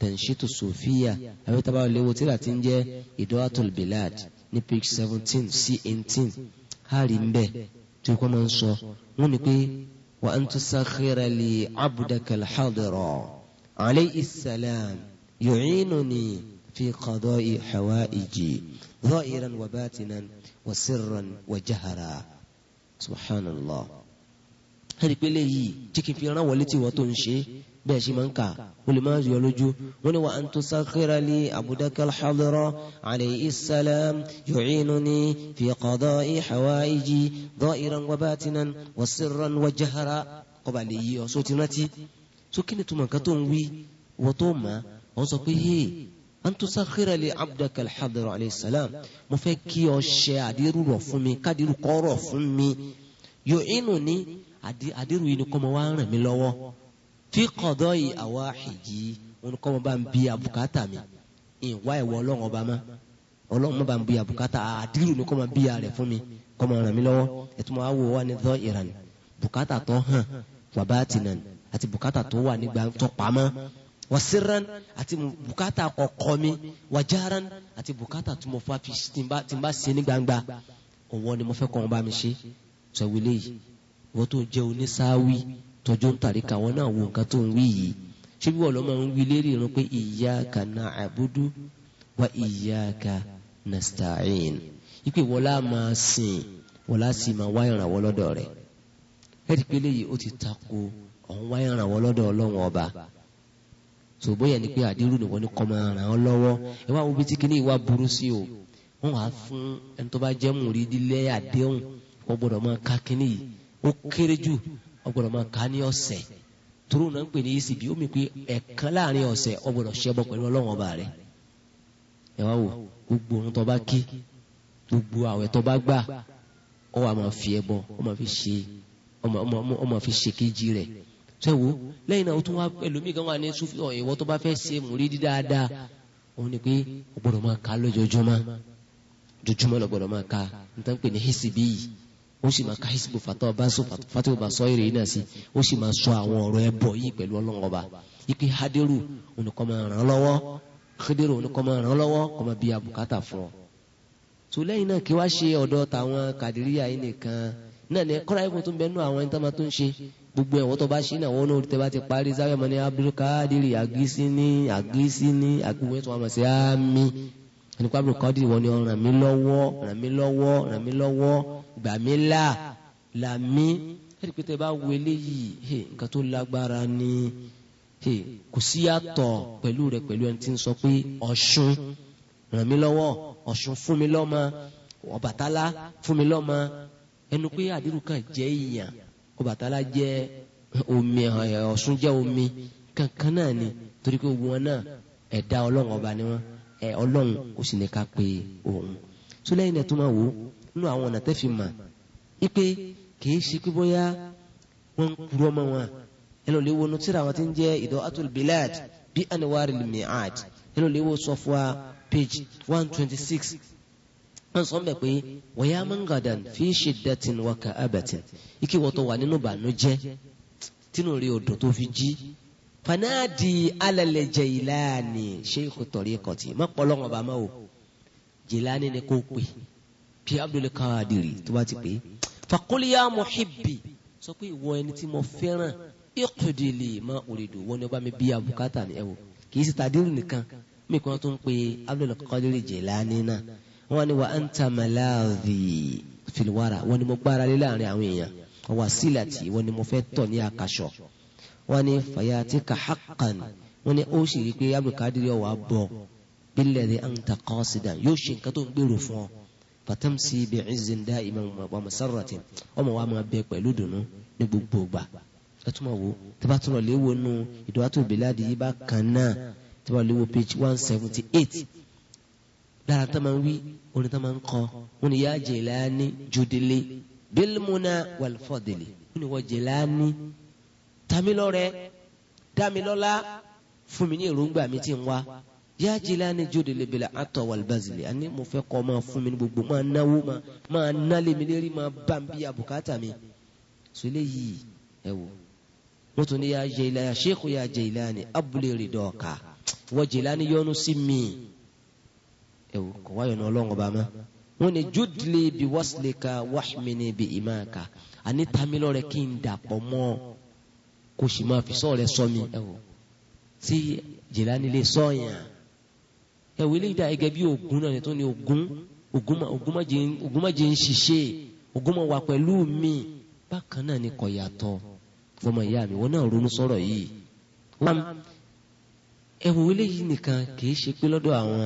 tẹ̀ǹṣítù sòfíà abẹ́tàbá olówó tíra ti ń jẹ́ ìdọ́wàtò bilad ní page seventeen sí eighteen hàrí ń bẹ̀ tí wọ́n máa ń sọ wọ́n ní pé wa an tusakhira li abdaka alhadira alayhi salam yu'inuni fi qada'i hawaiji zahiran wa batinan wa sirran wa jahara subhanallah. hẹ́rì pé léyìí tí kìí fi rán wọlé wọ́n tó ń ṣe é bẹ́ẹ̀ sì máa ń kà ó lè máa yọ lójú wọ́n ní wa an tusakhira li abudakal hadira alayhi salam yu'inuni fi qada'i hawaiji dhahiran wa batinan wa sirran wa jahara kọ́ba lè yí ọ sóti rántí tuma nǹkan tó ń wí wọ́n tó sọ pé hey an tusakhira li abudakal hadira alayhi salam mo fẹ́ kí ọ ṣe àdírù rọ̀ fún mi kádìrú kọ́ fún mi yu'inuni àdírù yìí ni kọ́ mọ wá ràn mí lọ́wọ́ fi kọdọ yìí àwa àhìjì wọn kọ́ wọn bá bi àbùkátà mi ìwà ìwọ ọlọ́run ọba ma ọlọ́run má bá ń bi àbùkátà àdírù ni kọ́ máa bí ààrẹ fún mi kọ́ máa ràn mí lọ́wọ́ ẹ̀tún máa wò wá ní dọ́ ìràn bùkátà tó hàn bàbá àtìnàn àti bùkátà tó wà nígbà tó pamọ́ wasiran àti bùkátà kọ̀kọ̀ mi wajaran àti bukata tó mo fa fi tí n bá ṣe ní gbangba ọwọ́ ni mo fẹ́ kọ́ wọn mi ṣe sọ yìí wọ́n tó jẹ́ onísáwí tọjọ ń tàrí káwọn náà wo nǹkan tó ń wí yìí ṣé bí wọn lọ máa ń wí lérí irun pé iyyaka na'budu wa iyyaka nasta'in ipe wọlá máa sìn wọlá sì máa wá ìrànwọ́ lọ́dọ̀ rẹ̀ ẹ̀rí pé léyìí ó ti tako ọ̀hún wá ìrànwọ́ lọ́dọ̀ ọlọ́run ọba sòbóyà ni pé àdírù nìwọ ni kọ́ máa ràn án lọ́wọ́ ẹ wá wo bí tí kìíní ìwà burú sí o wọn wàá fún ẹni tó bá jẹ́ mùrídìí lẹ́yà déhùn wọn gbọ́dọ̀ máa ká kìíní ó kéré jù ọgbọ́dọ̀ máa ká ní ọsẹ turu náà ń pè ní ecb ó mi pé ẹ̀kan láàrin ọ̀sẹ̀ ọgbọ́dọ̀ ṣẹbọ pẹ̀lú ọlọ́wọ́n ọba rẹ̀ ẹ wá wò gbogbo ohun tó bá kí gbogbo àwẹ̀ tó bá gbà wà máa fi ẹbọ máa fi ṣe ọ máa fi ṣe kejì wo lẹ́yìn náà ó tún wá ẹlòmíì kan wà ní sufi ṣe ó sì máa ka hisibu fatọ bá so fatiwo bá sọ èrè yìí náà sí ó sì máa sọ àwọn ọ̀rọ̀ ẹbọ yìí pẹ̀lú ọlọ́ngọba ipe hadiru onukọ máa ràn án lọ́wọ́ hadiru onukọ máa ràn án lọ́wọ́ kọ máa bí abùkátà fún ọ. tòlẹ́yìn náà kí wá ṣe ọ̀dọ́ tàwọn kàdíríyà yìí nìkan náà ní kọ́ra ikú tó ń bẹnu àwọn ẹ̀ńtọ́ máa tó ń ṣe gbogbo ẹ̀wọ́n tó bá ṣe náà wọn náà bá ti parí záwẹ́ mọ́ ní abdulkadir agisi ní agisi ní tó wà mọ̀ sí àmì nípa Abdul Qadir wọ́n ní ọ ràn mí lọ́wọ́ ràn mí lọ́wọ́ ràn mi lọ́wọ́ gbà mí là là mí ẹni pété bá wo eléyìí nǹkan tó lágbára ni kò síyàtọ̀ pẹ̀lú rẹ̀ pẹ̀lú ẹni tí ń sọ pé Ọ̀ṣun ràn mí lọ́wọ́ Ọ̀ṣun fún mi lọ́mọ Ọbàtálá fún mi lọ́mọ ẹnu pé àdírù kan jẹ́ ìyàn Ọbàtálá jẹ́ omi Ọ̀ṣun jẹ́ omi kankan náà ni torí pé wọn náà ẹ̀dá Ọlọ́run ọba ni wọ́n ẹ ọlọ́run ó sì ní ká pe òun tó lẹ́yìn náà tó máa wò ó nínú àwọn ọ̀nà tẹ́ fi mà ipe kìí ṣe pé bóyá wọ́n ń kúrú ọmọ wọn ẹ lọ lè wo tíra àwọn tí ń jẹ́ Ida'atul Bilad bí Anwaril Mi'ad ẹ lọ lè wo sọfúà page one twenty six wọ́n sọ mẹ́ pé wọ́yá mangadan fi shiddatin wa ka'abatin ike wọ́tọ̀ wà nínú bànújẹ́ tínú rí odò tó fi jí fanadi alalẹ jẹyilani sheikhu tariqati má pọlọ́wọ́n bá Ma o jẹyilani ni kò pè bí Abdul Kadiri tó bá ti pè fakuliya muhibbi sọ pé ìwọ ẹni tí mo fẹ́ràn iqdili ma uridu wọn ni wọn bá mi bí abukata ni ẹ wò kì sì tàdírù nìkan mi kàn tó pe Abdul Kadiri jẹyilani na wọn ni wa anta malazi filiwara wọn ni mo gbára lé láàrin àwọn èèyàn wọn wà sílàtì wọn ni mo fẹ́ tọ̀ ní àkàṣọ wọ́n ní fayatika haqqan wọ́n ní ó sì rí i pé abdulkadir yóò wá bọ̀ billadhi anta qasidan yóò ṣe nǹkan tó ń gbèrò fún ọ fatamsi bi'izzin da'iman wa masarratin ọmọ wa máa bẹ pẹ̀lú dùnú ní gbogbo gbà ẹ wo tí bá tún lọ nu ìdọ́wàtò bíládì yìí bá kan náà tí page one seventy eight dára tó máa ń wí orin tó máa ń kọ wọn ni yá Jilani jùdílé tamilọrẹ damilọla fún mi ní èròǹgbà mi ti ń wá yá jilani jóde lè bẹ̀rẹ̀ atọ̀ wàlúbàzìlẹ̀ àní mo fẹ́ kọ́ ma fún mi ní gbogbo ma náwó máa máa nálé mi lérí máa bá mi bí abùkátà mi sọ eléyìí ẹ wò wọ́n tún ni abúlé rè dọ̀ọ̀ka wọ́n jẹ́ilá ni yọnu sí mi ẹ wò kọ́ wá yọnu ọlọ́run ọba mọ́ wọ́n ní jùdìlẹ̀ bí wọ́sílẹ̀ka wàhmìnì bí ìmáàka àní tamilọ́rẹ̀ kò sì máa fi sọ́ọ̀ rẹ sọ mi ẹ wò sí Jìlání lè sọ́ọ̀yàn ẹ wò eléyìí dà gẹ́gẹ́ bí Ògún náà tó ní Ògún Ògún má jẹ́ ń ṣiṣẹ́ Ògún má wà pẹ̀lú mi bákan náà ni kò yàtọ̀ fọmọ ìyá mi wọn náà ronú sọ̀rọ̀ yìí wọn ẹ wò eléyìí nìkan kìí ṣe pé lọ́dọ̀ àwọn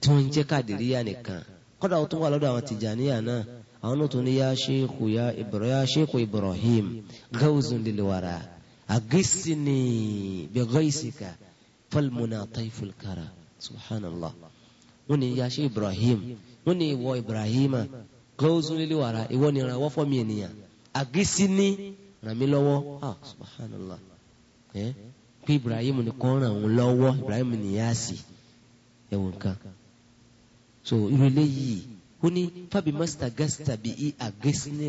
tí wọ́n ń jẹ́ Kàdìríyà nìkan kọ́dà ó tún wà lọ́dọ̀ àwọn Tìjàníyà náà àwọn náà tún ní yá ṣéèkù yá ṣéèkù Ibrahim gáwùzùn lil wara àgẹ́sìnì bi ghaisika falmuna taiful kara subhanallah wọ́n ní yá ṣe Ibrahim wọ́n ní ìwọ Ibrahim gáwùzùn lil wara ìwọ ni ràn wọ́n fọ́ mi ènìyàn àgẹ́sìnì ràn mí lọ́wọ́ ah subhanallah ẹ eh? pé Ibrahim nìkan ràn òun lọ́wọ́ Ibrahim nìyá sí ẹ̀wọ̀n kan so irú eléyìí ó ní fábí mọ́sítà gásítà bí i àgẹ́sínì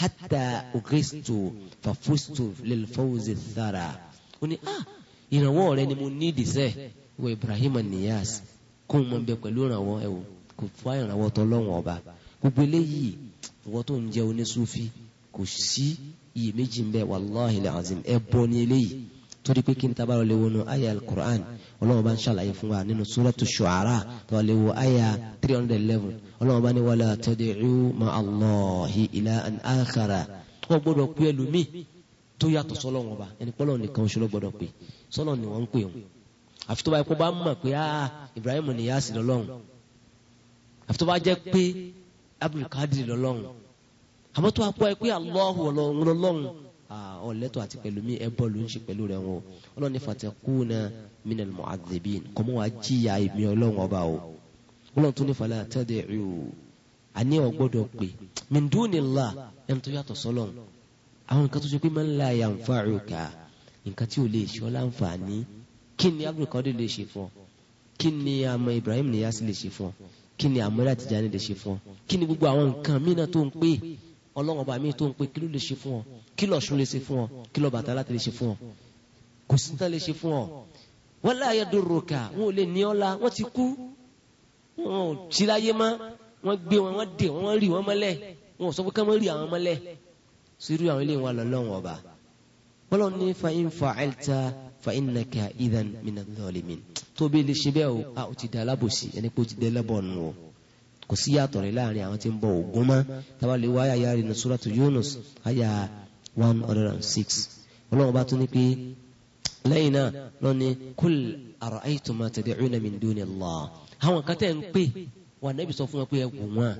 hatta hátà fa fustu lẹ́lẹ́fọ́wọ́sì sára thara huni ah ìrànwọ́ rẹ ni mo ní ìdìsẹ́ wọ Ibrahim Niyas kó o mọ̀ bẹ pẹ̀lú ìrànwọ́ ẹ o kò fún ìrànwọ́ tó lọ́wọ́n ọba gbogbo eléyìí ìwọ tó ń jẹ́ onísúfì kò sí iyèméjì ń bẹ wàláhìlẹ̀ àzìm ẹ bọ́ ní eléyìí torí pé kí n tabarọ lè wo nu aya alukur'an ọlọ́run bá ń ṣàlàyé fún wa nínú suratu shu'ara tó lè wo aya three hundred eleven ọlọ́run bá ní wala tad'u ma allahi ila an akhara wọ́n gbọ́dọ̀ pé ẹlòmí tó yàtọ̀ sọ́lọ́run ọba ẹni pọ́lọ́ nìkan oṣù ló gbọ́dọ̀ pé sọ́lọ́ ni wọ́n ń pè wọn àfi tó bá yẹ kó bá mọ̀ pé ah Ibrahim ni yá sí àfi tó bá jẹ́ pé Abdul Qadir àmọ́ tó wá pọ́ ẹ pé Allahu ọlọ́run lọ́lọ́run ọ̀lẹ́tọ̀ àti pẹ̀lú mi ẹ bọ́ọ̀lù ń ṣe pẹ̀lú rẹ̀ wọn ọlọ́run ní fatakuna minal mu'adhibin kò mú wa jíya èmi ọlọ́run ọba o ọlọ́run tún ní fala tad'u àní ò gbọ́dọ̀ pé min ẹni tó yàtọ̀ sọ́lọ́run àwọn nǹkan tó ṣe pé man la yanfa'uka nǹkan tí ò lè ṣe ọ́ láǹfààní kí ni Abdulkadir lè ṣe fún ọ kí ni àmọ́ Ibrahim Niyasi lè ṣe fún ọ kí ni àmọ́ Tijani lè ṣe fún ọ kí ni gbogbo àwọn nǹkan mí tó ń pè é ọlọ́run ọba mi tó ń pe kí ló lè ṣe fún ọ kí lọ́ọ̀ṣun lè ṣe fún ọ kí lọ́ọ̀ bàtà láti lè ṣe fún ọ kò sí tán lè ṣe fún ọ wala yadurruka wọn ò lè ní ọ la wọn ti kú wọn ò sí láyé mọ́ wọn gbé wọn wọn dè wọn rì wọn mọ́lẹ̀ wọn ò sọ pé ká wọn rì àwọn mọ́lẹ̀ sírú àwọn ilé wọn lọ́lọ́run ọba bọ́lọ́ ní fa in fa'alta fa innaka idhan minadh-dhalimin tóbi lè ṣe bẹ́ẹ̀ o a ò ti dà kò sí yàtọ̀ rẹ̀ láàrin àwọn tí ń bọ Ògún mọ́ tábàlẹ̀ wáyà yà rìn ní suratu Yunus àyà one hundred and six ọlọ́run bá tún ní pé lẹ́yìn náà lọ́ni kul ara'aytum ma tad'una min duni Allah àwọn kan ń pè wà nẹ́bí sọ fún wọn pé ẹ wọn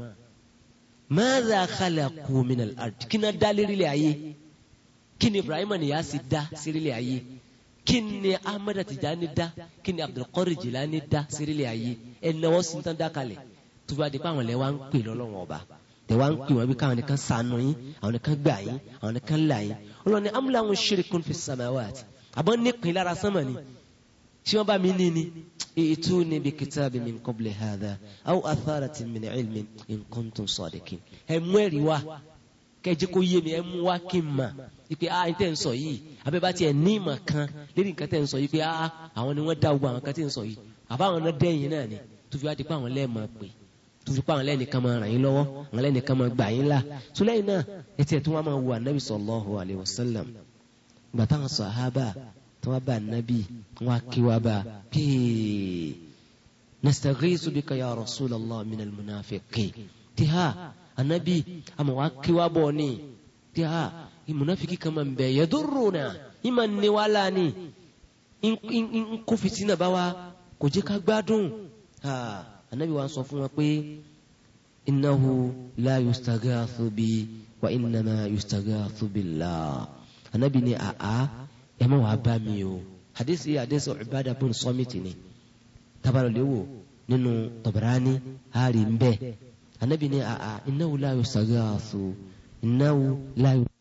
madha khalaqu min al-ard kí náà dá lérílẹ̀ ayé kí ni Ibrahim nìyá sì dá sírílẹ̀ ayé kí ni Ahmad Tijani dá kí ni Abdul Qadir Jilani dá sírílẹ̀ ayé ẹ̀ náwó sí tán dá kalẹ̀ tó bá di pé àwọn ilẹ̀ wa ń pè lọ́lọ́wọ́n ọba tẹ̀wá ń pè wọ́n bí káwọn nìkan sànù yín àwọn nìkan gbà yín àwọn nìkan là yín ọlọ́run ni amúláwọn ṣirikun fi samawati àbọ̀ nípìn lára sánmà ni tí wọ́n bá mi ní ni ètò ní bí kìtàbí min qabli hadha aw atharati min ilmin in kuntum sadiqin ẹ mú ẹ̀rí wá kẹjẹ kó yé mi ẹ mú wá kí n mà ipe a tẹ n sọ yìí abẹ bá tiẹ ní ìmọ̀ kan lórí nǹkan tẹ n sọ yìí pé a ah, ah, àwọn ni wọ́n dá gbogbo àwọn kan tẹ n sọ yìí àbáwọn náà dẹ́yìn náà ni tó fi wá di pé àwọn lẹ́ẹ̀ máa pè tuntun pa àwọn ẹlẹ́nìkan máa ràn yín lọ́wọ́ àwọn ẹlẹ́nìkan máa gbà yín là sùlẹ́yìn náà etí ẹ̀ tí wọ́n máa wo anabi sallallahu alayhi wa sallam gbàtà àwọn sàhábà tí wọ́n bá anabi wọ́n á kí wọ́n bá kéè nastaghisu rasulallah minal munafiqin tí anabi àmọ́ wọ́n á ni tí ha ìmúnáfíkì kan máa ń bẹ̀ yadurruna ni nkófìtì náà bá kò jẹ́ ká gbádùn anabi wa sọ fún wa pé innahu la yustagathu bi wa innama yustagathu billah anabi ni àá ẹ má wàá bá mi o hadisi hadisi Ubadah bun Samit ni tabalọ lewo nínú Tabarani hari nbẹ anabi ni àá innahu la yustagathu innahu la yustagathu.